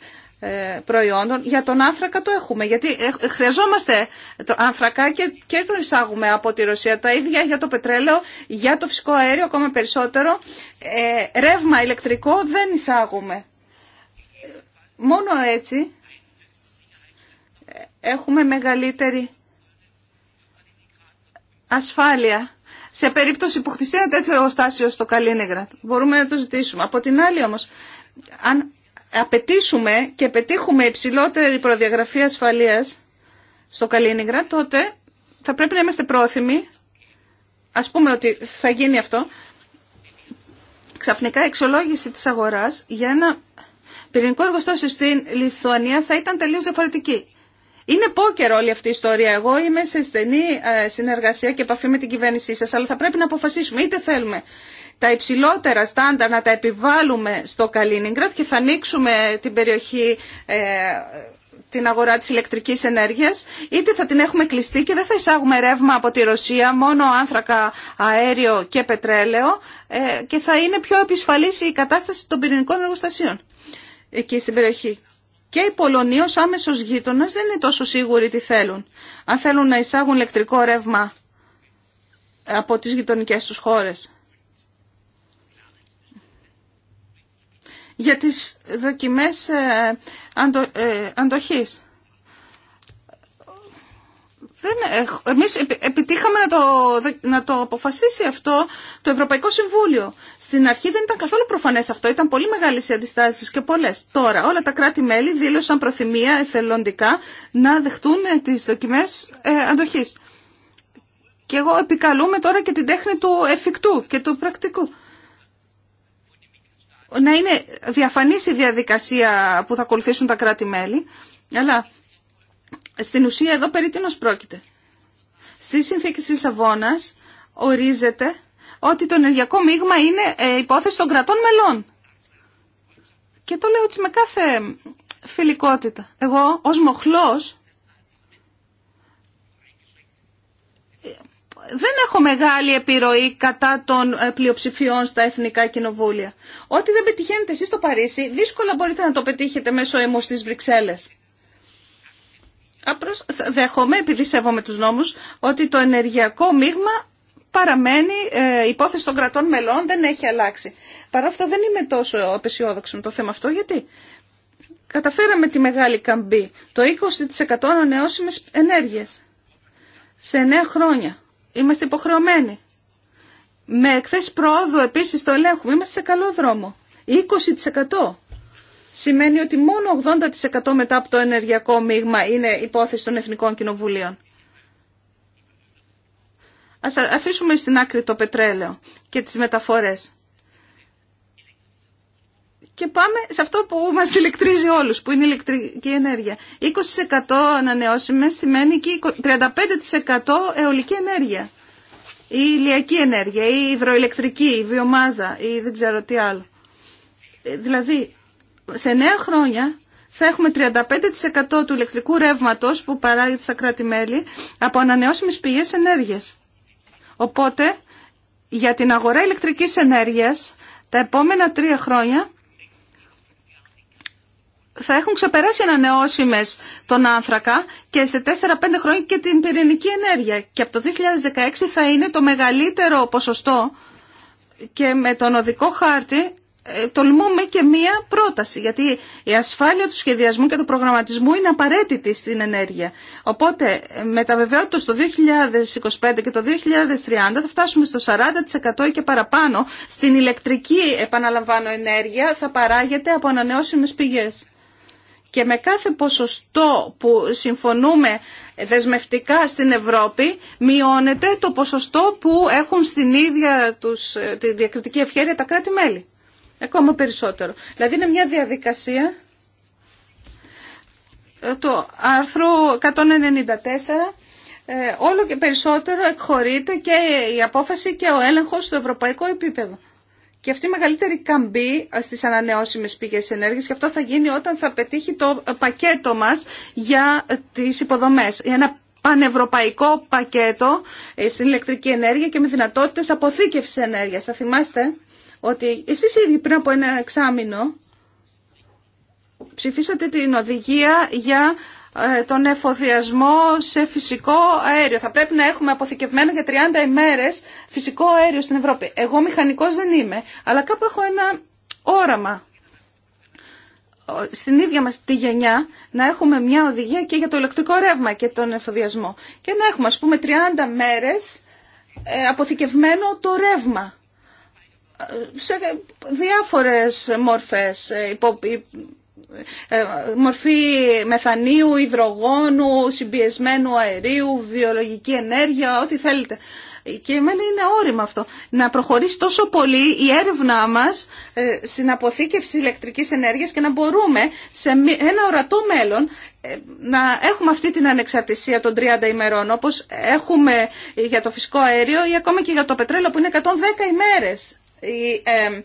Speaker 1: προϊόντων. Για τον άφρακα το έχουμε, γιατί χρειαζόμαστε το άφρακα και, και τον εισάγουμε από τη Ρωσία. Τα ίδια για το πετρέλαιο, για το φυσικό αέριο ακόμα περισσότερο. ρεύμα ηλεκτρικό δεν εισάγουμε. Μόνο έτσι έχουμε μεγαλύτερη ασφάλεια σε περίπτωση που χτιστεί ένα τέτοιο εργοστάσιο στο Καλίνεγκρατ. Μπορούμε να το ζητήσουμε. Από την άλλη όμω, αν απαιτήσουμε και πετύχουμε υψηλότερη προδιαγραφή ασφαλείας στο Καλίνιγρα, τότε θα πρέπει να είμαστε πρόθυμοι, ας πούμε ότι θα γίνει αυτό, ξαφνικά η εξολόγηση της αγοράς για ένα πυρηνικό εργοστάσιο στην Λιθουανία θα ήταν τελείω διαφορετική. Είναι πόκερ όλη αυτή η ιστορία. Εγώ είμαι σε στενή ε, συνεργασία και επαφή με την κυβέρνησή σα, αλλά θα πρέπει να αποφασίσουμε είτε θέλουμε τα υψηλότερα στάνταρ να τα επιβάλλουμε στο Καλίνιγκρατ και θα ανοίξουμε την περιοχή ε, την αγορά της ηλεκτρικής ενέργειας, είτε θα την έχουμε κλειστή και δεν θα εισάγουμε ρεύμα από τη Ρωσία, μόνο άνθρακα, αέριο και πετρέλαιο ε, και θα είναι πιο επισφαλής η κατάσταση των πυρηνικών εργοστασίων εκεί στην περιοχή και οι Πολωνοί ως άμεσος γείτονας δεν είναι τόσο σίγουροι τι θέλουν. Αν θέλουν να εισάγουν ηλεκτρικό ρεύμα από τις γειτονικές τους χώρες. Για τις δοκιμές ε, ε, αντοχής. Δεν Εμείς επιτύχαμε να το, να το αποφασίσει αυτό το Ευρωπαϊκό Συμβούλιο. Στην αρχή δεν ήταν καθόλου προφανές αυτό, ήταν πολύ μεγάλες οι αντιστάσεις και πολλές. Τώρα όλα τα κράτη-μέλη δήλωσαν προθυμία εθελοντικά να δεχτούν ε, τις δοκιμές ε, αντοχής. Και εγώ επικαλούμε τώρα και την τέχνη του εφικτού και του πρακτικού. Να είναι διαφανής η διαδικασία που θα ακολουθήσουν τα κράτη-μέλη, αλλά στην ουσία εδώ περί τίνος πρόκειται. Στη συνθήκη της Λισαβόνας ορίζεται ότι το ενεργειακό μείγμα είναι ε, υπόθεση των κρατών μελών. Και το λέω έτσι με κάθε φιλικότητα. Εγώ ως μοχλός δεν έχω μεγάλη επιρροή κατά των ε, πλειοψηφιών στα εθνικά κοινοβούλια. Ό,τι δεν πετυχαίνετε εσείς στο Παρίσι, δύσκολα μπορείτε να το πετύχετε μέσω αιμού στις Βρυξέλλες. Απλώς δέχομαι, επειδή σέβομαι τους νόμους, ότι το ενεργειακό μείγμα παραμένει ε, υπόθεση των κρατών μελών, δεν έχει αλλάξει. Παρά αυτό δεν είμαι τόσο απεσιόδοξη με το θέμα αυτό, γιατί καταφέραμε τη μεγάλη καμπή, το 20% ανανεώσιμες ενέργειες, σε 9 χρόνια. Είμαστε υποχρεωμένοι. Με εκθέσει προόδου επίσης το ελέγχουμε, είμαστε σε καλό δρόμο. 20% σημαίνει ότι μόνο 80% μετά από το ενεργειακό μείγμα είναι υπόθεση των Εθνικών Κοινοβουλίων. Ας αφήσουμε στην άκρη το πετρέλαιο και τις μεταφορές. Και πάμε σε αυτό που μας ηλεκτρίζει όλους, που είναι η ηλεκτρική ενέργεια. 20% ανανεώσιμες σημαίνει και 35% αιωλική ενέργεια. Η ηλιακή ενέργεια, η υδροηλεκτρική, η βιομάζα ή δεν ξέρω τι άλλο. Ε, δηλαδή, σε νέα χρόνια θα έχουμε 35% του ηλεκτρικού ρεύματος που παράγεται στα κράτη-μέλη από ανανεώσιμες πηγές ενέργειας. Οπότε, για την αγορά ηλεκτρικής ενέργειας, τα επόμενα τρία χρόνια θα έχουν ξεπεράσει ανανεώσιμες τον άνθρακα και σε 4-5 χρόνια και την πυρηνική ενέργεια. Και από το 2016 θα είναι το μεγαλύτερο ποσοστό και με τον οδικό χάρτη ε, τολμούμε και μία πρόταση, γιατί η ασφάλεια του σχεδιασμού και του προγραμματισμού είναι απαραίτητη στην ενέργεια. Οπότε ε, με τα βεβαιότητα στο 2025 και το 2030 θα φτάσουμε στο 40% και παραπάνω στην ηλεκτρική, επαναλαμβάνω, ενέργεια θα παράγεται από ανανεώσιμες πηγές. Και με κάθε ποσοστό που συμφωνούμε δεσμευτικά στην Ευρώπη, μειώνεται το ποσοστό που έχουν στην ίδια τους, ε, τη διακριτική ευχαίρεια τα κράτη-μέλη. Ακόμα περισσότερο. Δηλαδή είναι μια διαδικασία ε, το άρθρο 194 ε, όλο και περισσότερο εκχωρείται και η απόφαση και ο έλεγχος στο ευρωπαϊκό επίπεδο. Και αυτή η μεγαλύτερη καμπή ε, στις ανανεώσιμες πηγές ενέργειας και αυτό θα γίνει όταν θα πετύχει το πακέτο μας για τις υποδομές. Ένα πανευρωπαϊκό πακέτο στην ηλεκτρική ενέργεια και με δυνατότητες αποθήκευσης ενέργειας. Θα θυμάστε ότι εσείς ήδη πριν από ένα εξάμεινο ψηφίσατε την οδηγία για ε, τον εφοδιασμό σε φυσικό αέριο. Θα πρέπει να έχουμε αποθηκευμένο για 30 ημέρες φυσικό αέριο στην Ευρώπη. Εγώ μηχανικός δεν είμαι, αλλά κάπου έχω ένα όραμα στην ίδια μας τη γενιά να έχουμε μια οδηγία και για το ηλεκτρικό ρεύμα και τον εφοδιασμό. Και να έχουμε ας πούμε 30 μέρες ε, αποθηκευμένο το ρεύμα σε διάφορες μορφές, ε, ε, ε, μορφή μεθανίου, υδρογόνου, συμπιεσμένου αερίου, βιολογική ενέργεια, ό,τι θέλετε. Και εμένα είναι όριμο αυτό. Να προχωρήσει τόσο πολύ η έρευνά μας στην αποθήκευση ηλεκτρικής ενέργειας και να μπορούμε σε ένα ορατό μέλλον να έχουμε αυτή την ανεξαρτησία των 30 ημερών όπως έχουμε για το φυσικό αέριο ή ακόμα και για το πετρέλαιο που είναι 110 ημέρες η ε,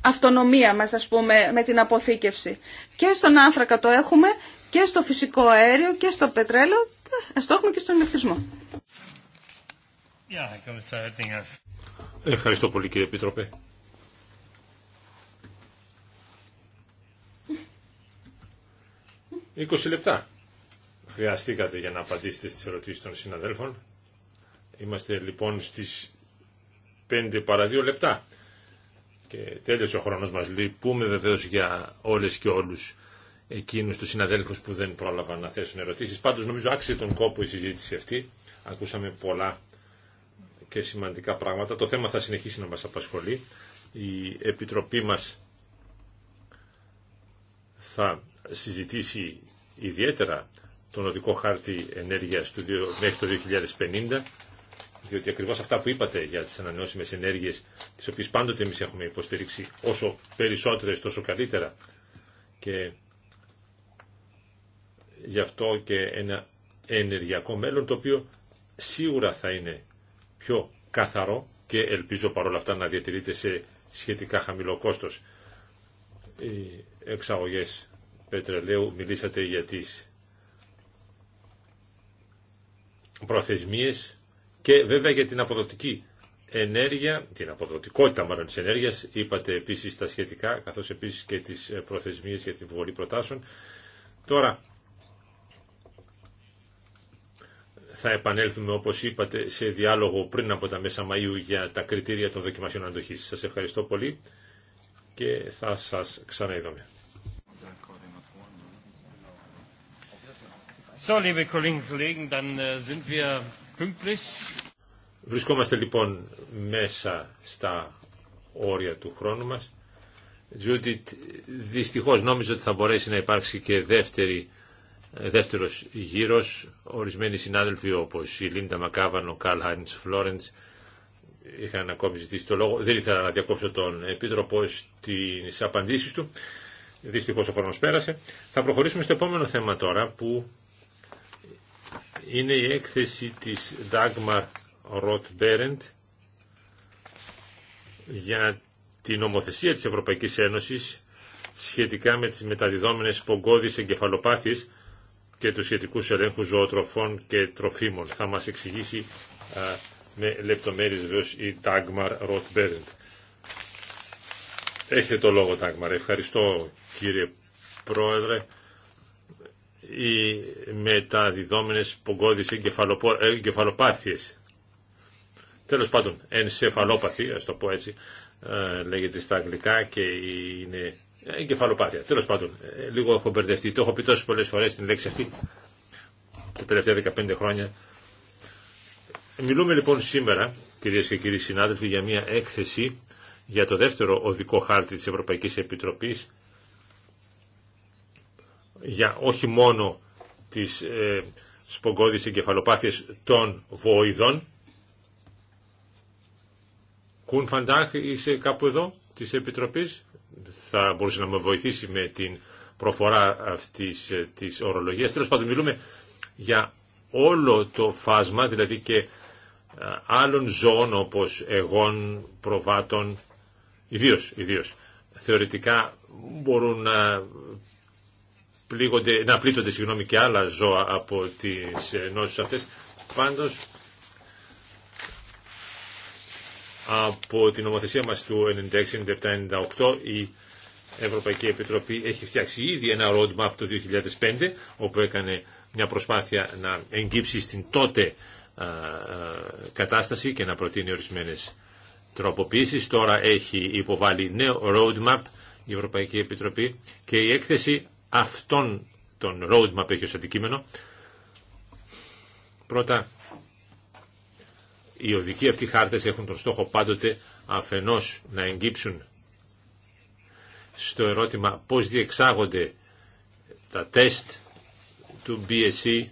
Speaker 1: αυτονομία μας, ας πούμε, με την αποθήκευση. Και στον άνθρακα το έχουμε και στο φυσικό αέριο και στο πετρέλαιο, ας το έχουμε και στον ηλεκτρισμό.
Speaker 3: Ευχαριστώ πολύ κύριε πίτροπε. Είκοσι λεπτά χρειαστήκατε για να απαντήσετε στις ερωτήσεις των συναδέλφων. Είμαστε λοιπόν στις 5 παρα 2 λεπτά. Και τέλειωσε ο χρόνος μας. Λυπούμε βεβαίως για όλες και όλους εκείνους τους συναδέλφους που δεν πρόλαβαν να θέσουν ερωτήσεις. Πάντως νομίζω άξιζε τον κόπο η συζήτηση αυτή. Ακούσαμε πολλά και σημαντικά πράγματα. Το θέμα θα συνεχίσει να μας απασχολεί. Η Επιτροπή μας θα συζητήσει ιδιαίτερα τον οδικό χάρτη ενέργειας του, μέχρι το 2050 διότι ακριβώς αυτά που είπατε για τις ανανεώσιμες ενέργειες, τις οποίες πάντοτε εμείς έχουμε υποστηρίξει όσο περισσότερες τόσο καλύτερα και γι' αυτό και ένα ενεργειακό μέλλον το οποίο σίγουρα θα είναι πιο καθαρό και ελπίζω παρόλα αυτά να διατηρείται σε σχετικά χαμηλό κόστος. Οι εξαγωγές πετρελαίου μιλήσατε για τις προθεσμίες και βέβαια για την αποδοτική ενέργεια, την αποδοτικότητα μάλλον της ενέργειας, είπατε επίσης τα σχετικά, καθώς επίσης και τις ε, προθεσμίες για την βολή προτάσεων. Τώρα, θα επανέλθουμε όπως είπατε σε διάλογο πριν από τα μέσα Μαΐου για τα κριτήρια των δοκιμασιών αντοχής. Σας ευχαριστώ πολύ και θα σας ξαναειδώμε. So, liebe Kolleginnen und Kollegen, dann äh, Βρισκόμαστε λοιπόν μέσα στα όρια του χρόνου μας. Διότι δυστυχώς νόμιζα ότι θα μπορέσει να υπάρξει και δεύτερη, ε, δεύτερος γύρος. Ορισμένοι συνάδελφοι όπως η Λίντα Μακάβαν, ο Καλ Χάιντς Φλόρεντς είχαν ακόμη ζητήσει το λόγο. Δεν ήθελα να διακόψω τον Επίτροπο στις απαντήσεις του. Δυστυχώς ο χρόνος πέρασε. Θα προχωρήσουμε στο επόμενο θέμα τώρα που είναι η έκθεση της Dagmar roth για την νομοθεσία της Ευρωπαϊκής Ένωσης σχετικά με τις μεταδιδόμενες πογκώδεις εγκεφαλοπάθειες και τους σχετικούς ελέγχους ζωοτροφών και τροφίμων. Θα μας εξηγήσει με λεπτομέρειες βεβαίως η Dagmar Roth-Berend. Έχετε το λόγο Dagmar. Ευχαριστώ κύριε Πρόεδρε. Οι μεταδιδόμενες πογκώδεις εγκεφαλοπάθειες. Τέλος πάντων, ενσεφαλόπαθη, ας το πω έτσι, ε, λέγεται στα αγγλικά και είναι εγκεφαλοπάθεια. Τέλος πάντων, ε, λίγο έχω μπερδευτεί, το έχω πει τόσες πολλές φορές την λέξη αυτή τα τελευταία 15 χρόνια. Μιλούμε λοιπόν σήμερα, κυρίες και κύριοι συνάδελφοι, για μια έκθεση για το δεύτερο οδικό χάρτη της Ευρωπαϊκής Επιτροπής για όχι μόνο τις ε, σπογκώδεις εγκεφαλοπάθειες των βοηδών. Κουν Φαντάχ είσαι κάπου εδώ της Επιτροπής. Θα μπορούσε να με βοηθήσει με την προφορά αυτής ε, της ορολογίας. Τέλος πάντων μιλούμε για όλο το φάσμα, δηλαδή και ε, άλλων ζώων όπως εγών, προβάτων, ιδίως, ιδίως. Θεωρητικά μπορούν να πλήγονται, να πλήττονται συγγνώμη, και άλλα ζώα από τις νόσους αυτές. Πάντως, από την νομοθεσία μας του 96-97-98 η Ευρωπαϊκή Επιτροπή έχει φτιάξει ήδη ένα roadmap το 2005 όπου έκανε μια προσπάθεια να εγκύψει στην τότε κατάσταση και να προτείνει ορισμένες τροποποιήσεις. Τώρα έχει υποβάλει νέο roadmap η Ευρωπαϊκή Επιτροπή και η έκθεση αυτόν τον roadmap έχει ως αντικείμενο. Πρώτα, οι οδικοί αυτοί χάρτες έχουν τον στόχο πάντοτε αφενός να εγκύψουν στο ερώτημα πώς διεξάγονται τα τεστ του BSE,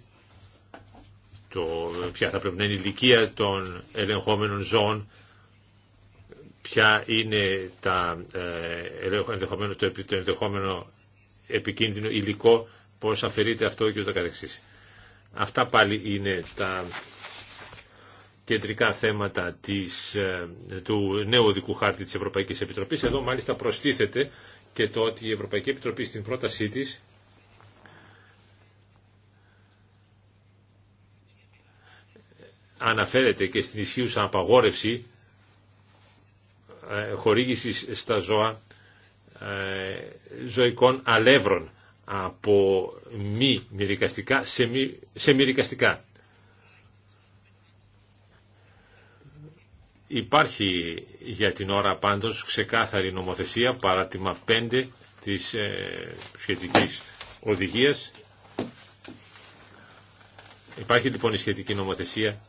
Speaker 3: το, ποια θα πρέπει να είναι η ηλικία των ελεγχόμενων ζώων, ποια είναι τα, ε, το, το ενδεχόμενο επικίνδυνο υλικό, πώς αφαιρείται αυτό και ούτω καθεξής. Αυτά πάλι είναι τα κεντρικά θέματα της, ε, του νέου οδικού χάρτη της Ευρωπαϊκής Επιτροπής. Εδώ μάλιστα προστίθεται και το ότι η Ευρωπαϊκή Επιτροπή στην πρότασή της αναφέρεται και στην ισχύουσα απαγόρευση ε, χορήγησης στα ζώα ε, ζωικών αλεύρων από μη μυρικαστικά σε, μη, σε μυρικαστικά. Υπάρχει για την ώρα πάντως ξεκάθαρη νομοθεσία παράτημα 5 της ε, σχετικής οδηγίας. Υπάρχει λοιπόν η σχετική νομοθεσία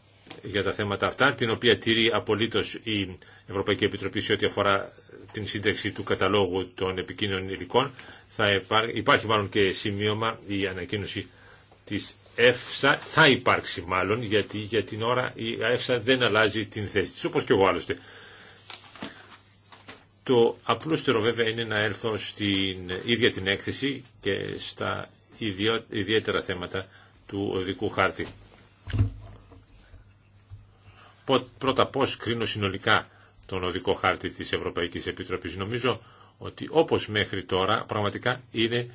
Speaker 3: για τα θέματα αυτά, την οποία τηρεί απολύτως η Ευρωπαϊκή Επιτροπή σε ό,τι αφορά την σύνταξη του καταλόγου των επικίνδυνων υλικών θα υπάρχει μάλλον και σημείωμα η ανακοίνωση της ΕΦΣΑ θα υπάρξει μάλλον γιατί για την ώρα η ΕΦΣΑ δεν αλλάζει την θέση της όπως και εγώ άλλωστε το απλούστερο βέβαια είναι να έρθω στην ίδια την έκθεση και στα ιδιαίτερα θέματα του οδικού χάρτη πρώτα πώς κρίνω συνολικά τον οδικό χάρτη της Ευρωπαϊκής Επιτροπής. Νομίζω ότι όπως μέχρι τώρα πραγματικά είναι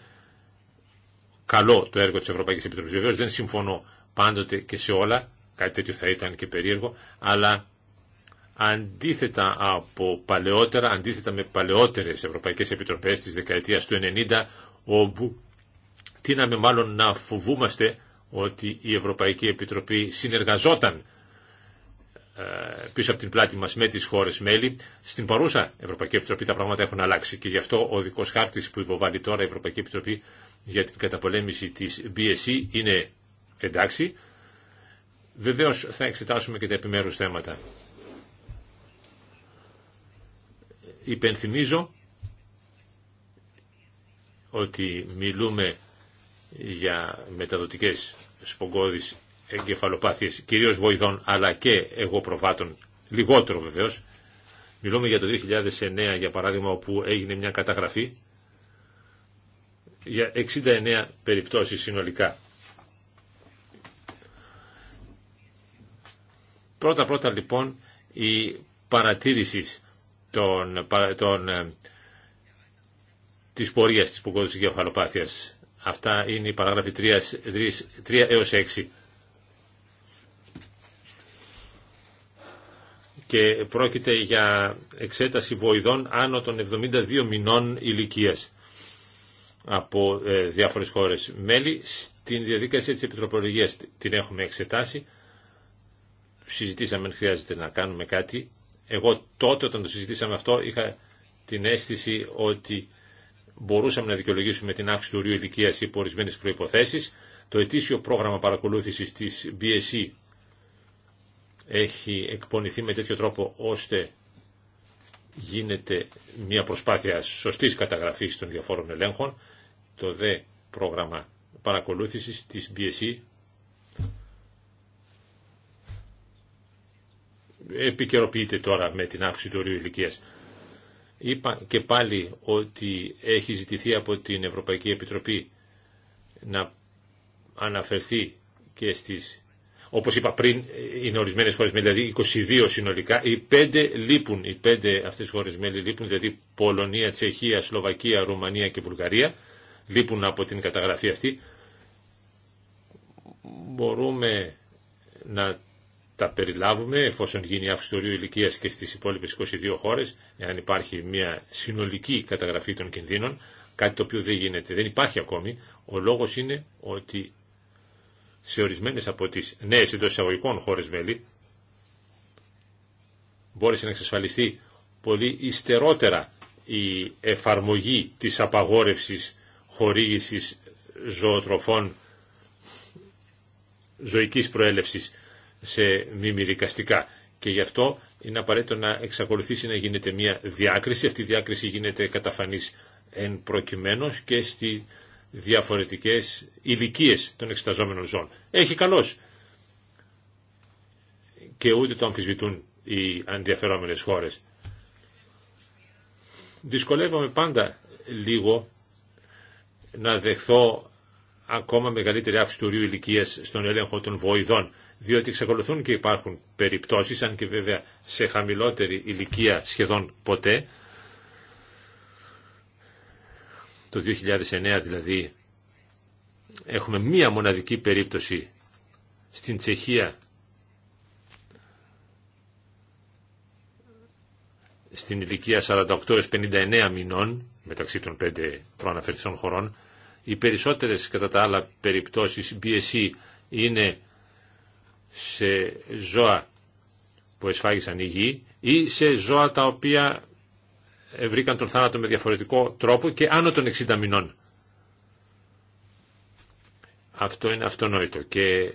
Speaker 3: καλό το έργο της Ευρωπαϊκής Επιτροπής. Βεβαίως δεν συμφωνώ πάντοτε και σε όλα, κάτι τέτοιο θα ήταν και περίεργο, αλλά αντίθετα από παλαιότερα, αντίθετα με παλαιότερες Ευρωπαϊκές Επιτροπές της δεκαετίας του 90, όπου τίναμε μάλλον να φοβούμαστε ότι η Ευρωπαϊκή Επιτροπή συνεργαζόταν ε, πίσω από την πλάτη μας με τις χώρες μέλη. Στην παρούσα Ευρωπαϊκή Επιτροπή τα πράγματα έχουν αλλάξει και γι' αυτό ο δικός χάρτης που υποβάλλει τώρα η Ευρωπαϊκή Επιτροπή για την καταπολέμηση της BSE είναι εντάξει. Βεβαίως θα εξετάσουμε και τα επιμέρους θέματα. Υπενθυμίζω ότι μιλούμε για μεταδοτικές σπογκώδεις εγκεφαλοπάθειες, κυρίως βοηθών αλλά και εγώ προβάτων, λιγότερο βεβαίως. Μιλούμε για το 2009 για παράδειγμα όπου έγινε μια καταγραφή για 69 περιπτώσεις συνολικά. Πρώτα πρώτα λοιπόν η παρατήρηση των, των, ε, της πορείας της εγκεφαλοπάθειας. Αυτά είναι οι παράγραφοι 3, 3, 3 έως 6. και πρόκειται για εξέταση βοηδών άνω των 72 μηνών ηλικίας από ε, διάφορες χώρες μέλη. Στην διαδικασία της επιτροπολογίας την έχουμε εξετάσει. Συζητήσαμε αν χρειάζεται να κάνουμε κάτι. Εγώ τότε όταν το συζητήσαμε αυτό είχα την αίσθηση ότι μπορούσαμε να δικαιολογήσουμε την αύξηση του ορίου ηλικίας υπό ορισμένες προϋποθέσεις. Το ετήσιο πρόγραμμα παρακολούθησης της BSE έχει εκπονηθεί με τέτοιο τρόπο ώστε γίνεται μια προσπάθεια σωστής καταγραφής των διαφόρων ελέγχων. Το δε πρόγραμμα παρακολούθησης της BSE επικαιροποιείται τώρα με την αύξηση του ορίου ηλικίας. Είπα και πάλι ότι έχει ζητηθεί από την Ευρωπαϊκή Επιτροπή να αναφερθεί και στις όπως είπα πριν, είναι ορισμένες χώρες μέλη, δηλαδή 22 συνολικά. Οι 5 λείπουν, οι 5 αυτές χώρες μέλη λείπουν, δηλαδή Πολωνία, Τσεχία, Σλοβακία, Ρουμανία και Βουλγαρία. Λείπουν από την καταγραφή αυτή. Μπορούμε να τα περιλάβουμε εφόσον γίνει η αύξηση του ηλικίας και στις υπόλοιπες 22 χώρες, εάν υπάρχει μια συνολική καταγραφή των κινδύνων, κάτι το οποίο δεν γίνεται, δεν υπάρχει ακόμη. Ο λόγος είναι ότι σε ορισμένες από τις νέες εντός εισαγωγικών χώρες μέλη μπόρεσε να εξασφαλιστεί πολύ ιστερότερα η εφαρμογή της απαγόρευσης χορήγησης ζωοτροφών ζωικής προέλευσης σε μη μυρικαστικά. Και γι' αυτό είναι απαραίτητο να εξακολουθήσει να γίνεται μια διάκριση. Αυτή η διάκριση γίνεται καταφανής εν προκειμένως και στη διαφορετικές ηλικίε των εξεταζόμενων ζώων. Έχει καλώς. Και ούτε το αμφισβητούν οι ενδιαφερόμενες χώρες. Δυσκολεύομαι πάντα λίγο να δεχθώ ακόμα μεγαλύτερη αύξηση του ριου ηλικία στον έλεγχο των βοηδών, διότι εξακολουθούν και υπάρχουν περιπτώσεις, αν και βέβαια σε χαμηλότερη ηλικία σχεδόν ποτέ, το 2009 δηλαδή έχουμε μία μοναδική περίπτωση στην Τσεχία στην ηλικία 48-59 μηνών μεταξύ των πέντε προαναφερθιστών χωρών. Οι περισσότερες κατά τα άλλα περιπτώσεις BSE είναι σε ζώα που εσφάγησαν γη ή σε ζώα τα οποία ε, βρήκαν τον θάνατο με διαφορετικό τρόπο και άνω των 60 μηνών. Αυτό είναι αυτονόητο και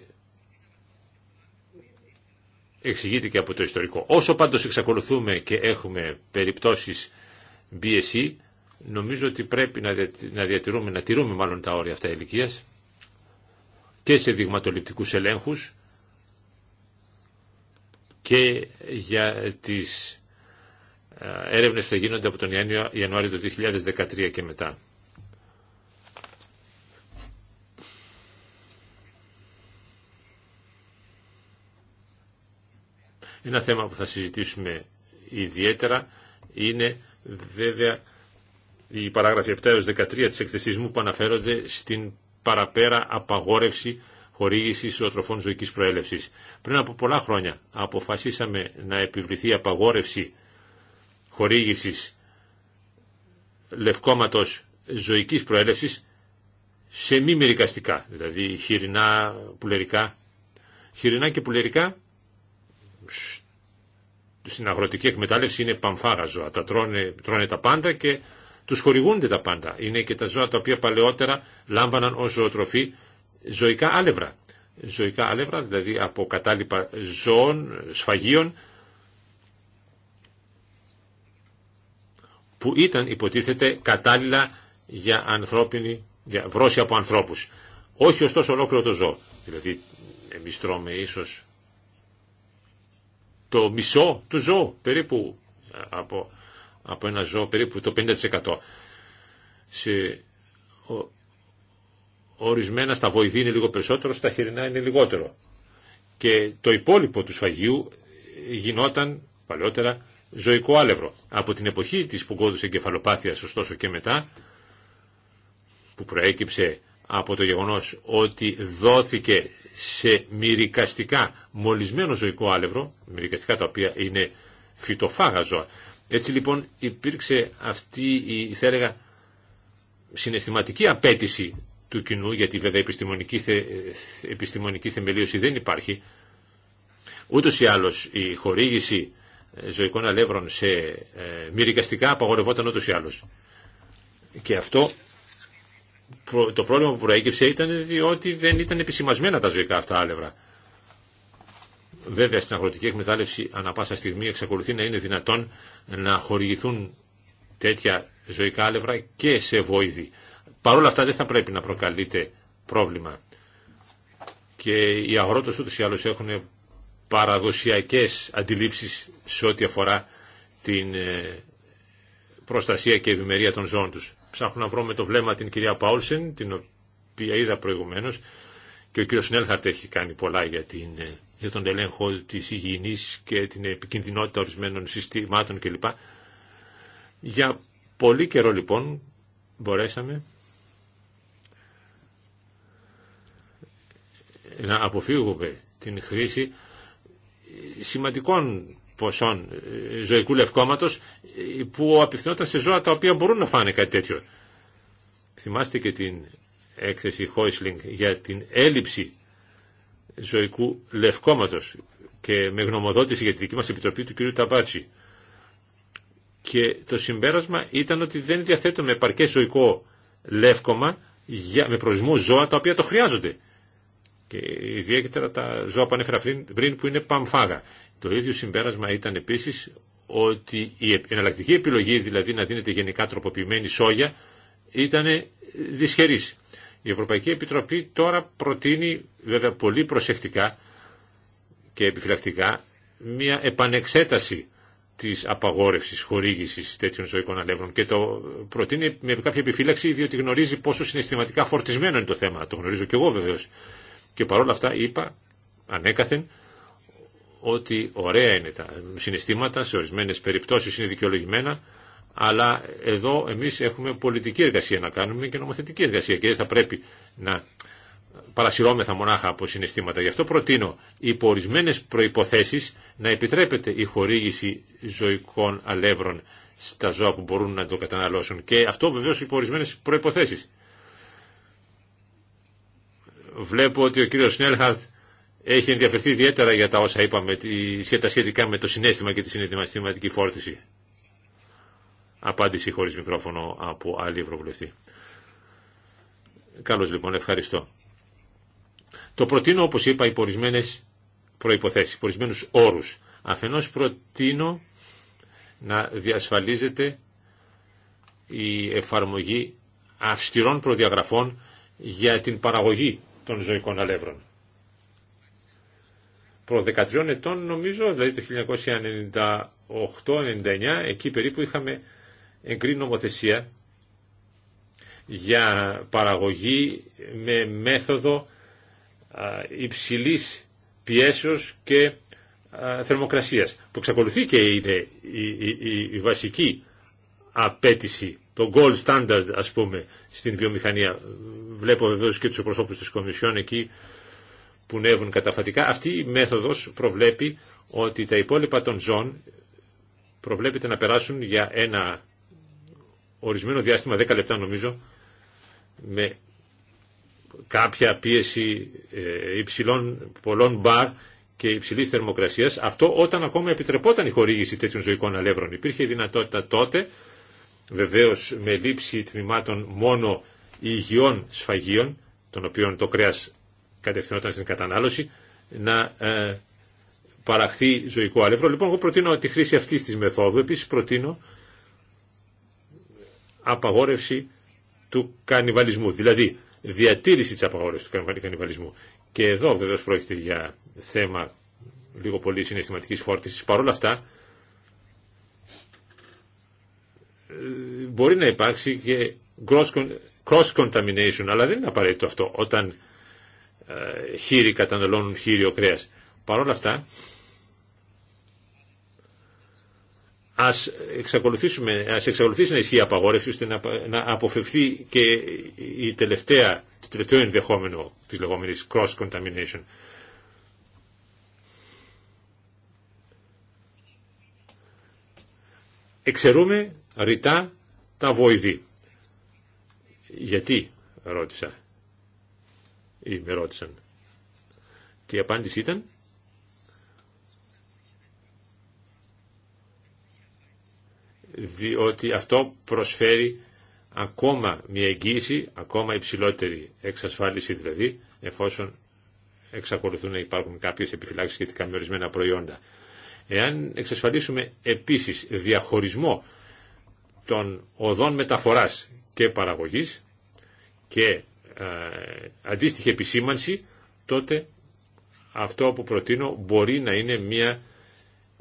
Speaker 3: εξηγείται και από το ιστορικό. Όσο πάντως εξακολουθούμε και έχουμε περιπτώσεις BSE, νομίζω ότι πρέπει να διατηρούμε, να τηρούμε μάλλον τα όρια αυτά ηλικία και σε δειγματοληπτικούς ελέγχους και για τις ε, έρευνες θα γίνονται από τον Ιανουάριο του 2013 και μετά. Ένα θέμα που θα συζητήσουμε ιδιαίτερα είναι βέβαια η παράγραφη 7 έως 13 της εκθεσής μου που αναφέρονται στην παραπέρα απαγόρευση χορήγησης ζωοτροφών ζωικής προέλευσης. Πριν από πολλά χρόνια αποφασίσαμε να επιβληθεί απαγόρευση χορήγησης λευκόματος ζωικής προέλευσης σε μη μερικαστικά, δηλαδή χοιρινά, πουλερικά. Χοιρινά και πουλερικά στην αγροτική εκμετάλλευση είναι πανφάγα ζώα. Τα τρώνε, τρώνε τα πάντα και τους χορηγούνται τα πάντα. Είναι και τα ζώα τα οποία παλαιότερα λάμβαναν ως ζωοτροφή ζωικά άλευρα. Ζωικά άλευρα, δηλαδή από κατάλοιπα ζώων, σφαγίων, που ήταν υποτίθεται κατάλληλα για, ανθρώπινη, για από ανθρώπους. Όχι ωστόσο ολόκληρο το ζώο. Δηλαδή εμείς τρώμε ίσως το μισό του ζώου περίπου από, από ένα ζώο περίπου το 50%. Σε, ο, ορισμένα στα βοηθή είναι λίγο περισσότερο, στα χοιρινά είναι λιγότερο. Και το υπόλοιπο του σφαγίου γινόταν παλαιότερα ζωικό άλευρο. Από την εποχή της πουγκόδους εγκεφαλοπάθειας, ωστόσο και μετά, που προέκυψε από το γεγονός ότι δόθηκε σε μυρικαστικά μολυσμένο ζωικό άλευρο, μυρικαστικά τα οποία είναι φυτοφάγα ζώα. Έτσι λοιπόν υπήρξε αυτή η, θα έλεγα, συναισθηματική απέτηση του κοινού, γιατί βέβαια επιστημονική, θε, επιστημονική θεμελίωση δεν υπάρχει, ούτως ή άλλως η χορήγηση ζωικών αλεύρων σε ε, μυρικαστικά απαγορευόταν ούτως ή άλλως. Και αυτό το πρόβλημα που προέκυψε ήταν διότι δεν ήταν επισημασμένα τα ζωικά αυτά άλευρα. Βέβαια στην αγροτική εκμετάλλευση ανα πάσα στιγμή εξακολουθεί να είναι δυνατόν να χορηγηθούν τέτοια ζωικά άλευρα και σε βόηδη. Παρ' όλα αυτά δεν θα πρέπει να προκαλείται πρόβλημα. Και οι αγρότες ούτως ή άλλως έχουν παραδοσιακές αντιλήψεις σε ό,τι αφορά την ε, προστασία και ευημερία των ζώων τους. Ψάχνω να βρω με το βλέμμα την κυρία Πάουλσεν, την οποία είδα προηγουμένως, και ο κύριος Νέλχαρτ έχει κάνει πολλά για, την, ε, για τον ελέγχο της υγιεινής και την επικινδυνότητα ορισμένων συστημάτων κλπ. Για πολύ καιρό λοιπόν μπορέσαμε να αποφύγουμε την χρήση σημαντικών ποσών ε, ζωικού λευκόματος ε, που απευθυνόταν σε ζώα τα οποία μπορούν να φάνε κάτι τέτοιο. Θυμάστε και την έκθεση Χόισλινγκ για την έλλειψη ζωικού λευκόματος και με γνωμοδότηση για τη δική μας επιτροπή του κ. Ταμπάτσι. Και το συμπέρασμα ήταν ότι δεν διαθέτουμε επαρκές ζωικό λεύκομα για, με προσμού ζώα τα οποία το χρειάζονται και ιδιαίτερα τα ζώα που ανέφερα πριν που είναι παμφάγα. Το ίδιο συμπέρασμα ήταν επίσης ότι η εναλλακτική επιλογή, δηλαδή να δίνεται γενικά τροποποιημένη σόγια, ήταν δυσχερής. Η Ευρωπαϊκή Επιτροπή τώρα προτείνει βέβαια πολύ προσεκτικά και επιφυλακτικά μια επανεξέταση της απαγόρευσης χορήγησης τέτοιων ζωικών αλεύρων και το προτείνει με κάποια επιφύλαξη διότι γνωρίζει πόσο συναισθηματικά φορτισμένο είναι το θέμα. Το γνωρίζω και εγώ βεβαίω. Και παρόλα αυτά είπα ανέκαθεν ότι ωραία είναι τα συναισθήματα, σε ορισμένες περιπτώσεις είναι δικαιολογημένα, αλλά εδώ εμείς έχουμε πολιτική εργασία να κάνουμε και νομοθετική εργασία και δεν θα πρέπει να παρασυρώμεθα μονάχα από συναισθήματα. Γι' αυτό προτείνω υπό ορισμένε προϋποθέσεις να επιτρέπεται η χορήγηση ζωικών αλεύρων στα ζώα που μπορούν να το καταναλώσουν και αυτό βεβαίως υπό ορισμένε προϋποθέσεις. Βλέπω ότι ο κύριος Σνέλχαρτ έχει ενδιαφερθεί ιδιαίτερα για τα όσα είπαμε τα σχετικά με το συνέστημα και τη συναισθηματική φόρτιση. Απάντηση χωρίς μικρόφωνο από άλλη Ευρωβουλευτή. Καλώς λοιπόν, ευχαριστώ. Το προτείνω, όπως είπα, οι ορισμένε προϋποθέσεις, υπό όρους. Αφενός προτείνω να διασφαλίζεται η εφαρμογή αυστηρών προδιαγραφών για την παραγωγή των ζωικών αλεύρων. Προ 13 ετών νομίζω, δηλαδή το 1998-99, εκεί περίπου είχαμε εγκρίνει νομοθεσία για παραγωγή με μέθοδο υψηλής πιέσεως και θερμοκρασίας, που εξακολουθεί και είναι η, η βασική απέτηση το gold standard ας πούμε στην βιομηχανία. Βλέπω βεβαίω και τους προσώπους της Κομισιόν εκεί που νεύουν καταφατικά. Αυτή η μέθοδος προβλέπει ότι τα υπόλοιπα των ζών προβλέπεται να περάσουν για ένα ορισμένο διάστημα, 10 λεπτά νομίζω, με κάποια πίεση ε, υψηλών πολλών μπαρ και υψηλή θερμοκρασία. Αυτό όταν ακόμα επιτρεπόταν η χορήγηση τέτοιων ζωικών αλεύρων. Υπήρχε η δυνατότητα τότε βεβαίως με λήψη τμήματων μόνο υγιών σφαγίων, των οποίων το κρέας κατευθυνόταν στην κατανάλωση, να ε, παραχθεί ζωικό αλεύρό. Λοιπόν, εγώ προτείνω τη χρήση αυτής της μεθόδου. Επίσης προτείνω απαγόρευση του κανιβαλισμού, δηλαδή διατήρηση της απαγόρευσης του κανιβαλισμού. Και εδώ βεβαίως πρόκειται για θέμα λίγο πολύ συναισθηματικής φόρτισης. Παρ' όλα αυτά, μπορεί να υπάρξει και cross-contamination, αλλά δεν είναι απαραίτητο αυτό όταν ε, χείρι καταναλώνουν χείριο κρέας. Παρ' όλα αυτά, ας, εξακολουθήσουμε, ας εξακολουθήσει να ισχύει η απαγόρευση ώστε να, να αποφευθεί και η τελευταία, το τελευταίο ενδεχόμενο της λεγόμενης cross-contamination. Εξαιρούμε ρητά τα βοηθή. Γιατί, ρώτησα, ή με ρώτησαν. Και η απάντηση ήταν, διότι αυτό προσφέρει ακόμα μια εγγύηση, ακόμα υψηλότερη εξασφάλιση δηλαδή, εφόσον εξακολουθούν να υπάρχουν κάποιες επιφυλάξεις σχετικά με ορισμένα προϊόντα. Εάν εξασφαλίσουμε επίσης διαχωρισμό των οδών μεταφοράς και παραγωγής και ε, αντίστοιχη επισήμανση, τότε αυτό που προτείνω μπορεί να είναι μια,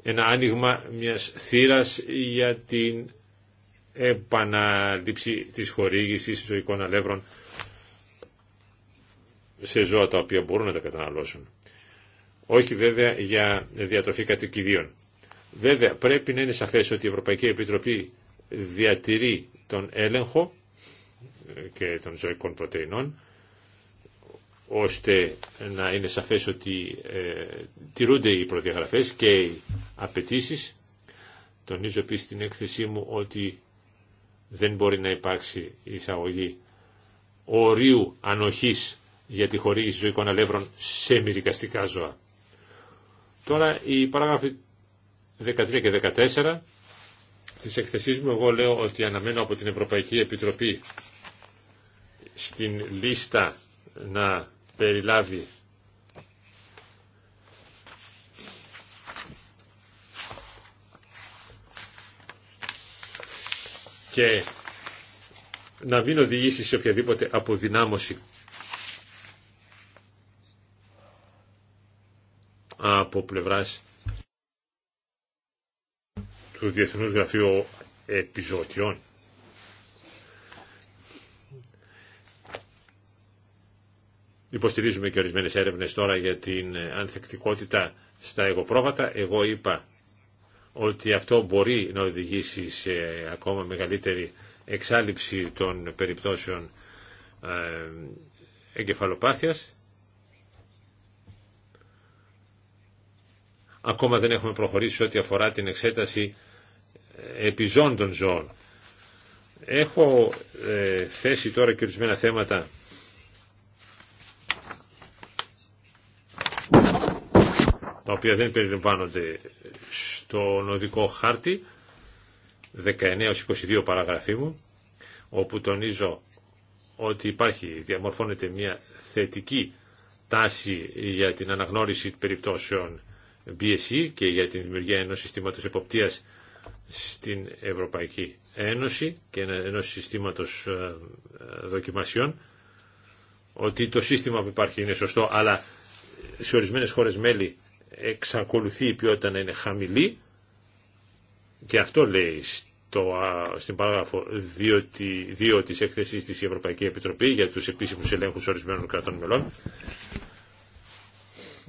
Speaker 3: ένα άνοιγμα μιας θύρας για την επαναλήψη της χορήγησης ζωικών αλεύρων σε ζώα τα οποία μπορούν να τα καταναλώσουν. Όχι βέβαια για διατροφή κατοικιδίων. Βέβαια πρέπει να είναι σαφές ότι η Ευρωπαϊκή Επιτροπή διατηρεί τον έλεγχο και των ζωικών πρωτεϊνών ώστε να είναι σαφές ότι ε, τηρούνται οι προδιαγραφές και οι απαιτήσει. Τονίζω επίσης στην έκθεσή μου ότι δεν μπορεί να υπάρξει εισαγωγή ορίου ανοχής για τη χορήγηση ζωικών αλεύρων σε μυρικαστικά ζώα. Τώρα οι παράγραφοι 13 και 14 της εκθεσή μου εγώ λέω ότι αναμένω από την Ευρωπαϊκή Επιτροπή στην λίστα να περιλάβει και να μην οδηγήσει σε οποιαδήποτε αποδυνάμωση από πλευράς του Διεθνούς Γραφείου Επιζωτιών. Υποστηρίζουμε και ορισμένε έρευνες τώρα για την ανθεκτικότητα στα εγωπρόβατα. Εγώ είπα ότι αυτό μπορεί να οδηγήσει σε ακόμα μεγαλύτερη εξάλληψη των περιπτώσεων ε, εγκεφαλοπάθειας. Ακόμα δεν έχουμε προχωρήσει ό,τι αφορά την εξέταση επιζών των ζώων. Έχω ε, θέσει τώρα και ορισμένα θέματα τα οποία δεν περιλαμβάνονται στον οδικό χάρτη 19-22 παραγραφή μου όπου τονίζω ότι υπάρχει, διαμορφώνεται μια θετική τάση για την αναγνώριση περιπτώσεων BSE και για την δημιουργία ενός συστήματος εποπτείας στην Ευρωπαϊκή Ένωση και ενό συστήματος ε, ε, δοκιμασιών ότι το σύστημα που υπάρχει είναι σωστό αλλά σε ορισμένες χώρες μέλη εξακολουθεί η ποιότητα να είναι χαμηλή και αυτό λέει στην παράγραφο 2 της έκθεσης της Ευρωπαϊκή Επιτροπή για τους επίσημους ελέγχους ορισμένων κρατών μελών.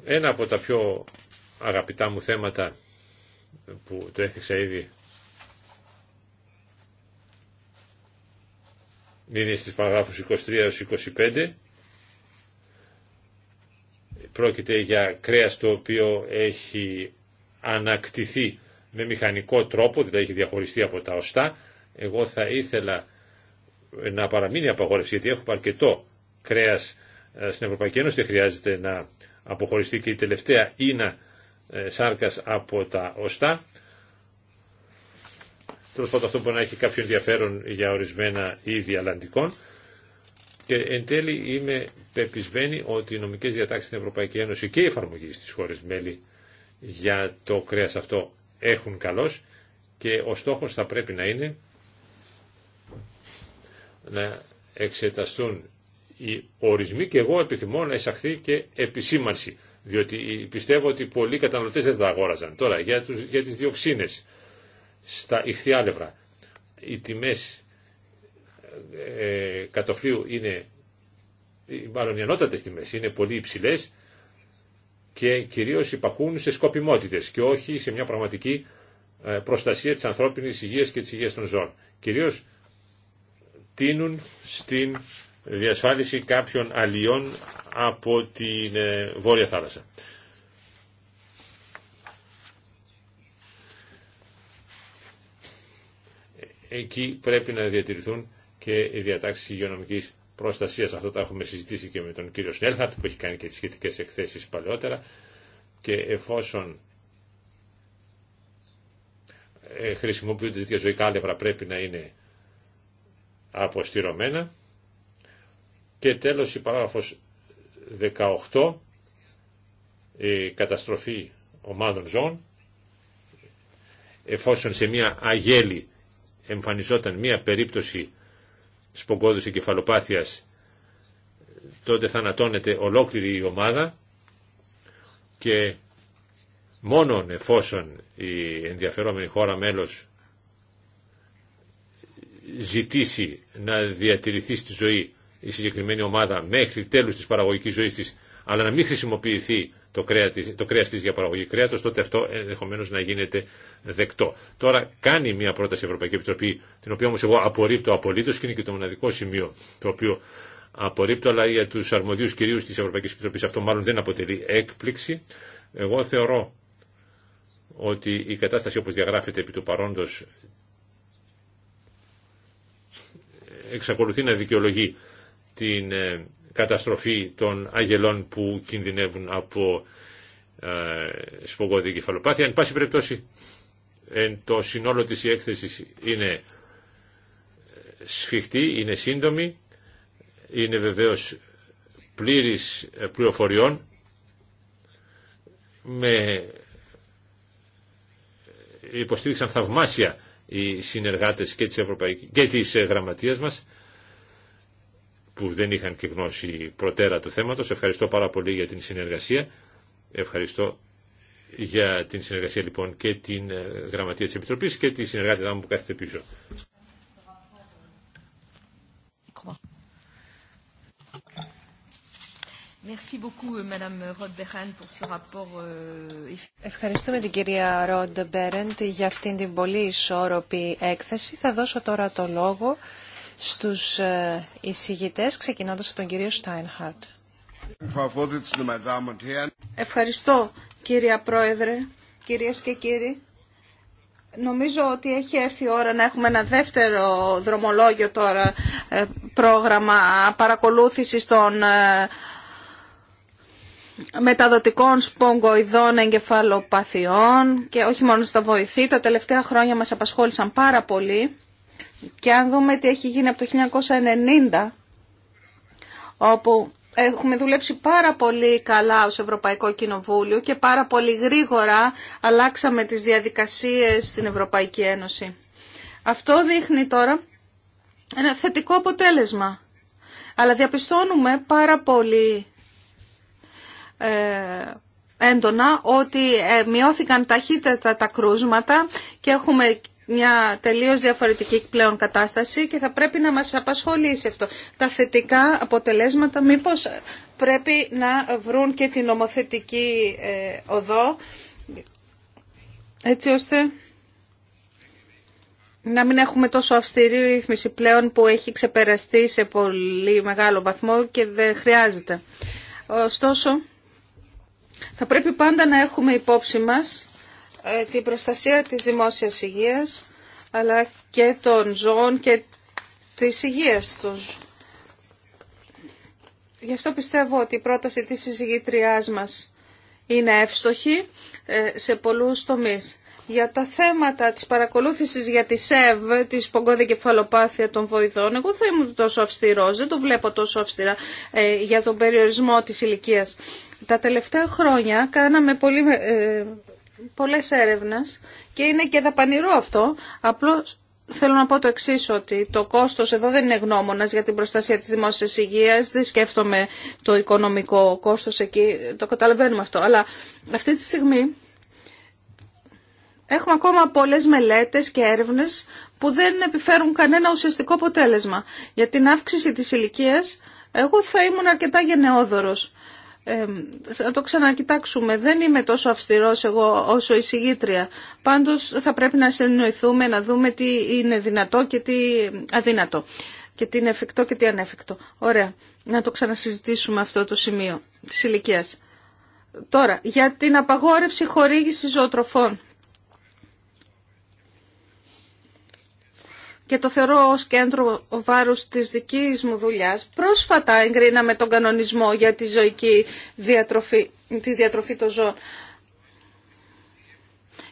Speaker 3: Ένα από τα πιο αγαπητά μου θέματα που το έθιξα ήδη είναι στις παραγράφους 23-25. Πρόκειται για κρέας το οποίο έχει ανακτηθεί με μηχανικό τρόπο, δηλαδή έχει διαχωριστεί από τα οστά. Εγώ θα ήθελα να παραμείνει απαγόρευση, γιατί έχουμε αρκετό κρέας ε, στην Ευρωπαϊκή Ένωση, δεν χρειάζεται να αποχωριστεί και η τελευταία ίνα ε, σάρκας από τα οστά. Τέλο πάντων αυτό μπορεί να έχει κάποιο ενδιαφέρον για ορισμένα είδη αλλαντικών. Και εν τέλει είμαι πεπισμένη ότι οι νομικές διατάξεις στην Ευρωπαϊκή Ένωση και η εφαρμογή στις χώρες μέλη για το κρέας αυτό έχουν καλώς και ο στόχος θα πρέπει να είναι να εξεταστούν οι ορισμοί και εγώ επιθυμώ να εισαχθεί και επισήμανση διότι πιστεύω ότι πολλοί καταναλωτές δεν θα αγόραζαν. Τώρα για, τους, για τις διοξίνες στα ηχθιάλευρα. Οι τιμές ε, κατοφλίου είναι, ε, μάλλον οι ανώτατες τιμές είναι πολύ υψηλές και κυρίως υπακούν σε σκοπιμότητες και όχι σε μια πραγματική ε, προστασία της ανθρώπινης υγείας και της υγείας των ζώων. Κυρίως τίνουν στην διασφάλιση κάποιων αλλιών από την ε, Βόρεια Θάλασσα. εκεί πρέπει να διατηρηθούν και οι διατάξει υγειονομική προστασία. Αυτό τα έχουμε συζητήσει και με τον κύριο Σνέλχαρτ που έχει κάνει και τι σχετικέ εκθέσει παλαιότερα. Και εφόσον ε, χρησιμοποιούνται τέτοια ζωικά άλευρα πρέπει να είναι αποστηρωμένα. Και τέλος η παράγραφος 18, η καταστροφή ομάδων ζώων, εφόσον σε μια αγέλη εμφανιζόταν μία περίπτωση σπογκώδους εγκεφαλοπάθειας τότε θα ανατώνεται ολόκληρη η ομάδα και μόνο εφόσον η ενδιαφερόμενη χώρα μέλος ζητήσει να διατηρηθεί στη ζωή η συγκεκριμένη ομάδα μέχρι τέλους της παραγωγικής ζωής της αλλά να μην χρησιμοποιηθεί το, κρέα, το κρέας της για παραγωγή κρέατος, τότε αυτό ενδεχομένω να γίνεται δεκτό. Τώρα κάνει μια πρόταση η Ευρωπαϊκή Επιτροπή, την οποία όμως εγώ απορρίπτω απολύτω και είναι και το μοναδικό σημείο το οποίο απορρίπτω, αλλά για τους αρμοδίους κυρίους της Ευρωπαϊκής Επιτροπής αυτό μάλλον δεν αποτελεί έκπληξη. Εγώ θεωρώ ότι η κατάσταση όπως διαγράφεται επί του παρόντος εξακολουθεί να δικαιολογεί την ε, καταστροφή των αγελών που κινδυνεύουν από ε, κεφαλοπάθεια. Εν πάση περιπτώσει, εν το συνόλο της η έκθεση είναι ε, σφιχτή, είναι σύντομη, είναι βεβαίως πλήρης ε, πληροφοριών με ε, υποστήριξαν θαυμάσια οι συνεργάτες και της, Ευρωπαϊκής... και της γραμματείας μας που δεν είχαν και γνώση προτέρα του θέματος. Ευχαριστώ πάρα πολύ για την συνεργασία. Ευχαριστώ για την συνεργασία λοιπόν και την ε, Γραμματεία της Επιτροπής και τη συνεργάτη μου που κάθεται πίσω.
Speaker 1: Euh,
Speaker 2: euh, Ευχαριστούμε την κυρία Ροντ Μπέρεντ για αυτήν την πολύ ισόρροπη έκθεση. Θα δώσω τώρα το λόγο στους ε, εισηγητές, ξεκινώντας από
Speaker 1: τον κύριο Στάινχαρτ. Ευχαριστώ κύρια Πρόεδρε, κυρίες και κύριοι. Νομίζω ότι έχει έρθει η ώρα να έχουμε ένα δεύτερο δρομολόγιο τώρα ε, πρόγραμμα παρακολούθησης των ε, μεταδοτικών σπογγοειδών εγκεφαλοπαθειών και όχι μόνο στα βοηθή. Τα τελευταία χρόνια μας απασχόλησαν πάρα πολύ και αν δούμε τι έχει γίνει από το 1990, όπου έχουμε δουλέψει πάρα πολύ καλά ως Ευρωπαϊκό Κοινοβούλιο και πάρα πολύ γρήγορα αλλάξαμε τις διαδικασίες στην Ευρωπαϊκή Ένωση. Αυτό δείχνει τώρα ένα θετικό αποτέλεσμα. Αλλά διαπιστώνουμε πάρα πολύ ε, έντονα ότι ε, μειώθηκαν ταχύτερα τα κρούσματα και έχουμε μια τελείως διαφορετική πλέον κατάσταση και θα πρέπει να μας απασχολήσει αυτό. Τα θετικά αποτελέσματα μήπως πρέπει να βρουν και την νομοθετική ε, οδό έτσι ώστε να μην έχουμε τόσο αυστηρή ρύθμιση πλέον που έχει ξεπεραστεί σε πολύ μεγάλο βαθμό και δεν χρειάζεται. Ωστόσο, θα πρέπει πάντα να έχουμε υπόψη μας ε, την προστασία της δημόσιας υγείας αλλά και των ζώων και της υγείας τους. Γι' αυτό πιστεύω ότι η πρόταση της συζυγητριάς μας είναι εύστοχη ε, σε πολλούς τομείς. Για τα θέματα της παρακολούθησης για τη ΣΕΒ, τη σπογκώδη κεφαλοπάθεια των βοηθών, εγώ δεν ήμουν τόσο αυστηρός, δεν το βλέπω τόσο αυστηρά ε, για τον περιορισμό της ηλικίας. Τα τελευταία χρόνια κάναμε πολύ πολλές έρευνες και είναι και δαπανηρό αυτό. Απλώς θέλω να πω το εξή ότι το κόστος εδώ δεν είναι γνώμονας για την προστασία της δημόσιας υγείας, δεν σκέφτομαι το οικονομικό κόστος εκεί, το καταλαβαίνουμε αυτό. Αλλά αυτή τη στιγμή έχουμε ακόμα πολλές μελέτες και έρευνες που δεν επιφέρουν κανένα ουσιαστικό αποτέλεσμα. Για την αύξηση της ηλικία, εγώ θα ήμουν αρκετά γενναιόδωρος θα το ξανακοιτάξουμε. Δεν είμαι τόσο αυστηρός εγώ όσο η συγγήτρια. Πάντως θα πρέπει να συνεννοηθούμε, να δούμε τι είναι δυνατό και τι αδύνατο. Και τι είναι εφικτό και τι ανέφικτο. Ωραία. Να το ξανασυζητήσουμε αυτό το σημείο της ηλικία. Τώρα, για την απαγόρευση χορήγησης ζωοτροφών. και το θεωρώ ως κέντρο βάρους της δικής μου δουλειάς. Πρόσφατα εγκρίναμε τον κανονισμό για τη ζωική διατροφή, τη διατροφή των ζώων.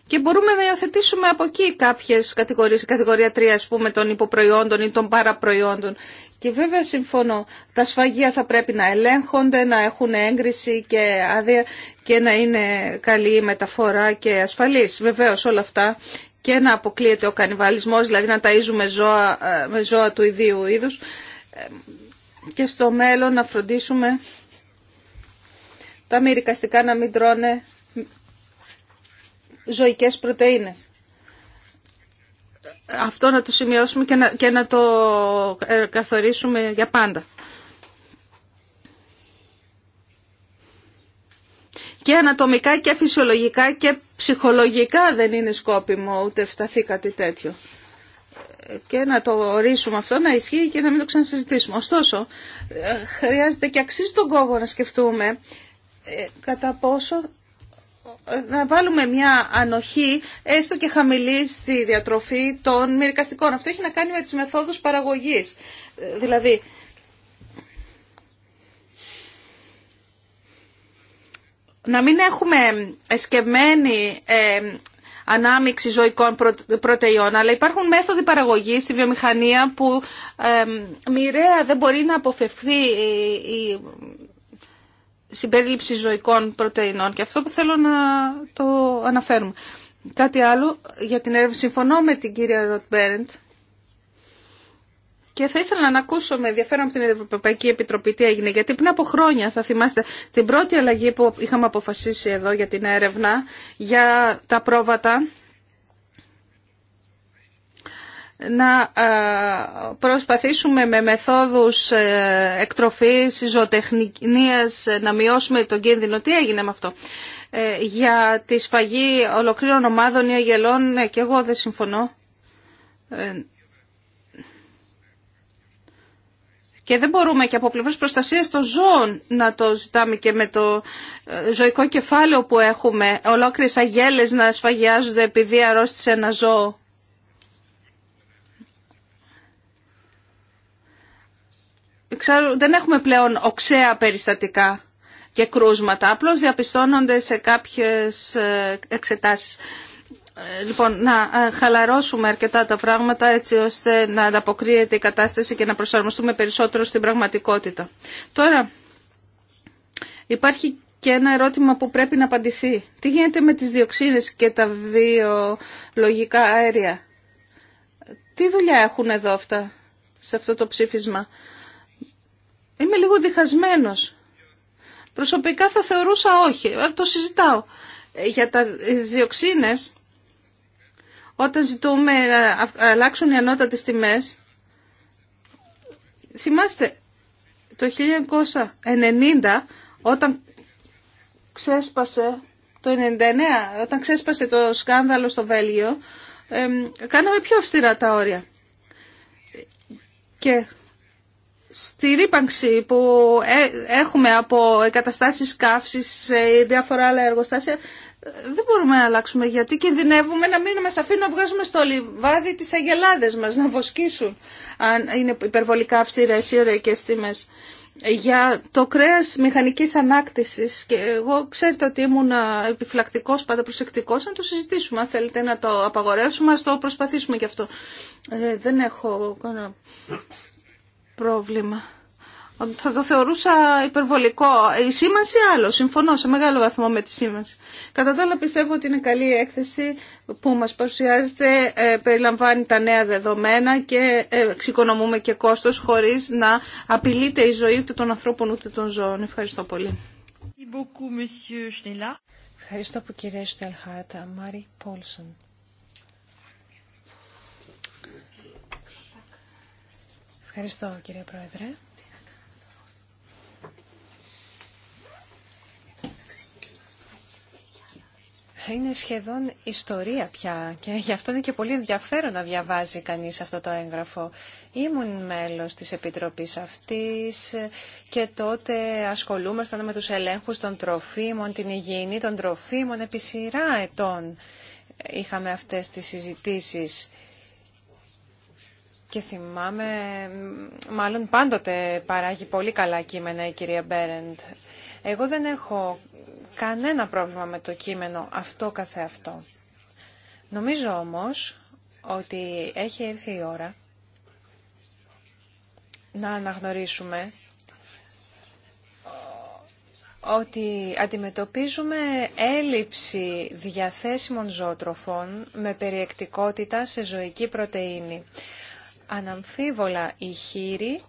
Speaker 1: Και μπορούμε να υιοθετήσουμε από εκεί κάποιες κατηγορίες, κατηγορία 3 ας πούμε των υποπροϊόντων ή των παραπροϊόντων. Και βέβαια συμφωνώ, τα σφαγεία θα πρέπει να ελέγχονται, να έχουν έγκριση και άδεια και να είναι καλή η μεταφορά και ασφαλής. Βεβαίως όλα αυτά και να αποκλείεται ο κανιβαλισμός, δηλαδή να ταΐζουμε ζώα, ε, με ζώα του ιδίου είδους ε, και στο μέλλον να φροντίσουμε τα μυρικαστικά να μην τρώνε ζωικές πρωτεΐνες. Αυτό να το σημειώσουμε και να, και να το ε, καθορίσουμε για πάντα. και ανατομικά και φυσιολογικά και ψυχολογικά δεν είναι σκόπιμο ούτε ευσταθεί κάτι τέτοιο. Και να το ορίσουμε αυτό να ισχύει και να μην το ξανασυζητήσουμε. Ωστόσο, ε, χρειάζεται και αξίζει τον κόπο να σκεφτούμε ε, κατά πόσο ε, να βάλουμε μια ανοχή έστω και χαμηλή στη διατροφή των μυρικαστικών. Αυτό έχει να κάνει με τις μεθόδους παραγωγής. Δηλαδή, να μην έχουμε εσκευμένη ε, ανάμιξη ζωικών πρωτεϊών, αλλά υπάρχουν μέθοδοι παραγωγής στη βιομηχανία που ε, μοιραία δεν μπορεί να αποφευθεί η συμπέριληψη ζωικών πρωτεϊνών. Και αυτό που θέλω να το αναφέρουμε. Κάτι άλλο για την έρευνα. Συμφωνώ με την κυρία Ροτ και θα ήθελα να ακούσω με ενδιαφέρον από την Ευρωπαϊκή Επιτροπή τι έγινε, γιατί πριν από χρόνια, θα θυμάστε, την πρώτη αλλαγή που είχαμε αποφασίσει εδώ για την έρευνα, για τα πρόβατα, να ε, προσπαθήσουμε με μεθόδους ε, εκτροφής, ζωοτεχνίας, ε, να μειώσουμε τον κίνδυνο. Τι έγινε με αυτό. Για τη σφαγή ολοκλήρων ομάδων ή αγελών, και εγώ δεν συμφωνώ Και δεν μπορούμε και από πλευρές προστασίας των ζώων να το ζητάμε και με το ε, ζωικό κεφάλαιο που έχουμε, ολόκληρες αγέλε να σφαγιάζονται επειδή αρρώστησε ένα ζώο. Ξέρω, δεν έχουμε πλέον οξέα περιστατικά και κρούσματα, απλώς διαπιστώνονται σε κάποιες ε, εξετάσεις. Ε, λοιπόν, να ε, χαλαρώσουμε αρκετά τα πράγματα έτσι ώστε να ανταποκρίνεται η κατάσταση και να προσαρμοστούμε περισσότερο στην πραγματικότητα. Τώρα, υπάρχει και ένα ερώτημα που πρέπει να απαντηθεί. Τι γίνεται με τις διοξίνες και τα βιολογικά αέρια. Τι δουλειά έχουν εδώ αυτά, σε αυτό το ψήφισμα. Είμαι λίγο διχασμένος. Προσωπικά θα θεωρούσα όχι, αλλά το συζητάω. Ε, για τα διοξίνες όταν ζητούμε να αλλάξουν οι ανώτατε τιμέ. θυμάστε, το 1990, όταν ξέσπασε, το 99, όταν ξέσπασε το σκάνδαλο στο Βέλγιο, κάναμε πιο αυστηρά τα όρια. Και στη ρήπανξη που ε, έχουμε από εγκαταστάσεις καύσης σε διάφορα άλλα εργοστάσια δεν μπορούμε να αλλάξουμε γιατί κινδυνεύουμε να μην μας αφήνουν να βγάζουμε στο λιβάδι τις αγελάδες μας να βοσκήσουν αν είναι υπερβολικά αυστηρές ή ωραϊκές τιμές. Για το κρέας μηχανικής ανάκτησης και εγώ ξέρετε ότι ήμουν επιφυλακτικός πάντα προσεκτικός να το συζητήσουμε αν θέλετε να το απαγορεύσουμε ας το προσπαθήσουμε και αυτό. Ε, δεν έχω κανένα πρόβλημα θα το θεωρούσα υπερβολικό. Η σήμανση άλλο, συμφωνώ σε μεγάλο βαθμό με τη σήμανση. Κατά τα πιστεύω ότι είναι καλή η έκθεση που μας παρουσιάζεται, ε, περιλαμβάνει τα νέα δεδομένα και ε, ξεκονομούμε και κόστος χωρίς να απειλείται η ζωή του των ανθρώπων ούτε των ζώων. Ευχαριστώ πολύ. Ευχαριστώ που
Speaker 2: κυρία Στελχάρτα. Πόλσον. Ευχαριστώ κύριε Πρόεδρε. είναι σχεδόν ιστορία πια και γι' αυτό είναι και πολύ ενδιαφέρον να διαβάζει κανείς αυτό το έγγραφο. Ήμουν μέλος της Επιτροπής αυτής και τότε ασχολούμασταν με τους ελέγχους των τροφίμων, την υγιεινή των τροφίμων επί σειρά ετών. Είχαμε αυτές τις συζητήσεις και θυμάμαι, μάλλον πάντοτε παράγει πολύ καλά κείμενα η κυρία Μπέρεντ. Εγώ δεν έχω κανένα πρόβλημα με το κείμενο αυτό καθεαυτό. Νομίζω όμως ότι έχει έρθει η ώρα να αναγνωρίσουμε ε, ότι αντιμετωπίζουμε έλλειψη διαθέσιμων ζωοτροφών με περιεκτικότητα σε ζωική πρωτεΐνη. Αναμφίβολα η χείρη,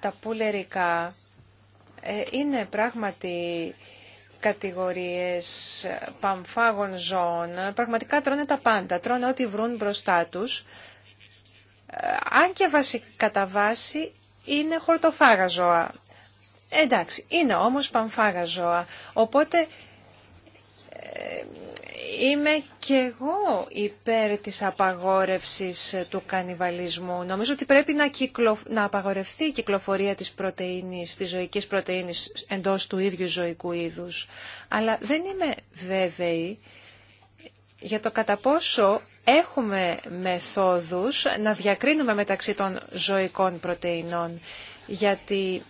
Speaker 2: τα, πουλερικά ε, είναι πράγματι κατηγορίες παμφάγων ζώων. Πραγματικά τρώνε τα πάντα, τρώνε ό,τι βρουν μπροστά τους. Ε, αν και βασι, κατά βάση είναι χορτοφάγα ζώα. Εντάξει, είναι όμως παμφάγα ζώα. Οπότε ε, Είμαι και εγώ υπέρ της απαγόρευσης του κανιβαλισμού. Νομίζω ότι πρέπει να, κυκλο... να απαγορευτεί η κυκλοφορία της πρωτεΐνης, της ζωικής πρωτεΐνης εντός του ίδιου ζωικού είδους. Αλλά δεν είμαι βέβαιη για το κατά πόσο έχουμε μεθόδους να διακρίνουμε μεταξύ των ζωικών πρωτεϊνών. Γιατί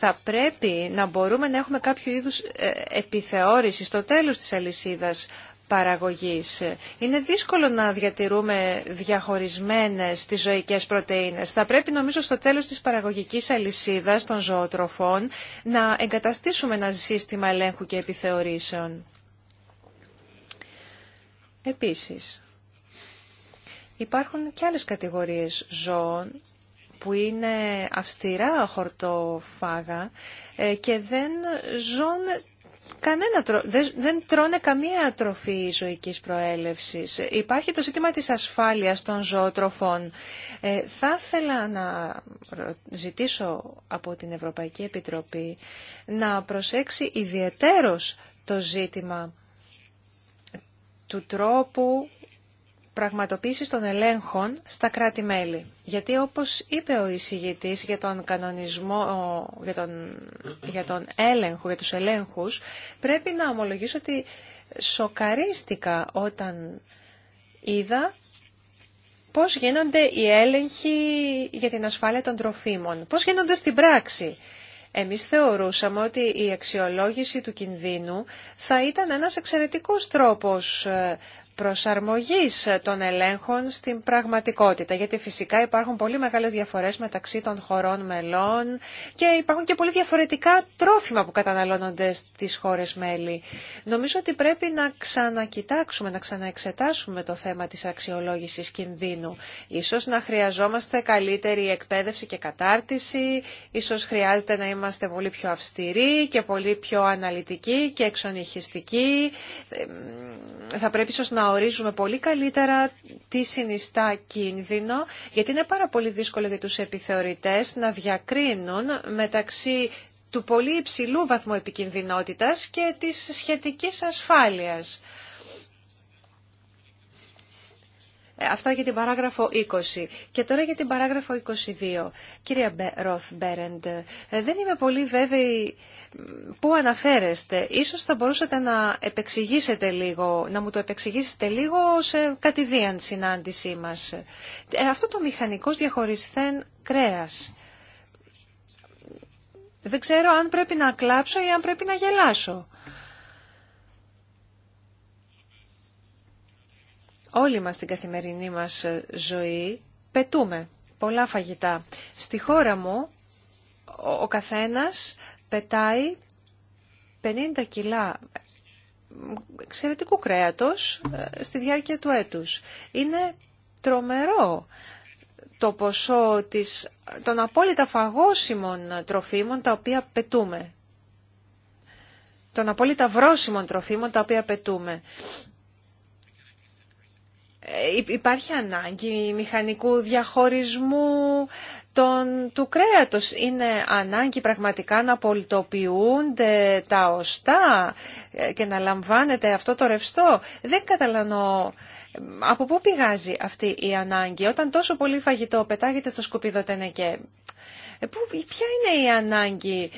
Speaker 2: θα πρέπει να μπορούμε να έχουμε κάποιο είδους ε, επιθεώρηση στο τέλος της αλυσίδας παραγωγής. Είναι δύσκολο να διατηρούμε διαχωρισμένες τις ζωικές πρωτεΐνες. Θα πρέπει νομίζω στο τέλος της παραγωγικής αλυσίδας των ζωοτροφών να εγκαταστήσουμε ένα σύστημα ελέγχου και επιθεωρήσεων. Επίσης, υπάρχουν και άλλες κατηγορίες ζώων που είναι αυστηρά χορτοφάγα ε, και δεν ζουν κανένα, δεν τρώνε καμία τροφή ζωικής προέλευσης. Υπάρχει το ζήτημα της ασφάλειας των ζωοτροφών. Ε, θα ήθελα να ζητήσω από την Ευρωπαϊκή Επιτροπή να προσέξει ιδιαιτέρως το ζήτημα του τρόπου πραγματοποίηση των ελέγχων στα κράτη-μέλη. Γιατί όπως είπε ο εισηγητής για τον κανονισμό, για τον, για τον έλεγχο, για τους ελέγχους, πρέπει να ομολογήσω ότι σοκαρίστηκα όταν είδα πώς γίνονται οι έλεγχοι για την ασφάλεια των τροφίμων, πώς γίνονται στην πράξη. Εμείς θεωρούσαμε ότι η αξιολόγηση του κινδύνου θα ήταν ένας εξαιρετικός τρόπος ε, προσαρμογής των ελέγχων στην πραγματικότητα. Γιατί φυσικά υπάρχουν πολύ μεγάλες διαφορές μεταξύ των χωρών μελών και υπάρχουν και πολύ διαφορετικά τρόφιμα που καταναλώνονται στις χώρες μέλη. Νομίζω ότι πρέπει να ξανακοιτάξουμε, να ξαναεξετάσουμε το θέμα της αξιολόγησης κινδύνου. Ίσως να χρειαζόμαστε καλύτερη εκπαίδευση και κατάρτιση, ίσως χρειάζεται να είμαστε πολύ πιο αυστηροί και πολύ πιο αναλυτικοί και εξονυχιστικοί. Ε, θα πρέπει ίσως να να ορίζουμε πολύ καλύτερα τι συνιστά κίνδυνο, γιατί είναι πάρα πολύ δύσκολο για τους επιθεωρητές να διακρίνουν μεταξύ του πολύ υψηλού βαθμού επικινδυνότητας και της σχετικής ασφάλειας. Ε, αυτά για την παράγραφο 20. Και τώρα για την παράγραφο 22. Κυρία Ροθ Μπέρεντ, ε, δεν είμαι πολύ βέβαιη πού αναφέρεστε. Ίσως θα μπορούσατε να επεξηγήσετε λίγο, να μου το επεξηγήσετε λίγο σε κατηδίαν συνάντησή μας. Ε, αυτό το μηχανικός διαχωρισθέν κρέας. Δεν ξέρω αν πρέπει να κλάψω ή αν πρέπει να γελάσω. όλοι μας την καθημερινή μας ε, ζωή πετούμε πολλά φαγητά. Στη χώρα μου ο καθένας πετάει 50 κιλά εξαιρετικού κρέατος ε, στη διάρκεια του έτους. Είναι τρομερό το ποσό της, των απόλυτα φαγώσιμων τροφίμων τα οποία πετούμε. Των απόλυτα βρώσιμων τροφίμων τα οποία πετούμε. Ε, υπάρχει ανάγκη μηχανικού διαχωρισμού των, του κρέατος. Είναι ανάγκη πραγματικά να πολιτοποιούνται τα οστά ε, και να λαμβάνεται αυτό το ρευστό. Δεν καταλανώ ε, από πού πηγάζει αυτή η ανάγκη όταν τόσο πολύ φαγητό πετάγεται στο σκουπίδο τένεκε. Ποια είναι η ανάγκη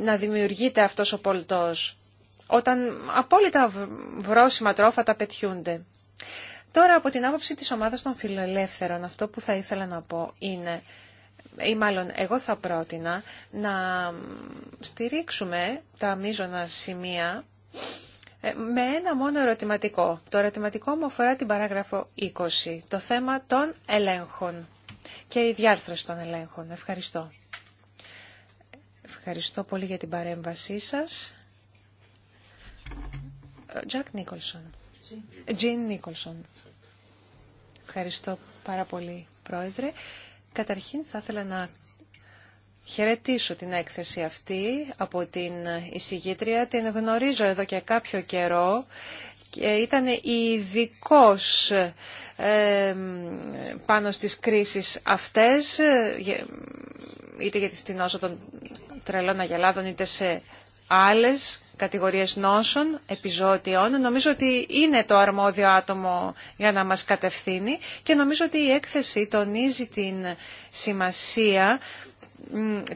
Speaker 2: να δημιουργείται αυτός ο πολιτός. όταν απόλυτα βρόσιμα τα πετιούνται. Τώρα από την άποψη της ομάδας των φιλελεύθερων αυτό που θα ήθελα να πω είναι ή μάλλον εγώ θα πρότεινα να στηρίξουμε τα μείζωνα σημεία ε, με ένα μόνο ερωτηματικό. Το ερωτηματικό μου αφορά την παράγραφο 20, το θέμα των ελέγχων και η διάρθρωση των ελέγχων. Ευχαριστώ. Ευχαριστώ πολύ για την παρέμβασή σας. Ε, Nicholson. Ευχαριστώ πάρα πολύ, Πρόεδρε. Καταρχήν θα ήθελα να χαιρετήσω την έκθεση αυτή από την εισηγήτρια. Την γνωρίζω εδώ και κάποιο καιρό. Ήταν ειδικό πάνω στις κρίσεις αυτές, είτε για τη στηνόσο των τρελών αγελάδων, είτε σε άλλες κατηγορίες νόσων, επιζώτιων. Νομίζω ότι είναι το αρμόδιο άτομο για να μας κατευθύνει και νομίζω ότι η έκθεση τονίζει την σημασία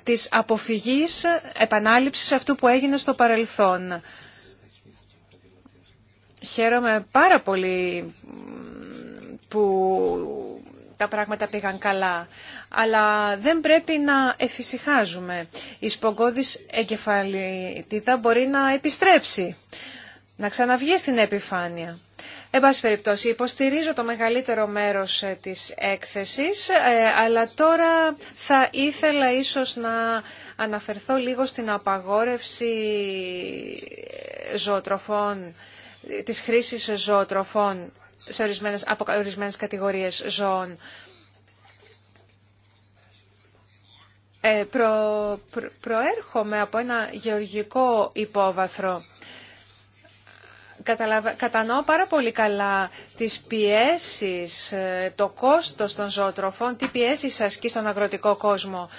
Speaker 2: της αποφυγής επανάληψης αυτού που έγινε στο παρελθόν. Χαίρομαι πάρα πολύ που τα πράγματα πήγαν καλά. Αλλά δεν πρέπει να εφησυχάζουμε. Η σπογκώδης εγκεφαλιτήτα μπορεί να επιστρέψει, να ξαναβγεί στην επιφάνεια. Εν πάση περιπτώσει, υποστηρίζω το μεγαλύτερο μέρος ε, της έκθεσης, ε, αλλά τώρα θα ήθελα ίσως να αναφερθώ λίγο στην απαγόρευση ε, ζωοτροφών, της χρήσης ζωοτροφών σε ορισμένες, από κατηγορίες ζώων. Ε, προέρχομαι από ένα γεωργικό υπόβαθρο κατανοώ πάρα πολύ καλά τις πιέσεις, ε, το κόστος των ζωοτροφών, τι πιέσεις ασκεί στον αγροτικό κόσμο.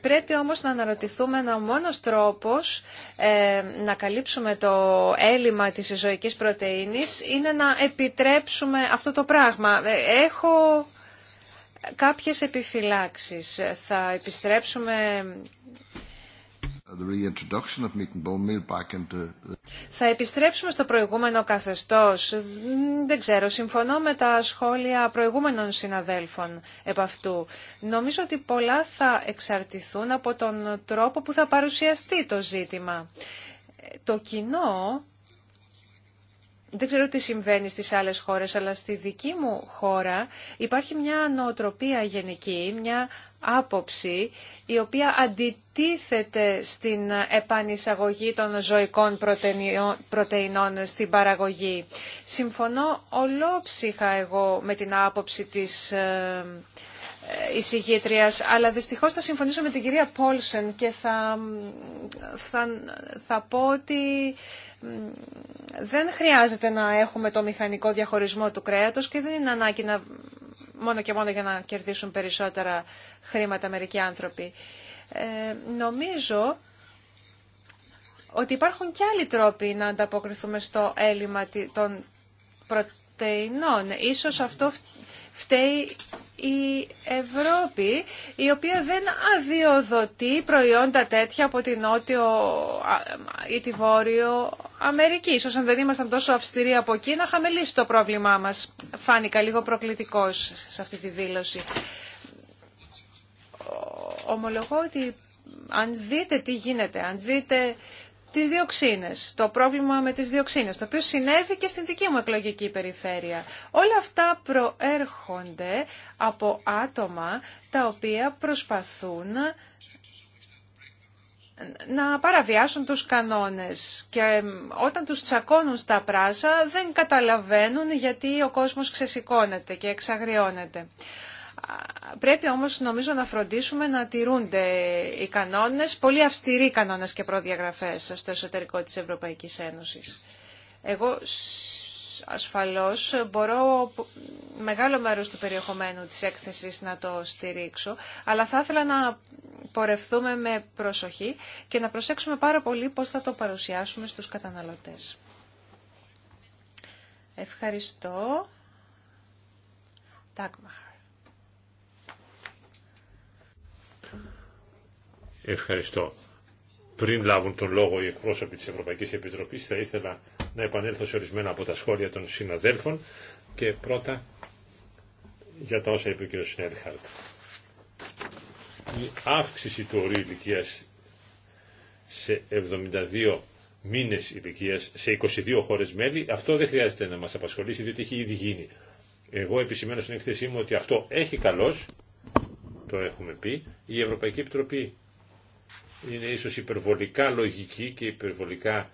Speaker 2: Πρέπει όμως να αναρωτηθούμε ένα μόνος τρόπος ε, να καλύψουμε το έλλειμμα της ζωικής πρωτεΐνης είναι να επιτρέψουμε αυτό το πράγμα. Ε, έχω κάποιες επιφυλάξεις. Θα επιστρέψουμε θα επιστρέψουμε στο προηγούμενο καθεστώς. Δεν ξέρω, συμφωνώ με τα σχόλια προηγούμενων συναδέλφων επ' αυτού. Νομίζω ότι πολλά θα εξαρτηθούν από τον τρόπο που θα παρουσιαστεί το ζήτημα. Το κοινό δεν ξέρω τι συμβαίνει στις άλλες χώρες, αλλά στη δική μου χώρα υπάρχει μια νοοτροπία γενική, μια άποψη η οποία αντιτίθεται στην επανεισαγωγή των ζωικών πρωτεϊνών στην παραγωγή. Συμφωνώ ολόψυχα εγώ με την άποψη της ε, εισηγήτριας, αλλά δυστυχώς θα συμφωνήσω με την κυρία Πόλσεν και θα, θα, θα πω ότι δεν χρειάζεται να έχουμε το μηχανικό διαχωρισμό του κρέατος και δεν είναι ανάγκη να μόνο και μόνο για να κερδίσουν περισσότερα χρήματα μερικοί άνθρωποι. Ε, νομίζω ότι υπάρχουν και άλλοι τρόποι να ανταποκριθούμε στο έλλειμμα των πρωτεϊνών. Ίσως αυτό φταίει η Ευρώπη, η οποία δεν αδειοδοτεί προϊόντα τέτοια από την Νότιο ή τη Βόρειο Αμερική. Ίσως αν δεν ήμασταν τόσο αυστηροί από εκεί να είχαμε λύσει το πρόβλημά μας. Φάνηκα λίγο προκλητικός σε αυτή τη δήλωση. Ομολογώ ότι αν δείτε τι γίνεται, αν δείτε τις διοξίνες, το πρόβλημα με τις διοξίνες, το οποίο συνέβη και στην δική μου εκλογική περιφέρεια. Όλα αυτά προέρχονται από άτομα τα οποία προσπαθούν να παραβιάσουν τους κανόνες και όταν τους τσακώνουν στα πράσα δεν καταλαβαίνουν γιατί ο κόσμος ξεσηκώνεται και εξαγριώνεται πρέπει όμως νομίζω να φροντίσουμε να τηρούνται οι κανόνες, πολύ αυστηροί κανόνες και προδιαγραφές στο εσωτερικό της Ευρωπαϊκής Ένωσης. Εγώ ασφαλώς μπορώ μεγάλο μέρος του περιεχομένου της έκθεσης να το στηρίξω, αλλά θα ήθελα να πορευθούμε με προσοχή και να προσέξουμε πάρα πολύ πώς θα το παρουσιάσουμε στους καταναλωτές. Ευχαριστώ. Τάκμα.
Speaker 3: Ευχαριστώ. Πριν λάβουν τον λόγο οι εκπρόσωποι της Ευρωπαϊκής Επιτροπής θα ήθελα να επανέλθω σε ορισμένα από τα σχόλια των συναδέλφων και πρώτα για τα όσα είπε ο κ. Σνέλχαρτ. Η αύξηση του ορίου ηλικία σε 72 μήνες ηλικία σε 22 χώρες μέλη, αυτό δεν χρειάζεται να μας απασχολήσει διότι έχει ήδη γίνει. Εγώ επισημαίνω στην έκθεσή μου ότι αυτό έχει καλώς, το έχουμε πει, η Ευρωπαϊκή Επιτροπή είναι ίσως υπερβολικά λογική και υπερβολικά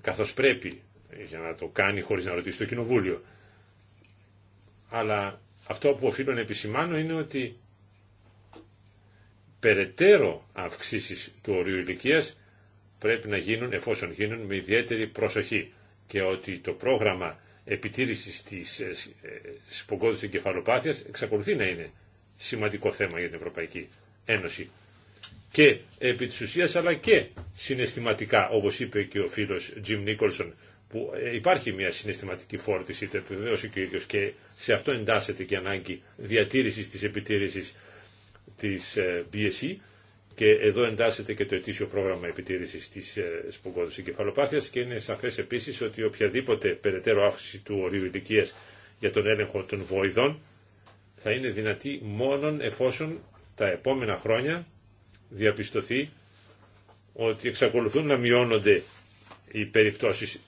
Speaker 3: καθώς πρέπει για να το κάνει χωρίς να ρωτήσει το Κοινοβούλιο. Αλλά αυτό που οφείλω να επισημάνω είναι ότι περαιτέρω αυξήσεις του ορίου ηλικία πρέπει να γίνουν εφόσον γίνουν με ιδιαίτερη προσοχή και ότι το πρόγραμμα επιτήρησης της ε, ε, σπογκώδης εγκεφαλοπάθειας εξακολουθεί να είναι σημαντικό θέμα για την Ευρωπαϊκή Ένωση και επί της ουσίας αλλά και συναισθηματικά όπως είπε και ο φίλος Jim Nicholson που ε, υπάρχει μια συναισθηματική φόρτιση το επιβεβαίωσε και ο ίδιος και σε αυτό εντάσσεται και ανάγκη διατήρησης της επιτήρησης της ε, BSE και εδώ εντάσσεται και το ετήσιο πρόγραμμα επιτήρησης της ε, σπουγκόδους εγκεφαλοπάθειας και είναι σαφές επίσης ότι οποιαδήποτε περαιτέρω αύξηση του ορίου ηλικία για τον έλεγχο των βοηδών θα είναι δυνατή μόνον εφόσον τα επόμενα χρόνια διαπιστωθεί ότι εξακολουθούν να μειώνονται οι περιπτώσεις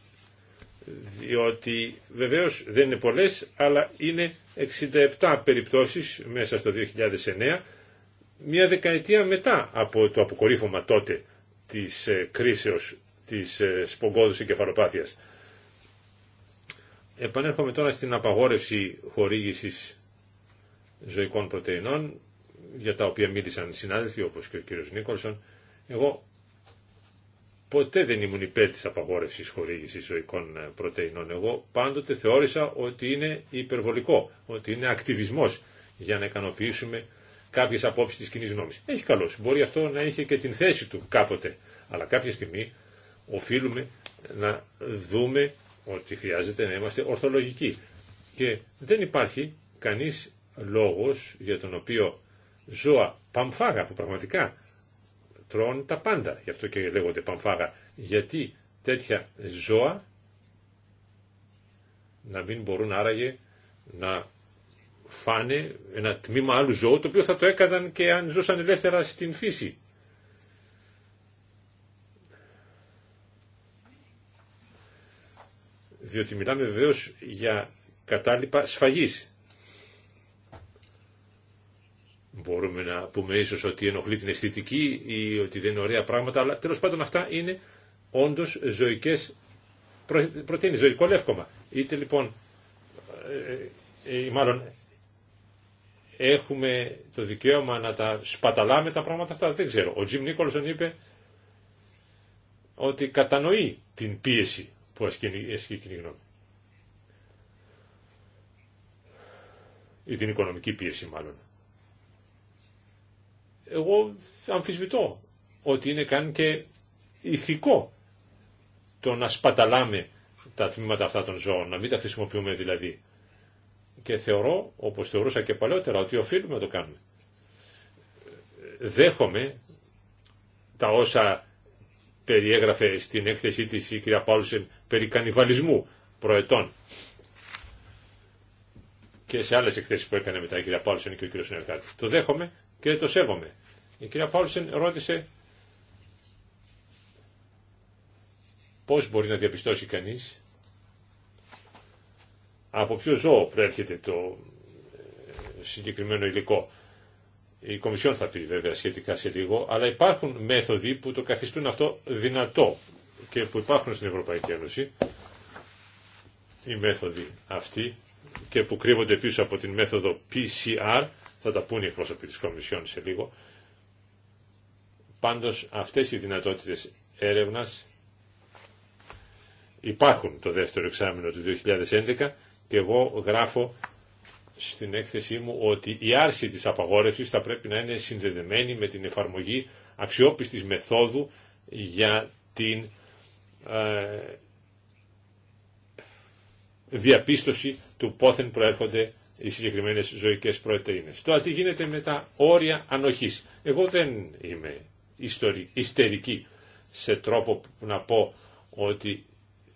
Speaker 3: διότι βεβαίως δεν είναι πολλές αλλά είναι 67 περιπτώσεις μέσα στο 2009 μια δεκαετία μετά από το αποκορύφωμα τότε της ε, κρίσεως της ε, σπογκόδους εγκεφαλοπάθειας. Επανέρχομαι τώρα στην απαγόρευση χορήγησης ζωικών πρωτεϊνών για τα οποία μίλησαν οι συνάδελφοι όπως και ο κύριος Νίκολσον, εγώ ποτέ δεν ήμουν υπέρ της απαγόρευσης χορήγησης ζωικών ε, πρωτεϊνών. Εγώ πάντοτε θεώρησα ότι είναι υπερβολικό, ότι είναι ακτιβισμός για να ικανοποιήσουμε κάποιες απόψεις της κοινή γνώμης. Έχει καλώ. Μπορεί αυτό να είχε και την θέση του κάποτε. Αλλά κάποια στιγμή οφείλουμε να δούμε ότι χρειάζεται να είμαστε ορθολογικοί. Και δεν υπάρχει κανείς λόγος για τον οποίο ζώα παμφάγα που πραγματικά τρώνε τα πάντα. Γι' αυτό και λέγονται παμφάγα. Γιατί τέτοια ζώα να μην μπορούν άραγε να φάνε ένα τμήμα άλλου ζώου το οποίο θα το έκαναν και αν ζούσαν ελεύθερα στην φύση. Διότι μιλάμε βεβαίως για κατάλοιπα σφαγής Μπορούμε να πούμε ίσως ότι ενοχλεί την αισθητική ή ότι δεν είναι ωραία πράγματα, αλλά τέλο πάντων αυτά είναι όντως ζωικές προτείνει, ζωικό λεύκομα. Είτε λοιπόν, ε, ε, ε, μάλλον έχουμε το δικαίωμα να τα σπαταλάμε τα πράγματα αυτά, δεν ξέρω. Ο Τζιμ Νίκολσον είπε ότι κατανοεί την πίεση που ασκεί η κοινή γνώμη. Ή την οικονομική πίεση μάλλον εγώ αμφισβητώ ότι είναι καν και ηθικό το να σπαταλάμε τα τμήματα αυτά των ζώων, να μην τα χρησιμοποιούμε δηλαδή. Και θεωρώ, όπως θεωρούσα και παλαιότερα, ότι οφείλουμε να το κάνουμε. Δέχομαι τα όσα περιέγραφε στην έκθεσή της η κυρία Πάουλσεν περί κανιβαλισμού προετών και σε άλλες εκθέσεις που έκανε μετά η κυρία Πάουλσεν και ο κύριος Συνεργάτη. Το δέχομαι, και το σέβομαι. Η κυρία Πάουλσεν ρώτησε πώς μπορεί να διαπιστώσει κανείς από ποιο ζώο προέρχεται το ε, συγκεκριμένο υλικό. Η Κομισιόν θα πει βέβαια σχετικά σε λίγο, αλλά υπάρχουν μέθοδοι που το καθιστούν αυτό δυνατό και που υπάρχουν στην Ευρωπαϊκή Ένωση. Οι μέθοδοι αυτοί και που κρύβονται πίσω από την μέθοδο PCR θα τα πούνε οι εκπρόσωποι της Κομισιόν σε λίγο. Πάντως αυτές οι δυνατότητες έρευνας υπάρχουν το δεύτερο εξάμεινο του 2011 και εγώ γράφω στην έκθεσή μου ότι η άρση της απαγόρευσης θα πρέπει να είναι συνδεδεμένη με την εφαρμογή αξιόπιστης μεθόδου για την ε, διαπίστωση του πόθεν προέρχονται οι συγκεκριμένες ζωικές πρωτεΐνες. Τώρα τι γίνεται με τα όρια ανοχής. Εγώ δεν είμαι ιστερική σε τρόπο που να πω ότι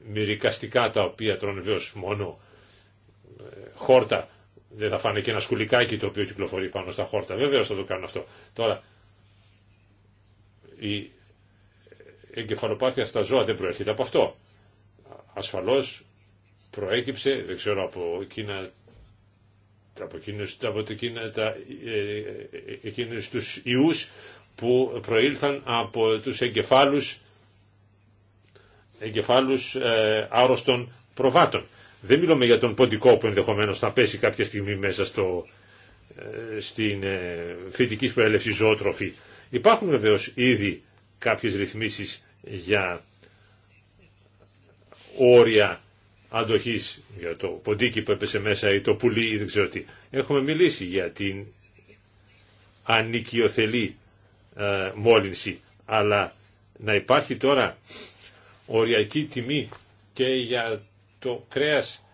Speaker 3: μυρικαστικά τα οποία τρώνε βεβαίως μόνο ε, χόρτα δεν θα φάνε και ένα σκουλικάκι το οποίο κυκλοφορεί πάνω στα χόρτα. Βέβαια θα το κάνω αυτό. Τώρα, η εγκεφαλοπάθεια στα ζώα δεν προέρχεται από αυτό. Ασφαλώς προέκυψε, δεν ξέρω από εκείνα από, εκείνους, από εκείνα, ε, ε, ε, εκείνους τους ιούς που προήλθαν από τους εγκεφάλους, εγκεφάλους ε, άρρωστων προβάτων. Δεν μιλούμε για τον ποντικό που ενδεχομένως θα πέσει κάποια στιγμή μέσα στο, ε, στην ε, προέλευση ζωοτροφή. Υπάρχουν βεβαίως ήδη κάποιες ρυθμίσεις για όρια Αντοχή για το ποντίκι που έπεσε μέσα ή το πουλί ή δεν ξέρω τι. Έχουμε μιλήσει για την ανικιοθελή ε, μόλυνση αλλά να υπάρχει τώρα οριακή τιμή και για το κρέας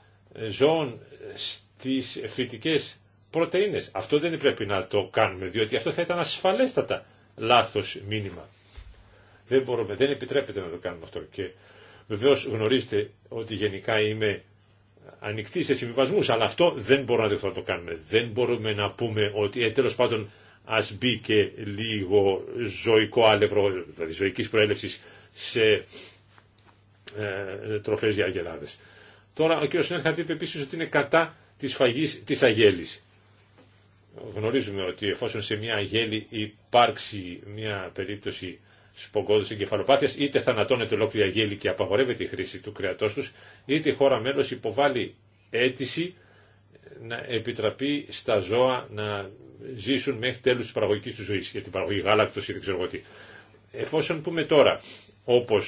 Speaker 3: ζώων στις φυτικές πρωτεΐνες. Αυτό δεν πρέπει να το κάνουμε, διότι αυτό θα ήταν ασφαλέστατα λάθος μήνυμα. Δεν μπορούμε, δεν επιτρέπεται να το κάνουμε αυτό. Και Βεβαίω γνωρίζετε ότι γενικά είμαι ανοιχτή σε συμβιβασμού, αλλά αυτό δεν μπορώ να δεχθώ να το κάνουμε. Δεν μπορούμε να πούμε ότι ε, τέλος πάντων ας μπει και λίγο ζωικό άλευρο, δηλαδή ζωική προέλευσης σε ε, τροφές για αγελάδε. Τώρα ο κ. Σνέρχαρτ είπε επίση ότι είναι κατά της φαγής της αγέλη. Γνωρίζουμε ότι εφόσον σε μια αγέλη υπάρξει μια περίπτωση σπογκώδους εγκεφαλοπάθεια, είτε θανατώνεται ολόκληρη αγέλη και απαγορεύεται η χρήση του κρέατό του, είτε η χώρα μέλο υποβάλλει αίτηση να επιτραπεί στα ζώα να ζήσουν μέχρι τέλους τη παραγωγικής του ζωή για την παραγωγή γάλακτος ή δεν ξέρω τι. γάλακτο η Ευρωπαϊκή πουμε τωρα όπω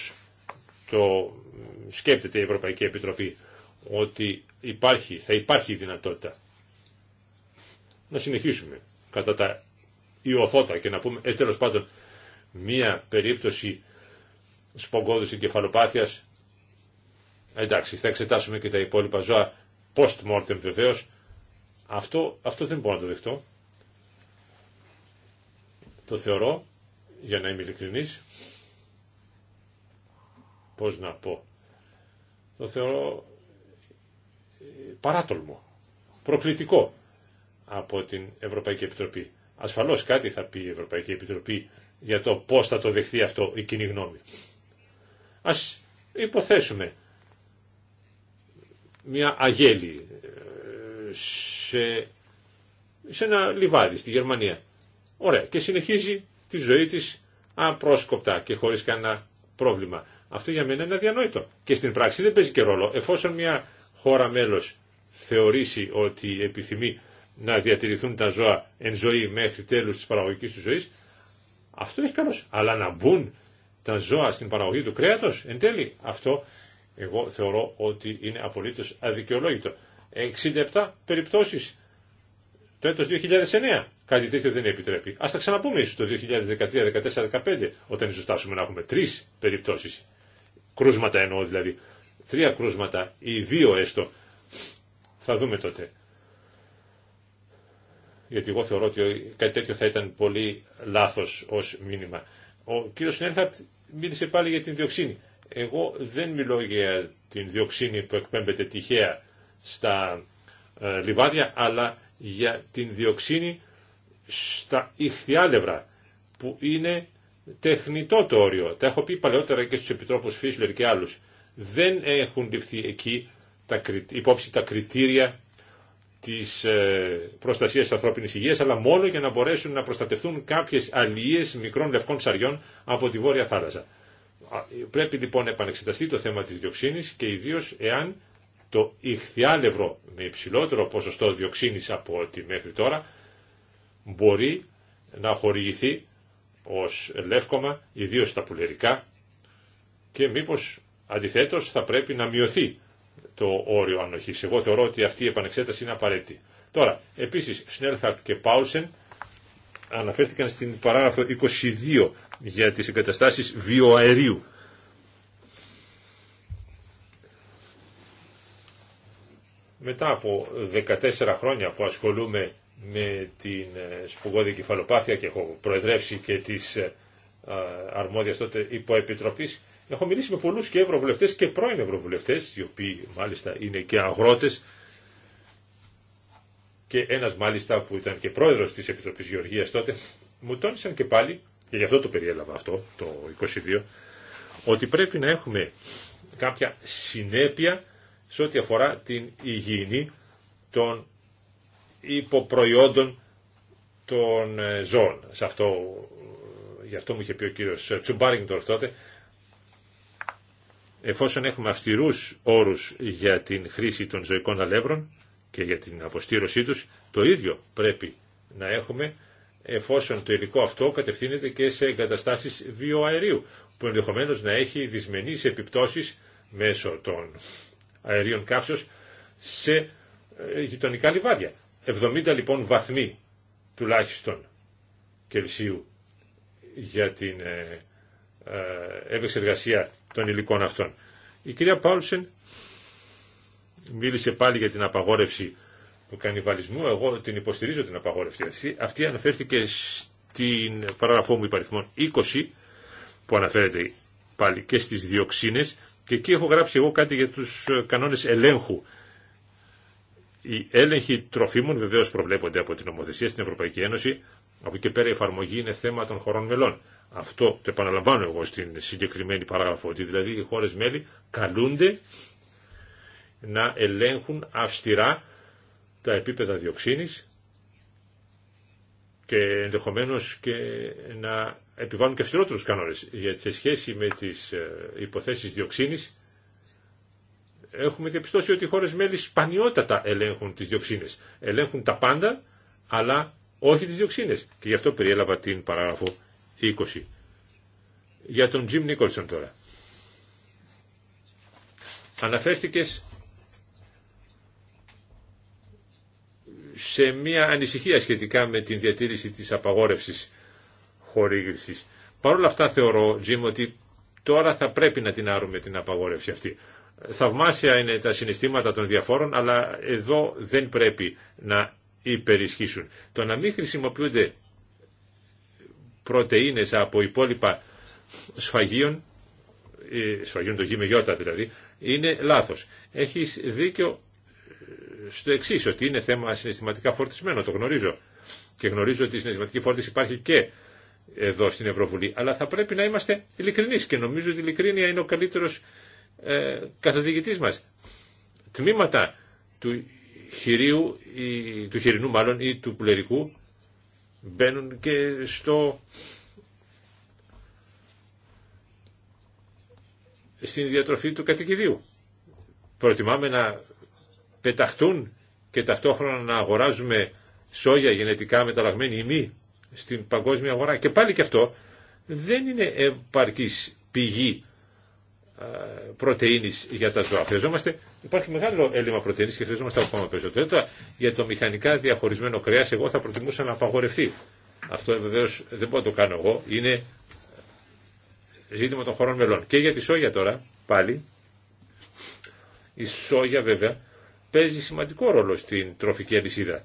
Speaker 3: ότι υπάρχει, θα υπάρχει η δυνατότητα να συνεχίσουμε κατά τα ιωθώτα και να πούμε, ε, τέλος πάντων, μία περίπτωση σπογγόδους εγκεφαλοπάθειας. Εντάξει, θα εξετάσουμε και τα υπόλοιπα ζώα post-mortem βεβαίως. Αυτό, αυτό δεν μπορώ να το δεχτώ. Το θεωρώ, για να είμαι ειλικρινής, πώς να πω, το θεωρώ ε, παράτολμο, προκλητικό από την Ευρωπαϊκή Επιτροπή. Ασφαλώς κάτι θα πει η Ευρωπαϊκή Επιτροπή για το πώς θα το δεχθεί αυτό η κοινή γνώμη. Ας υποθέσουμε μια αγέλη ε, σε, σε ένα λιβάδι στη Γερμανία. Ωραία. Και συνεχίζει τη ζωή της απρόσκοπτα και χωρίς κανένα πρόβλημα. Αυτό για μένα είναι αδιανόητο. Και στην πράξη δεν παίζει και ρόλο. Εφόσον μια χώρα μέλος θεωρήσει ότι επιθυμεί να διατηρηθούν τα ζώα εν ζωή μέχρι τέλους της παραγωγικής του ζωής, αυτό έχει καλώς. Αλλά να μπουν τα ζώα στην παραγωγή του κρέατος, εν τέλει, αυτό εγώ θεωρώ ότι είναι απολύτως αδικαιολόγητο. 67 περιπτώσεις το έτος 2009. Κάτι τέτοιο δεν επιτρέπει. Ας τα ξαναπούμε ίσως το 2013, 2014, 2015, όταν ίσως να έχουμε τρεις περιπτώσεις. Κρούσματα εννοώ δηλαδή. Τρία κρούσματα ή δύο έστω. Θα δούμε τότε γιατί εγώ θεωρώ ότι κάτι τέτοιο θα ήταν πολύ λάθος ως μήνυμα. Ο κύριος Σνέρχαρτ μίλησε πάλι για την διοξίνη. Εγώ δεν μιλώ για την διοξίνη που εκπέμπεται τυχαία στα ε, λιβάδια, αλλά για την διοξίνη στα ηχθιάλευρα, που είναι τεχνητό το όριο. Τα έχω πει παλαιότερα και στους επιτρόπους Φίσλερ και άλλους. Δεν έχουν ληφθεί εκεί τα, υπόψη τα κριτήρια της ε, προστασίας της ανθρώπινης υγείας, αλλά μόνο για να μπορέσουν να προστατευτούν κάποιες αλίες μικρών λευκών ψαριών από τη Βόρεια Θάλασσα. Πρέπει λοιπόν να επανεξεταστεί το θέμα της διοξίνης και ιδίως εάν το ηχθιάλευρο με υψηλότερο ποσοστό διοξίνης από ό,τι μέχρι τώρα μπορεί να χορηγηθεί ως λεύκομα, ιδίως στα πουλερικά και μήπως αντιθέτως θα πρέπει να μειωθεί το όριο ανοχή. Εγώ θεωρώ ότι αυτή η επανεξέταση είναι απαραίτητη. Τώρα, επίσης, Σνέλχαρτ και Πάουσεν αναφέρθηκαν στην παράγραφο 22 για τι εγκαταστάσεις βιοαερίου. Μετά από 14 χρόνια που ασχολούμαι με την ε, σπουγόδη κεφαλοπάθεια και έχω προεδρεύσει και της ε, αρμόδιας τότε υποεπιτροπής, Έχω μιλήσει με πολλούς και ευρωβουλευτές και πρώην ευρωβουλευτές, οι οποίοι μάλιστα είναι και αγρότες και ένας μάλιστα που ήταν και πρόεδρος της Επιτροπής Γεωργίας τότε, μου τόνισαν και πάλι, και γι' αυτό το περιέλαβα αυτό, το 22, ότι πρέπει να έχουμε κάποια συνέπεια σε ό,τι αφορά την υγιεινή των υποπροϊόντων των ε, ζώων. Ε, γι' αυτό μου είχε πει ο κύριος Τσουμπάρινγκτορ τότε, εφόσον έχουμε αυστηρούς όρους για την χρήση των ζωικών αλεύρων και για την αποστήρωσή τους, το ίδιο πρέπει να έχουμε εφόσον το υλικό αυτό κατευθύνεται και σε εγκαταστάσεις βιοαερίου, που ενδεχομένως να έχει δυσμενείς επιπτώσεις μέσω των αερίων καύσεως σε ε, γειτονικά λιβάδια. 70 λοιπόν βαθμοί τουλάχιστον Κελσίου για την ε, ε, επεξεργασία των υλικών αυτών. Η κυρία Πάουλσεν μίλησε πάλι για την απαγόρευση του κανιβαλισμού. Εγώ την υποστηρίζω την απαγόρευση αυτή. Αυτή αναφέρθηκε στην παράγραφό μου υπαριθμών 20 που αναφέρεται πάλι και στις διοξίνες και εκεί έχω γράψει εγώ κάτι για τους ε, κανόνες ελέγχου. Οι έλεγχοι τροφίμων βεβαίως προβλέπονται από την νομοθεσία στην Ευρωπαϊκή Ένωση από εκεί πέρα η εφαρμογή είναι θέμα των χωρών μελών. Αυτό το επαναλαμβάνω εγώ στην συγκεκριμένη παράγραφο, ότι δηλαδή οι χώρε μέλη καλούνται να ελέγχουν αυστηρά τα επίπεδα διοξίνης και ενδεχομένως και να επιβάλλουν και αυστηρότερους κανόνες. Γιατί σε σχέση με τις ε, υποθέσεις διοξίνης έχουμε διαπιστώσει ότι οι χώρες μέλη σπανιότατα ελέγχουν τις διοξίνες. Ελέγχουν τα πάντα, αλλά όχι τις διοξίνες. Και γι' αυτό περιέλαβα την παράγραφο 20. Για τον Τζιμ Νίκολσον τώρα. Αναφέρθηκες σε μια ανησυχία σχετικά με την διατήρηση της απαγόρευσης χορήγησης. Παρ' όλα αυτά θεωρώ, Τζιμ, ότι τώρα θα πρέπει να την άρουμε την απαγόρευση αυτή. Θαυμάσια είναι τα συναισθήματα των διαφόρων, αλλά εδώ δεν πρέπει να υπερισχύσουν. Το να μην χρησιμοποιούνται πρωτεΐνες από υπόλοιπα σφαγίων, ε, σφαγίων το γη δηλαδή, είναι λάθος. Έχεις δίκιο ε, στο εξή ότι είναι θέμα συναισθηματικά φορτισμένο, το γνωρίζω. Και γνωρίζω ότι η συναισθηματική φόρτιση υπάρχει και εδώ στην Ευρωβουλή. Αλλά θα πρέπει να είμαστε ειλικρινεί και νομίζω ότι η ειλικρίνεια είναι ο καλύτερο ε, καθοδηγητή μα. Τμήματα του χειρίου, ή, του χειρινού μάλλον ή του πουλερικού μπαίνουν και στο στην διατροφή του κατοικιδίου. Προτιμάμε να πεταχτούν και ταυτόχρονα να αγοράζουμε σόγια γενετικά μεταλλαγμένη ή μη στην παγκόσμια αγορά. Και πάλι και αυτό δεν είναι επαρκής πηγή ε, Πρωτενη για τα ζώα. Χρειαζόμαστε, υπάρχει μεγάλο έλλειμμα πρωτενή και χρειαζόμαστε ακόμα περισσότερο. για το μηχανικά διαχωρισμένο κρέα εγώ θα προτιμούσα να απαγορευτεί. Αυτό ε, βεβαίω δεν μπορώ να το κάνω εγώ. Είναι ζήτημα των χωρών μελών. Και για τη σόγια τώρα, πάλι, η σόγια βέβαια παίζει σημαντικό ρόλο στην τροφική αλυσίδα.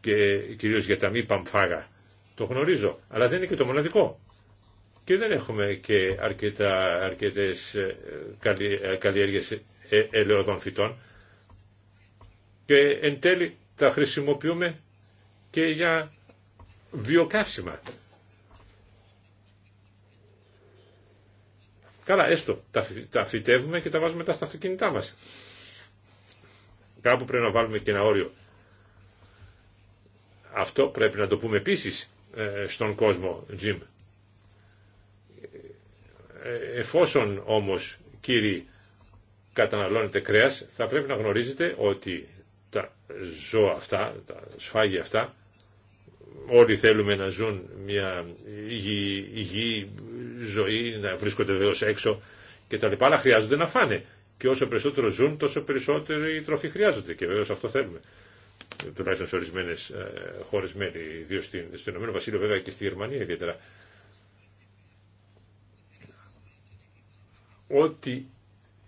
Speaker 3: Και κυρίως για τα μη παμφάγα. Το γνωρίζω, αλλά δεν είναι και το μοναδικό και δεν έχουμε και αρκετά, αρκετές ε, ε, καλλιέργειες ε, ελαιοδών φυτών και εν τέλει τα χρησιμοποιούμε και για βιοκαύσιμα. Καλά, έστω, τα φυτεύουμε και τα βάζουμε μετά στα αυτοκίνητά μας. Κάπου πρέπει να βάλουμε και ένα όριο. Αυτό πρέπει να το πούμε επίσης στον κόσμο, Jim. Ε, εφόσον όμως κύριοι καταναλώνετε κρέας θα πρέπει να γνωρίζετε ότι τα ζώα αυτά, τα σφάγια αυτά όλοι θέλουμε να ζουν μια υγιή, υγιή ζωή, να βρίσκονται βεβαίως έξω και τα λοιπά, αλλά χρειάζονται να φάνε. Και όσο περισσότερο ζουν, τόσο περισσότερη τροφή χρειάζονται. Και βεβαίω αυτό θέλουμε. Τουλάχιστον σε ορισμένε ε, χώρες μέλη, ιδίως στην, στο Ηνωμένο Βασίλειο, βέβαια και στη Γερμανία ιδιαίτερα. Ό,τι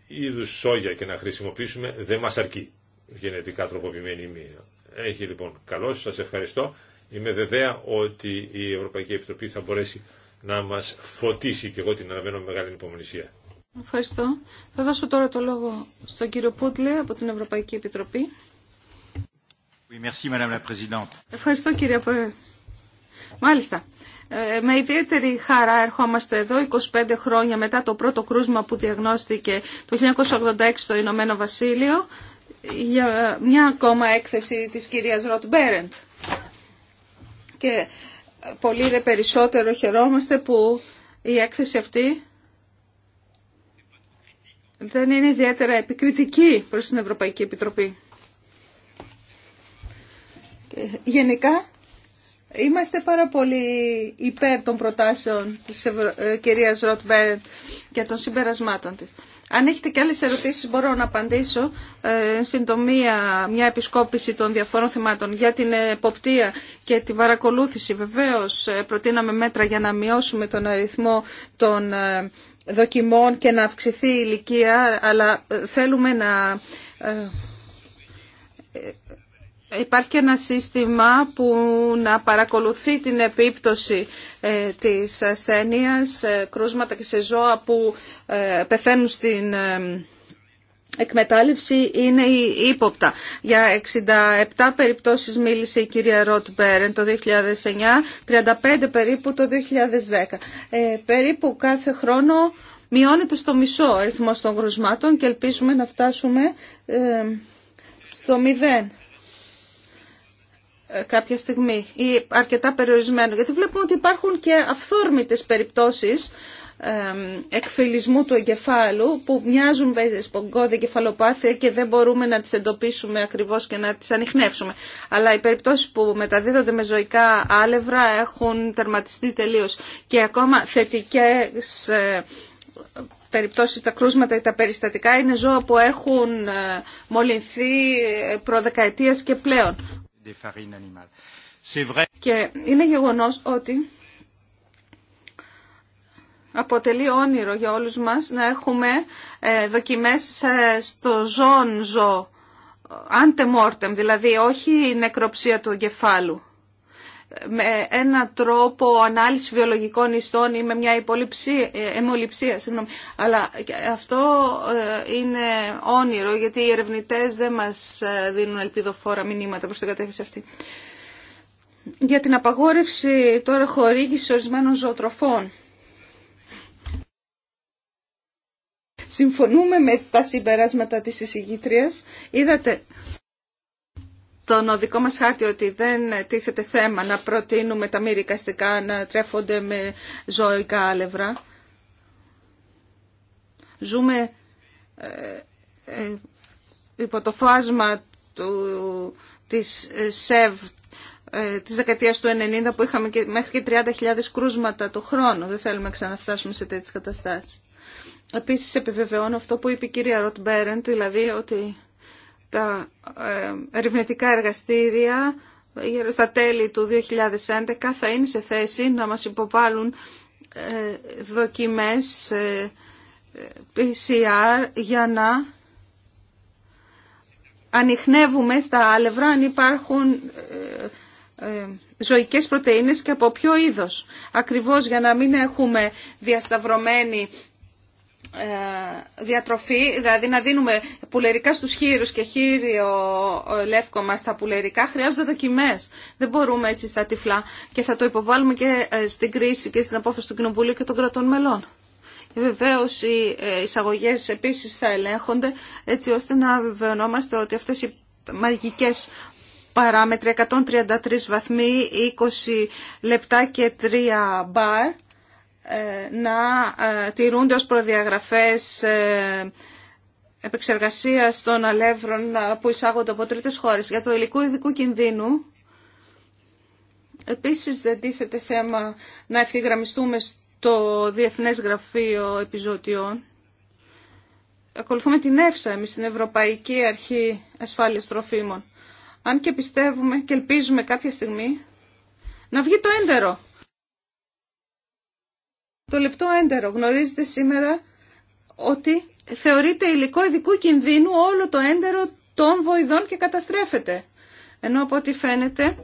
Speaker 3: είδους σόγια και να χρησιμοποιήσουμε δεν μας αρκεί γενετικά τροποποιημένη μία. Έχει λοιπόν καλώς, σας ευχαριστώ. Είμαι βεβαία ότι η Ευρωπαϊκή Επιτροπή θα μπορέσει να μας φωτίσει και εγώ την αναμένω με μεγάλη υπομονησία.
Speaker 1: Ευχαριστώ. Θα δώσω τώρα το λόγο στον κύριο Πούτλε από την Ευρωπαϊκή Επιτροπή. Ευχαριστώ κύριε Πρόεδρε. Μάλιστα. Ε, με ιδιαίτερη χαρά ερχόμαστε εδώ 25 χρόνια μετά το πρώτο κρούσμα που διαγνώστηκε το 1986 στο Ηνωμένο Βασίλειο για μια ακόμα έκθεση της κυρίας Ροτ Μπέρεντ. Και πολύ δε περισσότερο χαιρόμαστε που η έκθεση αυτή δεν είναι ιδιαίτερα επικριτική προς την Ευρωπαϊκή Επιτροπή. Γενικά Είμαστε πάρα πολύ υπέρ των προτάσεων της Ευρω... Ε, κυρίας Ροτμπέρεντ και των συμπερασμάτων της. Αν έχετε και άλλες ερωτήσεις μπορώ να απαντήσω ε, συντομία μια επισκόπηση των διαφόρων θεμάτων για την εποπτεία και την παρακολούθηση. Βεβαίως ε, προτείναμε μέτρα για να μειώσουμε τον αριθμό των δοκιμών και να αυξηθεί η ηλικία, αλλά θέλουμε να Υπάρχει ένα σύστημα που να παρακολουθεί την επίπτωση ε, της ασθένειας, ε, κρούσματα και σε ζώα που ε, πεθαίνουν στην εκμετάλλευση είναι η ύποπτα. Για 67 περιπτώσεις μίλησε η κυρία Ροτ Μπέρεν το 2009, 35 περίπου το 2010. περίπου κάθε χρόνο μειώνεται στο μισό αριθμό των κρουσμάτων και ελπίζουμε να φτάσουμε στο μηδέν. Ε, κάποια στιγμή ή αρκετά περιορισμένο. Γιατί βλέπουμε ότι υπάρχουν και αυθόρμητες περιπτώσεις εκφυλισμού του εγκεφάλου που μοιάζουν με σπογκώδη κεφαλοπάθεια και δεν μπορούμε να τις εντοπίσουμε ακριβώς και να τις ανιχνεύσουμε. Αλλά οι περιπτώσεις που μεταδίδονται με ζωικά άλευρα έχουν τερματιστεί τελείως και ακόμα θετικές ε, περιπτώσεις τα κρούσματα ή τα περιστατικά είναι ζώα που έχουν ε, μολυνθεί προδεκαετίας και πλέον. Και είναι γεγονό ότι αποτελεί όνειρο για όλους μας να έχουμε ε, δοκιμές ε, στο ζώο, ε, ante mortem, δηλαδή όχι η νεκροψία του εγκεφάλου με ένα τρόπο ανάλυση βιολογικών ιστών ή με μια εμολυψία. Συγγνώμη. Αλλά αυτό ε, είναι όνειρο γιατί οι ερευνητές δεν μας ε, δίνουν ελπιδοφόρα μηνύματα προς την κατεύθυνση αυτή. Για την απαγόρευση τώρα χορήγηση ορισμένων ζωοτροφών. Συμφωνούμε με τα συμπεράσματα της εισηγήτριας. Είδατε τον οδικό μας χάρτη ότι δεν τίθεται θέμα να προτείνουμε τα μη ρικαστικά να τρέφονται με ζωικά άλευρα. Ζούμε ε, ε, υπό το φάσμα του, της ε, ΣΕΒ ε, της δεκαετίας του 90 που είχαμε και, μέχρι και 30.000 κρούσματα το χρόνο. Δεν θέλουμε να ξαναφτάσουμε σε τέτοιες καταστάσεις. Επίσης επιβεβαιώνω αυτό που είπε η κυρία Ροτ Μπέρεντ, δηλαδή ότι τα ε, ερευνητικά εργαστήρια γύρω στα τέλη του 2011 θα είναι σε θέση να μας υποβάλουν ε, δοκιμές PCR ε, για να ανοιχνεύουμε στα άλευρα αν υπάρχουν ζωικές πρωτεΐνες και από ποιο είδος. Ακριβώς για να μην έχουμε διασταυρωμένη ε, διατροφή, δηλαδή να δίνουμε πουλερικά στους χείρους και χείριο ε, λεύκομα στα πουλερικά, χρειάζονται δοκιμές. Δεν μπορούμε έτσι στα τυφλά και θα το υποβάλουμε και ε, στην κρίση και στην απόφαση του Κοινοβουλίου και των κρατών μελών. Βεβαίω οι εισαγωγές επίσης θα ελέγχονται έτσι ώστε να βεβαιωνόμαστε ότι αυτές οι μαγικές παράμετροι 133 βαθμοί, 20 λεπτά και 3 μπαρ ε, να ε, τηρούνται ως προδιαγραφές ε, επεξεργασίας των αλεύρων που εισάγονται από τρίτες χώρες. Για το υλικό ειδικού κινδύνου, επίσης δεν τίθεται θέμα να ευθυγραμμιστούμε στο Διεθνές Γραφείο Επιζωτιών. Ακολουθούμε την ΕΦΣΑ εμείς, την Ευρωπαϊκή Αρχή Ασφάλειας Τροφίμων. Αν και πιστεύουμε και ελπίζουμε κάποια στιγμή να βγει το έντερο το λεπτό έντερο. Γνωρίζετε σήμερα ότι θεωρείται υλικό ειδικού κινδύνου όλο το έντερο των βοηδών και καταστρέφεται. Ενώ από ό,τι φαίνεται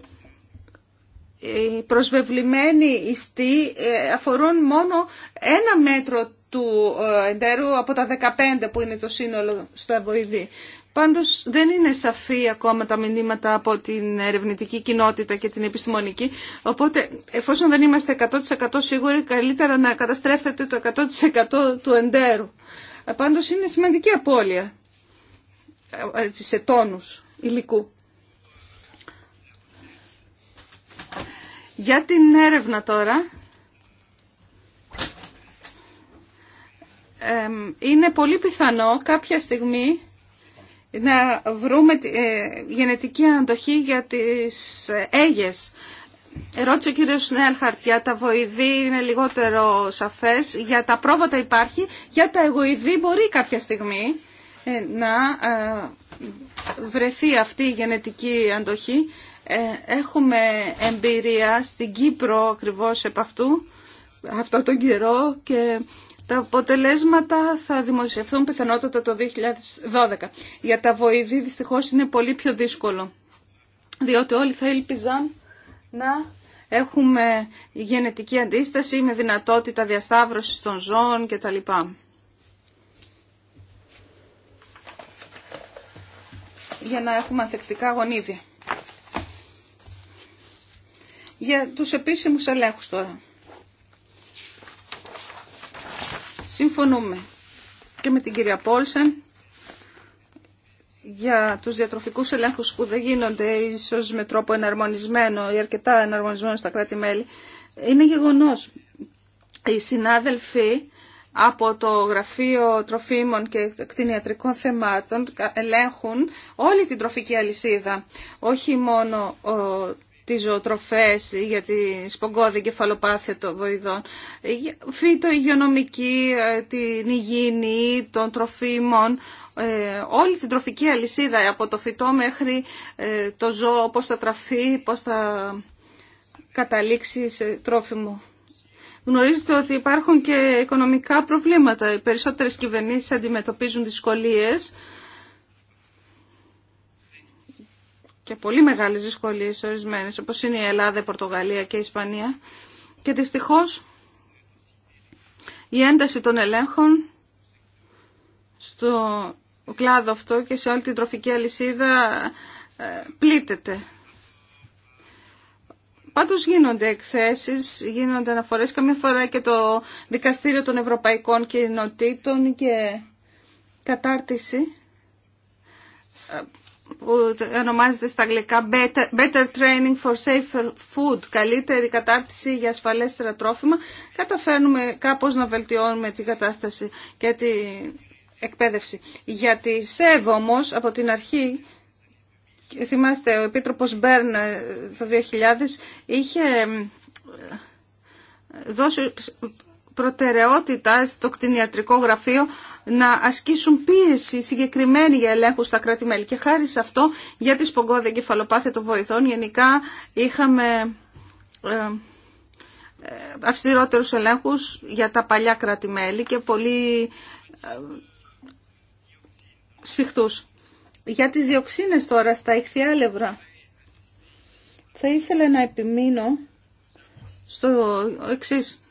Speaker 1: οι προσβεβλημένοι ιστοί ε, αφορούν μόνο ένα μέτρο του ε, εντέρου από τα 15 που είναι το σύνολο στο βοηδή. Πάντως δεν είναι σαφή ακόμα τα μηνύματα από την ερευνητική κοινότητα και την επιστημονική, οπότε εφόσον δεν είμαστε 100% σίγουροι, καλύτερα να καταστρέφετε το 100% του εντέρου. Ε, πάντως είναι σημαντική απώλεια ε, σε τόνους υλικού. Για την έρευνα τώρα, είναι πολύ πιθανό κάποια στιγμή να βρούμε ε, γενετική αντοχή για τις ε, έγες. Ερώτησε ο κύριος Σνέλχαρτ για τα βοηδή, είναι λιγότερο σαφές. Για τα πρόβατα υπάρχει, για τα εγωιδή μπορεί κάποια στιγμή ε, να βρεθεί αυτή η γενετική αντοχή. Έχουμε εμπειρία στην Κύπρο ακριβώς επ' αυτού, αυτό τον καιρό και τα αποτελέσματα θα δημοσιευθούν πιθανότατα το 2012. Για τα βοηθή δυστυχώς είναι πολύ πιο δύσκολο, διότι όλοι θα ελπιζαν να έχουμε γενετική αντίσταση με δυνατότητα διασταύρωσης των ζώων κτλ. για να έχουμε ανθεκτικά γονίδια. Για τους επίσημους ελέγχους τώρα. Συμφωνούμε και με την κυρία Πόλσεν για τους διατροφικούς ελέγχους που δεν γίνονται ίσως με τρόπο εναρμονισμένο ή αρκετά εναρμονισμένο στα κράτη-μέλη. Είναι γεγονός. Οι συνάδελφοι από το Γραφείο Τροφίμων και Κτηνιατρικών Θεμάτων ελέγχουν όλη την τροφική αλυσίδα, όχι μόνο τι ζωοτροφέ για τη σπογκώδη κεφαλοπάθεια των βοηδών, φύτο υγειονομική, ε, την υγιεινή των τροφίμων, ε, όλη την τροφική αλυσίδα από το φυτό μέχρι ε, το ζώο, πώς θα τραφεί, πώς θα καταλήξει σε τρόφιμο. Γνωρίζετε ότι υπάρχουν και οικονομικά προβλήματα. Οι περισσότερες κυβερνήσεις αντιμετωπίζουν δυσκολίες και πολύ μεγάλες δυσκολίες ορισμένες, όπως είναι η Ελλάδα, η Πορτογαλία και η Ισπανία. Και δυστυχώ, η ένταση των ελέγχων στο κλάδο αυτό και σε όλη την τροφική αλυσίδα ε, πλήττεται. Πάντω γίνονται εκθέσεις, γίνονται αναφορές, καμιά φορά και το Δικαστήριο των Ευρωπαϊκών Κοινοτήτων και κατάρτιση που ονομάζεται στα αγγλικά Better, Better Training for Safer Food, καλύτερη κατάρτιση για ασφαλέστερα τρόφιμα, καταφέρνουμε κάπως να βελτιώνουμε την κατάσταση και την εκπαίδευση. γιατί σε ΣΕΒ όμως, από την αρχή, θυμάστε ο Επίτροπος Μπέρν ε, το 2000, είχε ε, δώσει προτεραιότητα στο κτηνιατρικό γραφείο να ασκήσουν πίεση συγκεκριμένη για ελέγχου στα κρατη Και χάρη σε αυτό, για τη σπογκώδη εγκεφαλοπάθεια των βοηθών, γενικά είχαμε ε, ε, αυστηρότερους ελέγχου για τα παλιά και πολύ ε, σφιχτούς. Για τις διοξίνες τώρα στα ηχθιάλευρα. Θα ήθελα να επιμείνω στο εξής.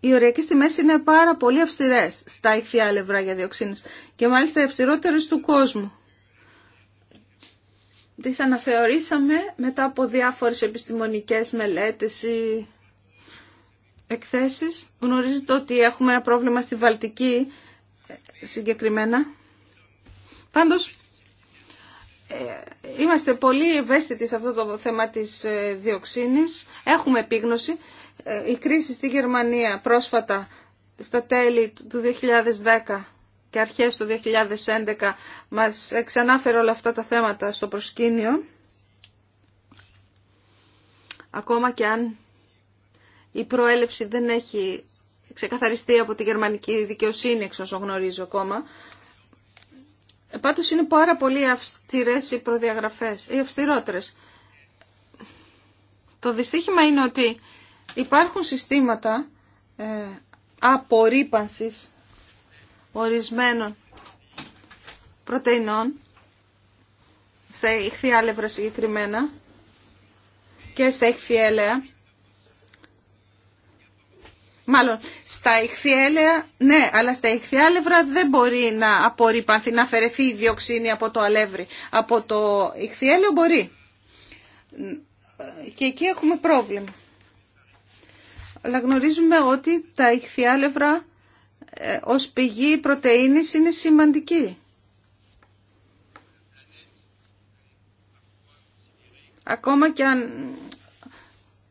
Speaker 1: οι οριακέ τιμέ είναι πάρα πολύ αυστηρέ στα αλευρά για διοξίνε και μάλιστα οι του κόσμου. Τι αναθεωρήσαμε μετά από διάφορες επιστημονικές μελέτες ή εκθέσεις. Γνωρίζετε ότι έχουμε ένα πρόβλημα στη Βαλτική ε, συγκεκριμένα. Πάντως, ε, είμαστε πολύ ευαίσθητοι σε αυτό το θέμα της ε, διοξίνης. Έχουμε επίγνωση ε, η κρίση στη Γερμανία πρόσφατα στα τέλη του 2010 και αρχές του 2011 μας ξανάφερε όλα αυτά τα θέματα στο προσκήνιο ακόμα και αν η προέλευση δεν έχει ξεκαθαριστεί από τη γερμανική δικαιοσύνη εξ όσο γνωρίζω ακόμα ε, πάντως είναι πάρα πολύ αυστηρές οι προδιαγραφές οι αυστηρότερες το δυστύχημα είναι ότι Υπάρχουν συστήματα ε, ορισμένων πρωτεϊνών στα ηχθιάλευρα συγκεκριμένα και στα ηχθή Μάλλον, στα ηχθή ναι, αλλά στα ηχθιάλευρα δεν μπορεί να απορρίπανθει, να αφαιρεθεί η διοξίνη από το αλεύρι. Από το ηχθή μπορεί. Ε, και εκεί έχουμε πρόβλημα. Αλλά γνωρίζουμε ότι τα ηχθιάλευρα ε, ως πηγή πρωτεΐνης είναι σημαντική. Ακόμα και αν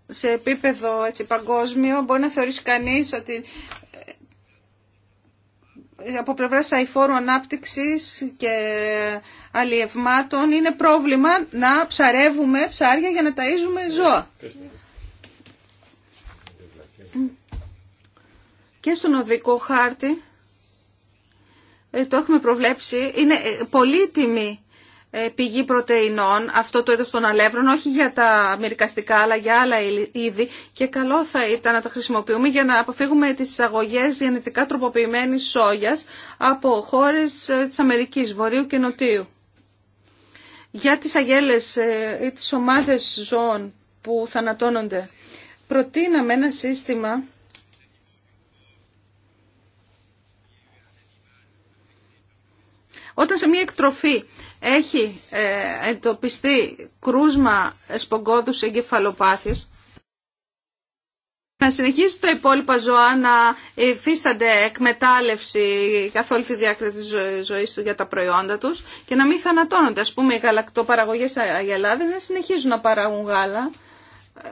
Speaker 1: σε επίπεδο έτσι, παγκόσμιο μπορεί να θεωρήσει κανείς ότι ε, από πλευρά αηφόρου ανάπτυξης και αλλιευμάτων είναι πρόβλημα να ψαρεύουμε ψάρια για να ταΐζουμε ζώα. και στον οδικό χάρτη ε, το έχουμε προβλέψει, είναι ε, πολύτιμη ε, πηγή πρωτεϊνών, αυτό το είδος των αλεύρων, όχι για τα μυρικαστικά αλλά για άλλα είδη και καλό θα ήταν να τα χρησιμοποιούμε για να αποφύγουμε τις εισαγωγές γενετικά τροποποιημένης σόγιας από χώρες της Αμερικής, Βορείου και Νοτίου. Για τις αγέλες ή τις ομάδες ζώων που θανατώνονται, προτείναμε ένα σύστημα Όταν σε μια εκτροφή έχει ε, εντοπιστεί κρούσμα σε εγκεφαλοπάθης, να συνεχίζει το υπόλοιπα ζωά να υφίστανται εκμετάλλευση καθ' όλη τη διάκριση της ζωής του για τα προϊόντα τους και να μην θανατώνονται. Ας πούμε οι γαλακτοπαραγωγές αγελάδες δεν συνεχίζουν να παράγουν γάλα ε,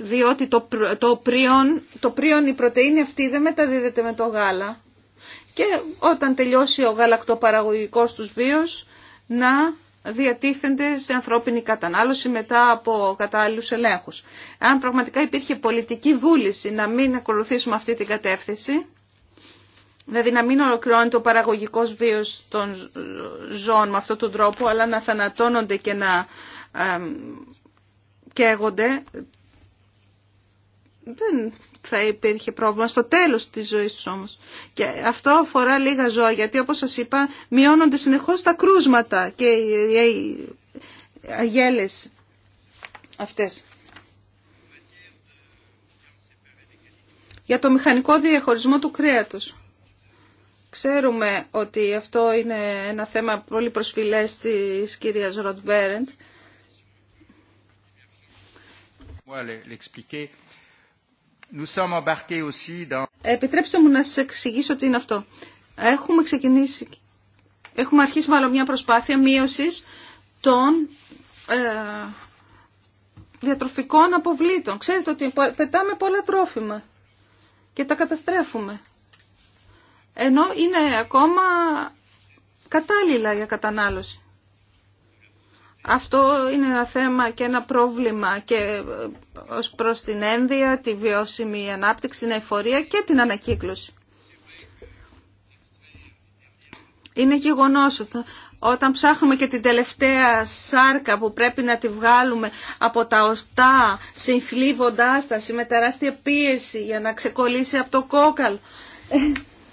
Speaker 1: διότι το, το, πρίον, το πρίον η πρωτεΐνη αυτή δεν μεταδίδεται με το γάλα και όταν τελειώσει ο γαλακτοπαραγωγικός τους βίος να διατίθενται σε ανθρώπινη κατανάλωση μετά από κατάλληλους ελέγχους. Αν πραγματικά υπήρχε πολιτική βούληση να μην ακολουθήσουμε αυτή την κατεύθυνση, δηλαδή να μην ολοκληρώνεται ο παραγωγικός βίος των ζώων με αυτόν τον τρόπο, αλλά να θανατώνονται και να ε, καίγονται, δεν θα υπήρχε πρόβλημα στο τέλος της ζωής τους όμως. Και αυτό αφορά λίγα ζώα γιατί όπως σας είπα μειώνονται συνεχώς τα κρούσματα και οι αγέλες αυτές. Για το μηχανικό διαχωρισμό του κρέατος. Ξέρουμε ότι αυτό είναι ένα θέμα πολύ προσφυλές της κυρίας Ροντ Μπέρεντ. Επιτρέψτε μου να σας εξηγήσω τι είναι αυτό. Έχουμε ξεκινήσει, έχουμε αρχίσει μάλλον μια προσπάθεια μείωσης των ε, διατροφικών αποβλήτων. Ξέρετε ότι πετάμε πολλά τρόφιμα και τα καταστρέφουμε. Ενώ είναι ακόμα κατάλληλα για κατανάλωση. Αυτό είναι ένα θέμα και ένα πρόβλημα και ε, ως προς την ένδυα, τη βιώσιμη ανάπτυξη, την εφορία και την ανακύκλωση. Είναι γεγονός ότι όταν ψάχνουμε και την τελευταία σάρκα που πρέπει να τη βγάλουμε από τα οστά, συνθλίβοντάς τα, με τεράστια πίεση για να ξεκολλήσει από το κόκαλο. Ε,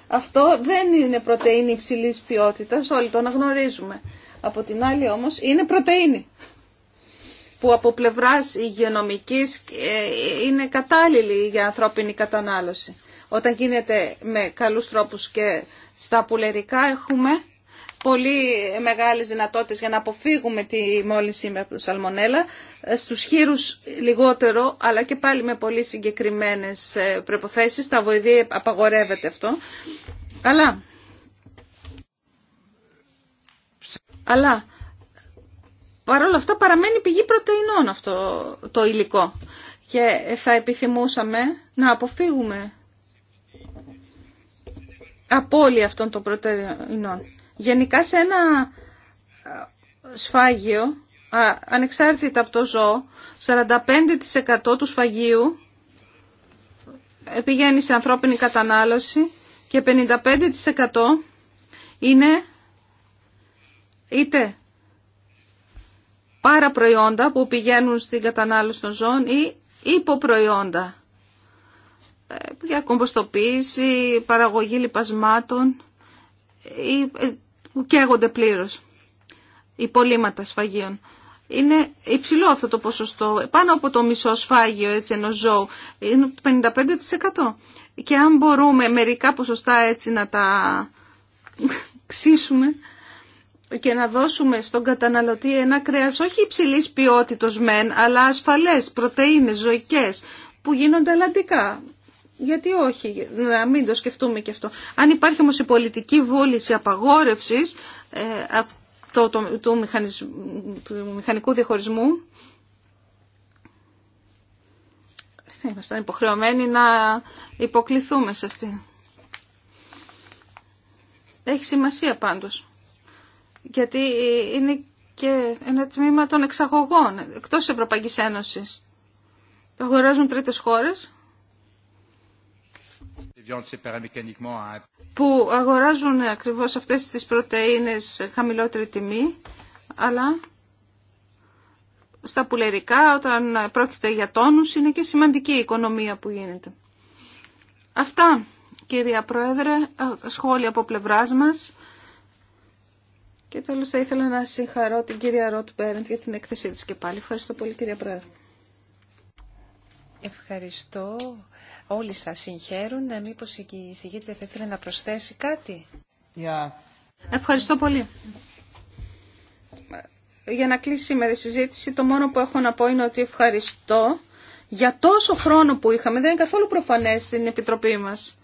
Speaker 1: αυτό δεν είναι πρωτεΐνη υψηλής ποιότητας, όλοι το αναγνωρίζουμε. Από την άλλη όμως είναι πρωτεΐνη που από πλευράς υγειονομικής ε, είναι κατάλληλη για ανθρώπινη κατανάλωση. Όταν γίνεται με καλούς τρόπους και στα πουλερικά έχουμε πολύ μεγάλες δυνατότητες για να αποφύγουμε τη μόλυνση με σαλμονέλα, ε, στους χείρους λιγότερο, αλλά και πάλι με πολύ συγκεκριμένες ε, προϋποθέσεις, τα βοηδή απαγορεύεται αυτό. Αλλά Αλλά παρόλα αυτά παραμένει πηγή πρωτεϊνών αυτό το υλικό. Και θα επιθυμούσαμε να αποφύγουμε απώλεια αυτών των πρωτεϊνών. Γενικά σε ένα ε, σφάγιο, ανεξάρτητα από το ζώο, 45% του σφαγίου ε, πηγαίνει σε ανθρώπινη κατανάλωση και 55% είναι είτε παραπροϊόντα που πηγαίνουν στην κατανάλωση των ζώων ή υποπροϊόντα ε, για κομποστοποίηση, παραγωγή λιπασμάτων ή ε, ε, καίγονται πλήρως υπολείμματα σφαγίων. Είναι υψηλό αυτό το ποσοστό, πάνω από το μισό σφάγιο έτσι, ενό ζώου, είναι 55%. Και αν μπορούμε μερικά ποσοστά έτσι να τα ξύσουμε, και να δώσουμε στον καταναλωτή ένα κρέας όχι υψηλής ποιότητος μεν, αλλά ασφαλές, πρωτεΐνες, ζωικές, που γίνονται ελλαντικά. Γιατί όχι, να μην το σκεφτούμε και αυτό. Αν υπάρχει όμως η πολιτική βούληση απαγόρευσης ε, αυτό, του, του μηχανικού διαχωρισμού, θα ήμασταν υποχρεωμένοι να υποκληθούμε σε αυτή. Έχει σημασία πάντως γιατί είναι και ένα τμήμα των εξαγωγών εκτός της Ευρωπαϊκής Ένωσης. Το αγοράζουν τρίτες χώρες που αγοράζουν ακριβώς αυτές τις πρωτεΐνες χαμηλότερη τιμή, αλλά στα πουλερικά όταν πρόκειται για τόνους είναι και σημαντική η οικονομία που γίνεται. Αυτά κυρία Πρόεδρε, ε, σχόλια από πλευράς μας. Και τέλος θα ήθελα να συγχαρώ την κυρία Ροτ Μπέρεντ για την έκθεσή της και πάλι. Ευχαριστώ πολύ κυρία Πρόεδρε.
Speaker 2: Ευχαριστώ. Όλοι σας συγχαίρουν. Ε, μήπως η συγγήτρια θα ήθελε να προσθέσει
Speaker 1: κάτι. Ευχαριστώ πολύ. Για να κλείσει σήμερα η συζήτηση, το μόνο που έχω να πω είναι ότι ευχαριστώ για τόσο χρόνο που είχαμε. Δεν είναι καθόλου προφανές στην Επιτροπή μας.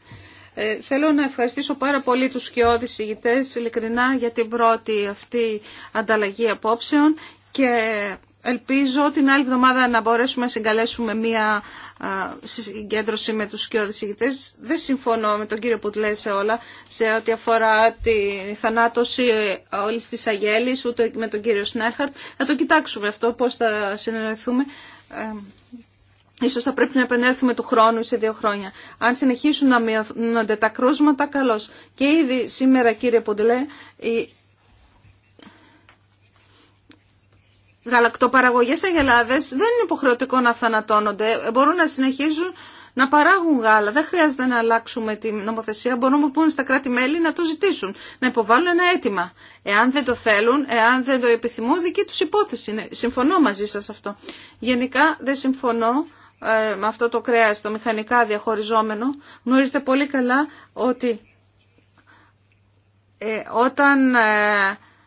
Speaker 1: Ε, θέλω να ευχαριστήσω πάρα πολύ τους σκιώδεις ηγητές, ειλικρινά, για την πρώτη αυτή ανταλλαγή απόψεων και ελπίζω την άλλη εβδομάδα να μπορέσουμε να συγκαλέσουμε μία συγκέντρωση με τους σκιώδεις ηγητές. Δεν συμφωνώ με τον κύριο Πουτλέ σε όλα, σε ό,τι αφορά τη θανάτωση ε, όλης της Αγέλης, ούτε με τον κύριο Σνέρχαρτ. να το κοιτάξουμε αυτό, πώς θα συνεννοηθούμε. Ε, Σω θα πρέπει να επανέλθουμε του χρόνου ή σε δύο χρόνια. Αν συνεχίσουν να μειώνονται τα κρούσματα, καλώς. Και ήδη σήμερα, κύριε Ποντελέ, οι γαλακτοπαραγωγέ αγελάδε δεν είναι υποχρεωτικό να θανατώνονται. Μπορούν να συνεχίζουν να παράγουν γάλα. Δεν χρειάζεται να αλλάξουμε την νομοθεσία. Μπορούμε να πούνε στα κράτη-μέλη να το ζητήσουν, να υποβάλουν ένα αίτημα. Εάν δεν το θέλουν, εάν δεν το επιθυμούν, δική του υπόθεση είναι. Συμφωνώ μαζί σα αυτό. Γενικά δεν συμφωνώ ε, με αυτό το κρέας, το μηχανικά διαχωριζόμενο, γνωρίζετε πολύ καλά ότι ε, όταν ε,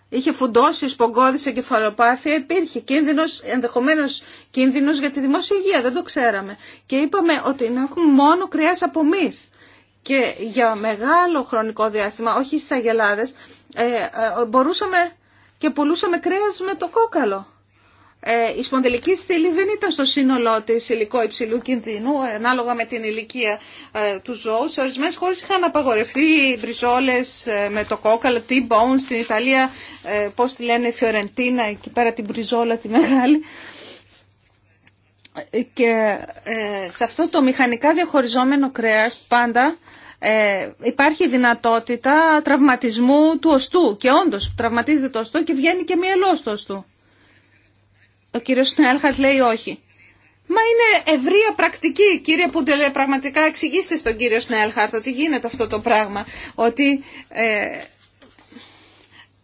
Speaker 1: είχε φουντώσει σπογκώδη κεφαλοπάθεια, υπήρχε κίνδυνος, ενδεχομένως κίνδυνος για τη δημόσια υγεία, δεν το ξέραμε. Και είπαμε ότι να έχουμε μόνο κρέας από εμεί Και για μεγάλο χρονικό διάστημα, όχι στις αγελάδες, μπορούσαμε και πουλούσαμε κρέας με το κόκαλο. Ε, η σπονδυλική στήλη δεν ήταν στο σύνολό τη υλικό υψηλού κινδύνου, ε, ανάλογα με την ηλικία ε, του ζώου. Σε ορισμένε χώρε είχαν απαγορευτεί οι μπριζόλε με το κόκαλο, T-bone, στην Ιταλία, πώ τη λένε, Φιωρεντίνα, εκεί πέρα την μπριζόλα τη μεγάλη. Και σε αυτό το μηχανικά διαχωριζόμενο κρέας πάντα ε, υπάρχει δυνατότητα τραυματισμού του οστού και όντως τραυματίζεται το οστό και βγαίνει και μυελό στο οστού. Ο κύριος Σνέλχαρτ λέει όχι. Μα είναι ευρεία πρακτική, κύριε Πούντελε, πραγματικά εξηγήστε στον κύριο Σνέλχαρτ ότι γίνεται αυτό το πράγμα. Ότι ε,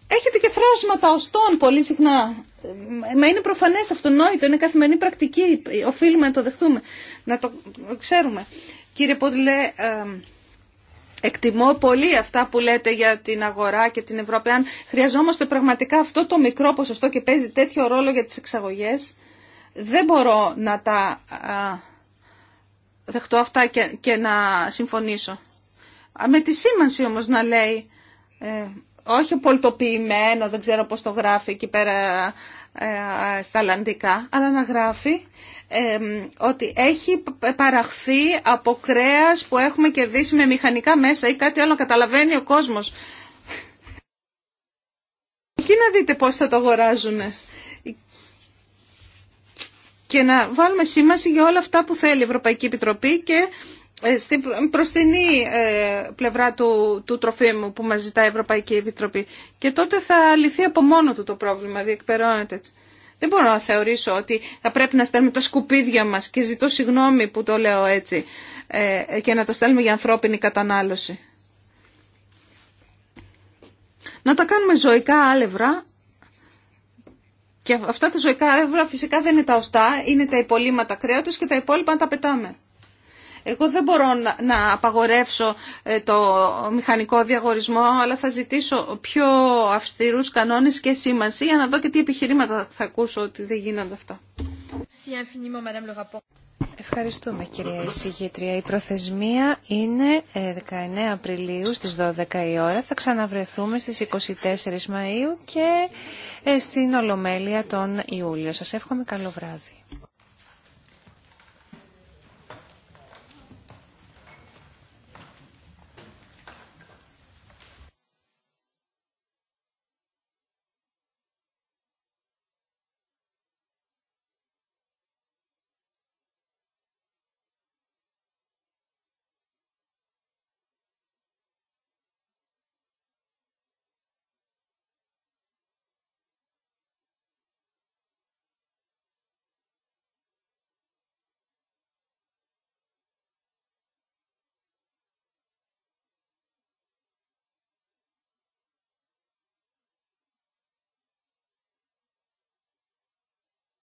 Speaker 1: έχετε και φράσματα οστών πολύ συχνά. Μα είναι προφανές αυτονόητο, είναι καθημερινή πρακτική, οφείλουμε να το δεχτούμε, να το ξέρουμε. Κύριε Πούντελε, Εκτιμώ πολύ αυτά που λέτε για την αγορά και την Ευρώπη. Αν χρειαζόμαστε πραγματικά αυτό το μικρό ποσοστό και παίζει τέτοιο ρόλο για τις εξαγωγές, δεν μπορώ να τα δεχτώ αυτά και, να συμφωνήσω. Με τη σήμανση όμως να λέει, ε, όχι πολτοποιημένο, δεν ξέρω πώς το γράφει εκεί πέρα ε, στα λαντικά, αλλά να γράφει ε, ότι έχει παραχθεί από κρέα που έχουμε κερδίσει με μηχανικά μέσα ή κάτι άλλο, καταλαβαίνει ο κόσμος. Εκεί να δείτε πώς θα το αγοράζουν. Και να βάλουμε σήμαση για όλα αυτά που θέλει η Ευρωπαϊκή Επιτροπή και ε, στην προστινή ε, πλευρά του, του τροφίμου που μας ζητά η Ευρωπαϊκή Επιτροπή. Και τότε θα λυθεί από μόνο του το πρόβλημα, διεκπαιρώνεται έτσι. Δεν μπορώ να θεωρήσω ότι θα πρέπει να στέλνουμε τα σκουπίδια μας και ζητώ συγγνώμη που το λέω έτσι ε, και να τα στέλνουμε για ανθρώπινη κατανάλωση. Να τα κάνουμε ζωικά άλευρα και αυτά τα ζωικά άλευρα φυσικά δεν είναι τα οστά, είναι τα υπολείμματα κρέατος και τα υπόλοιπα να τα πετάμε. Εγώ δεν μπορώ να απαγορεύσω ε, το μηχανικό διαγορισμό, αλλά θα ζητήσω πιο αυστηρούς κανόνες και σήμανση για να δω και τι επιχειρήματα θα ακούσω ότι δεν γίνονται αυτά.
Speaker 2: Ευχαριστούμε κυρία εισηγήτρια. Η προθεσμία είναι 19 ε, Απριλίου στις 12 η ώρα. Θα ξαναβρεθούμε στις 24 Μαΐου και ε, στην Ολομέλεια τον Ιούλιο. Σας εύχομαι καλό βράδυ.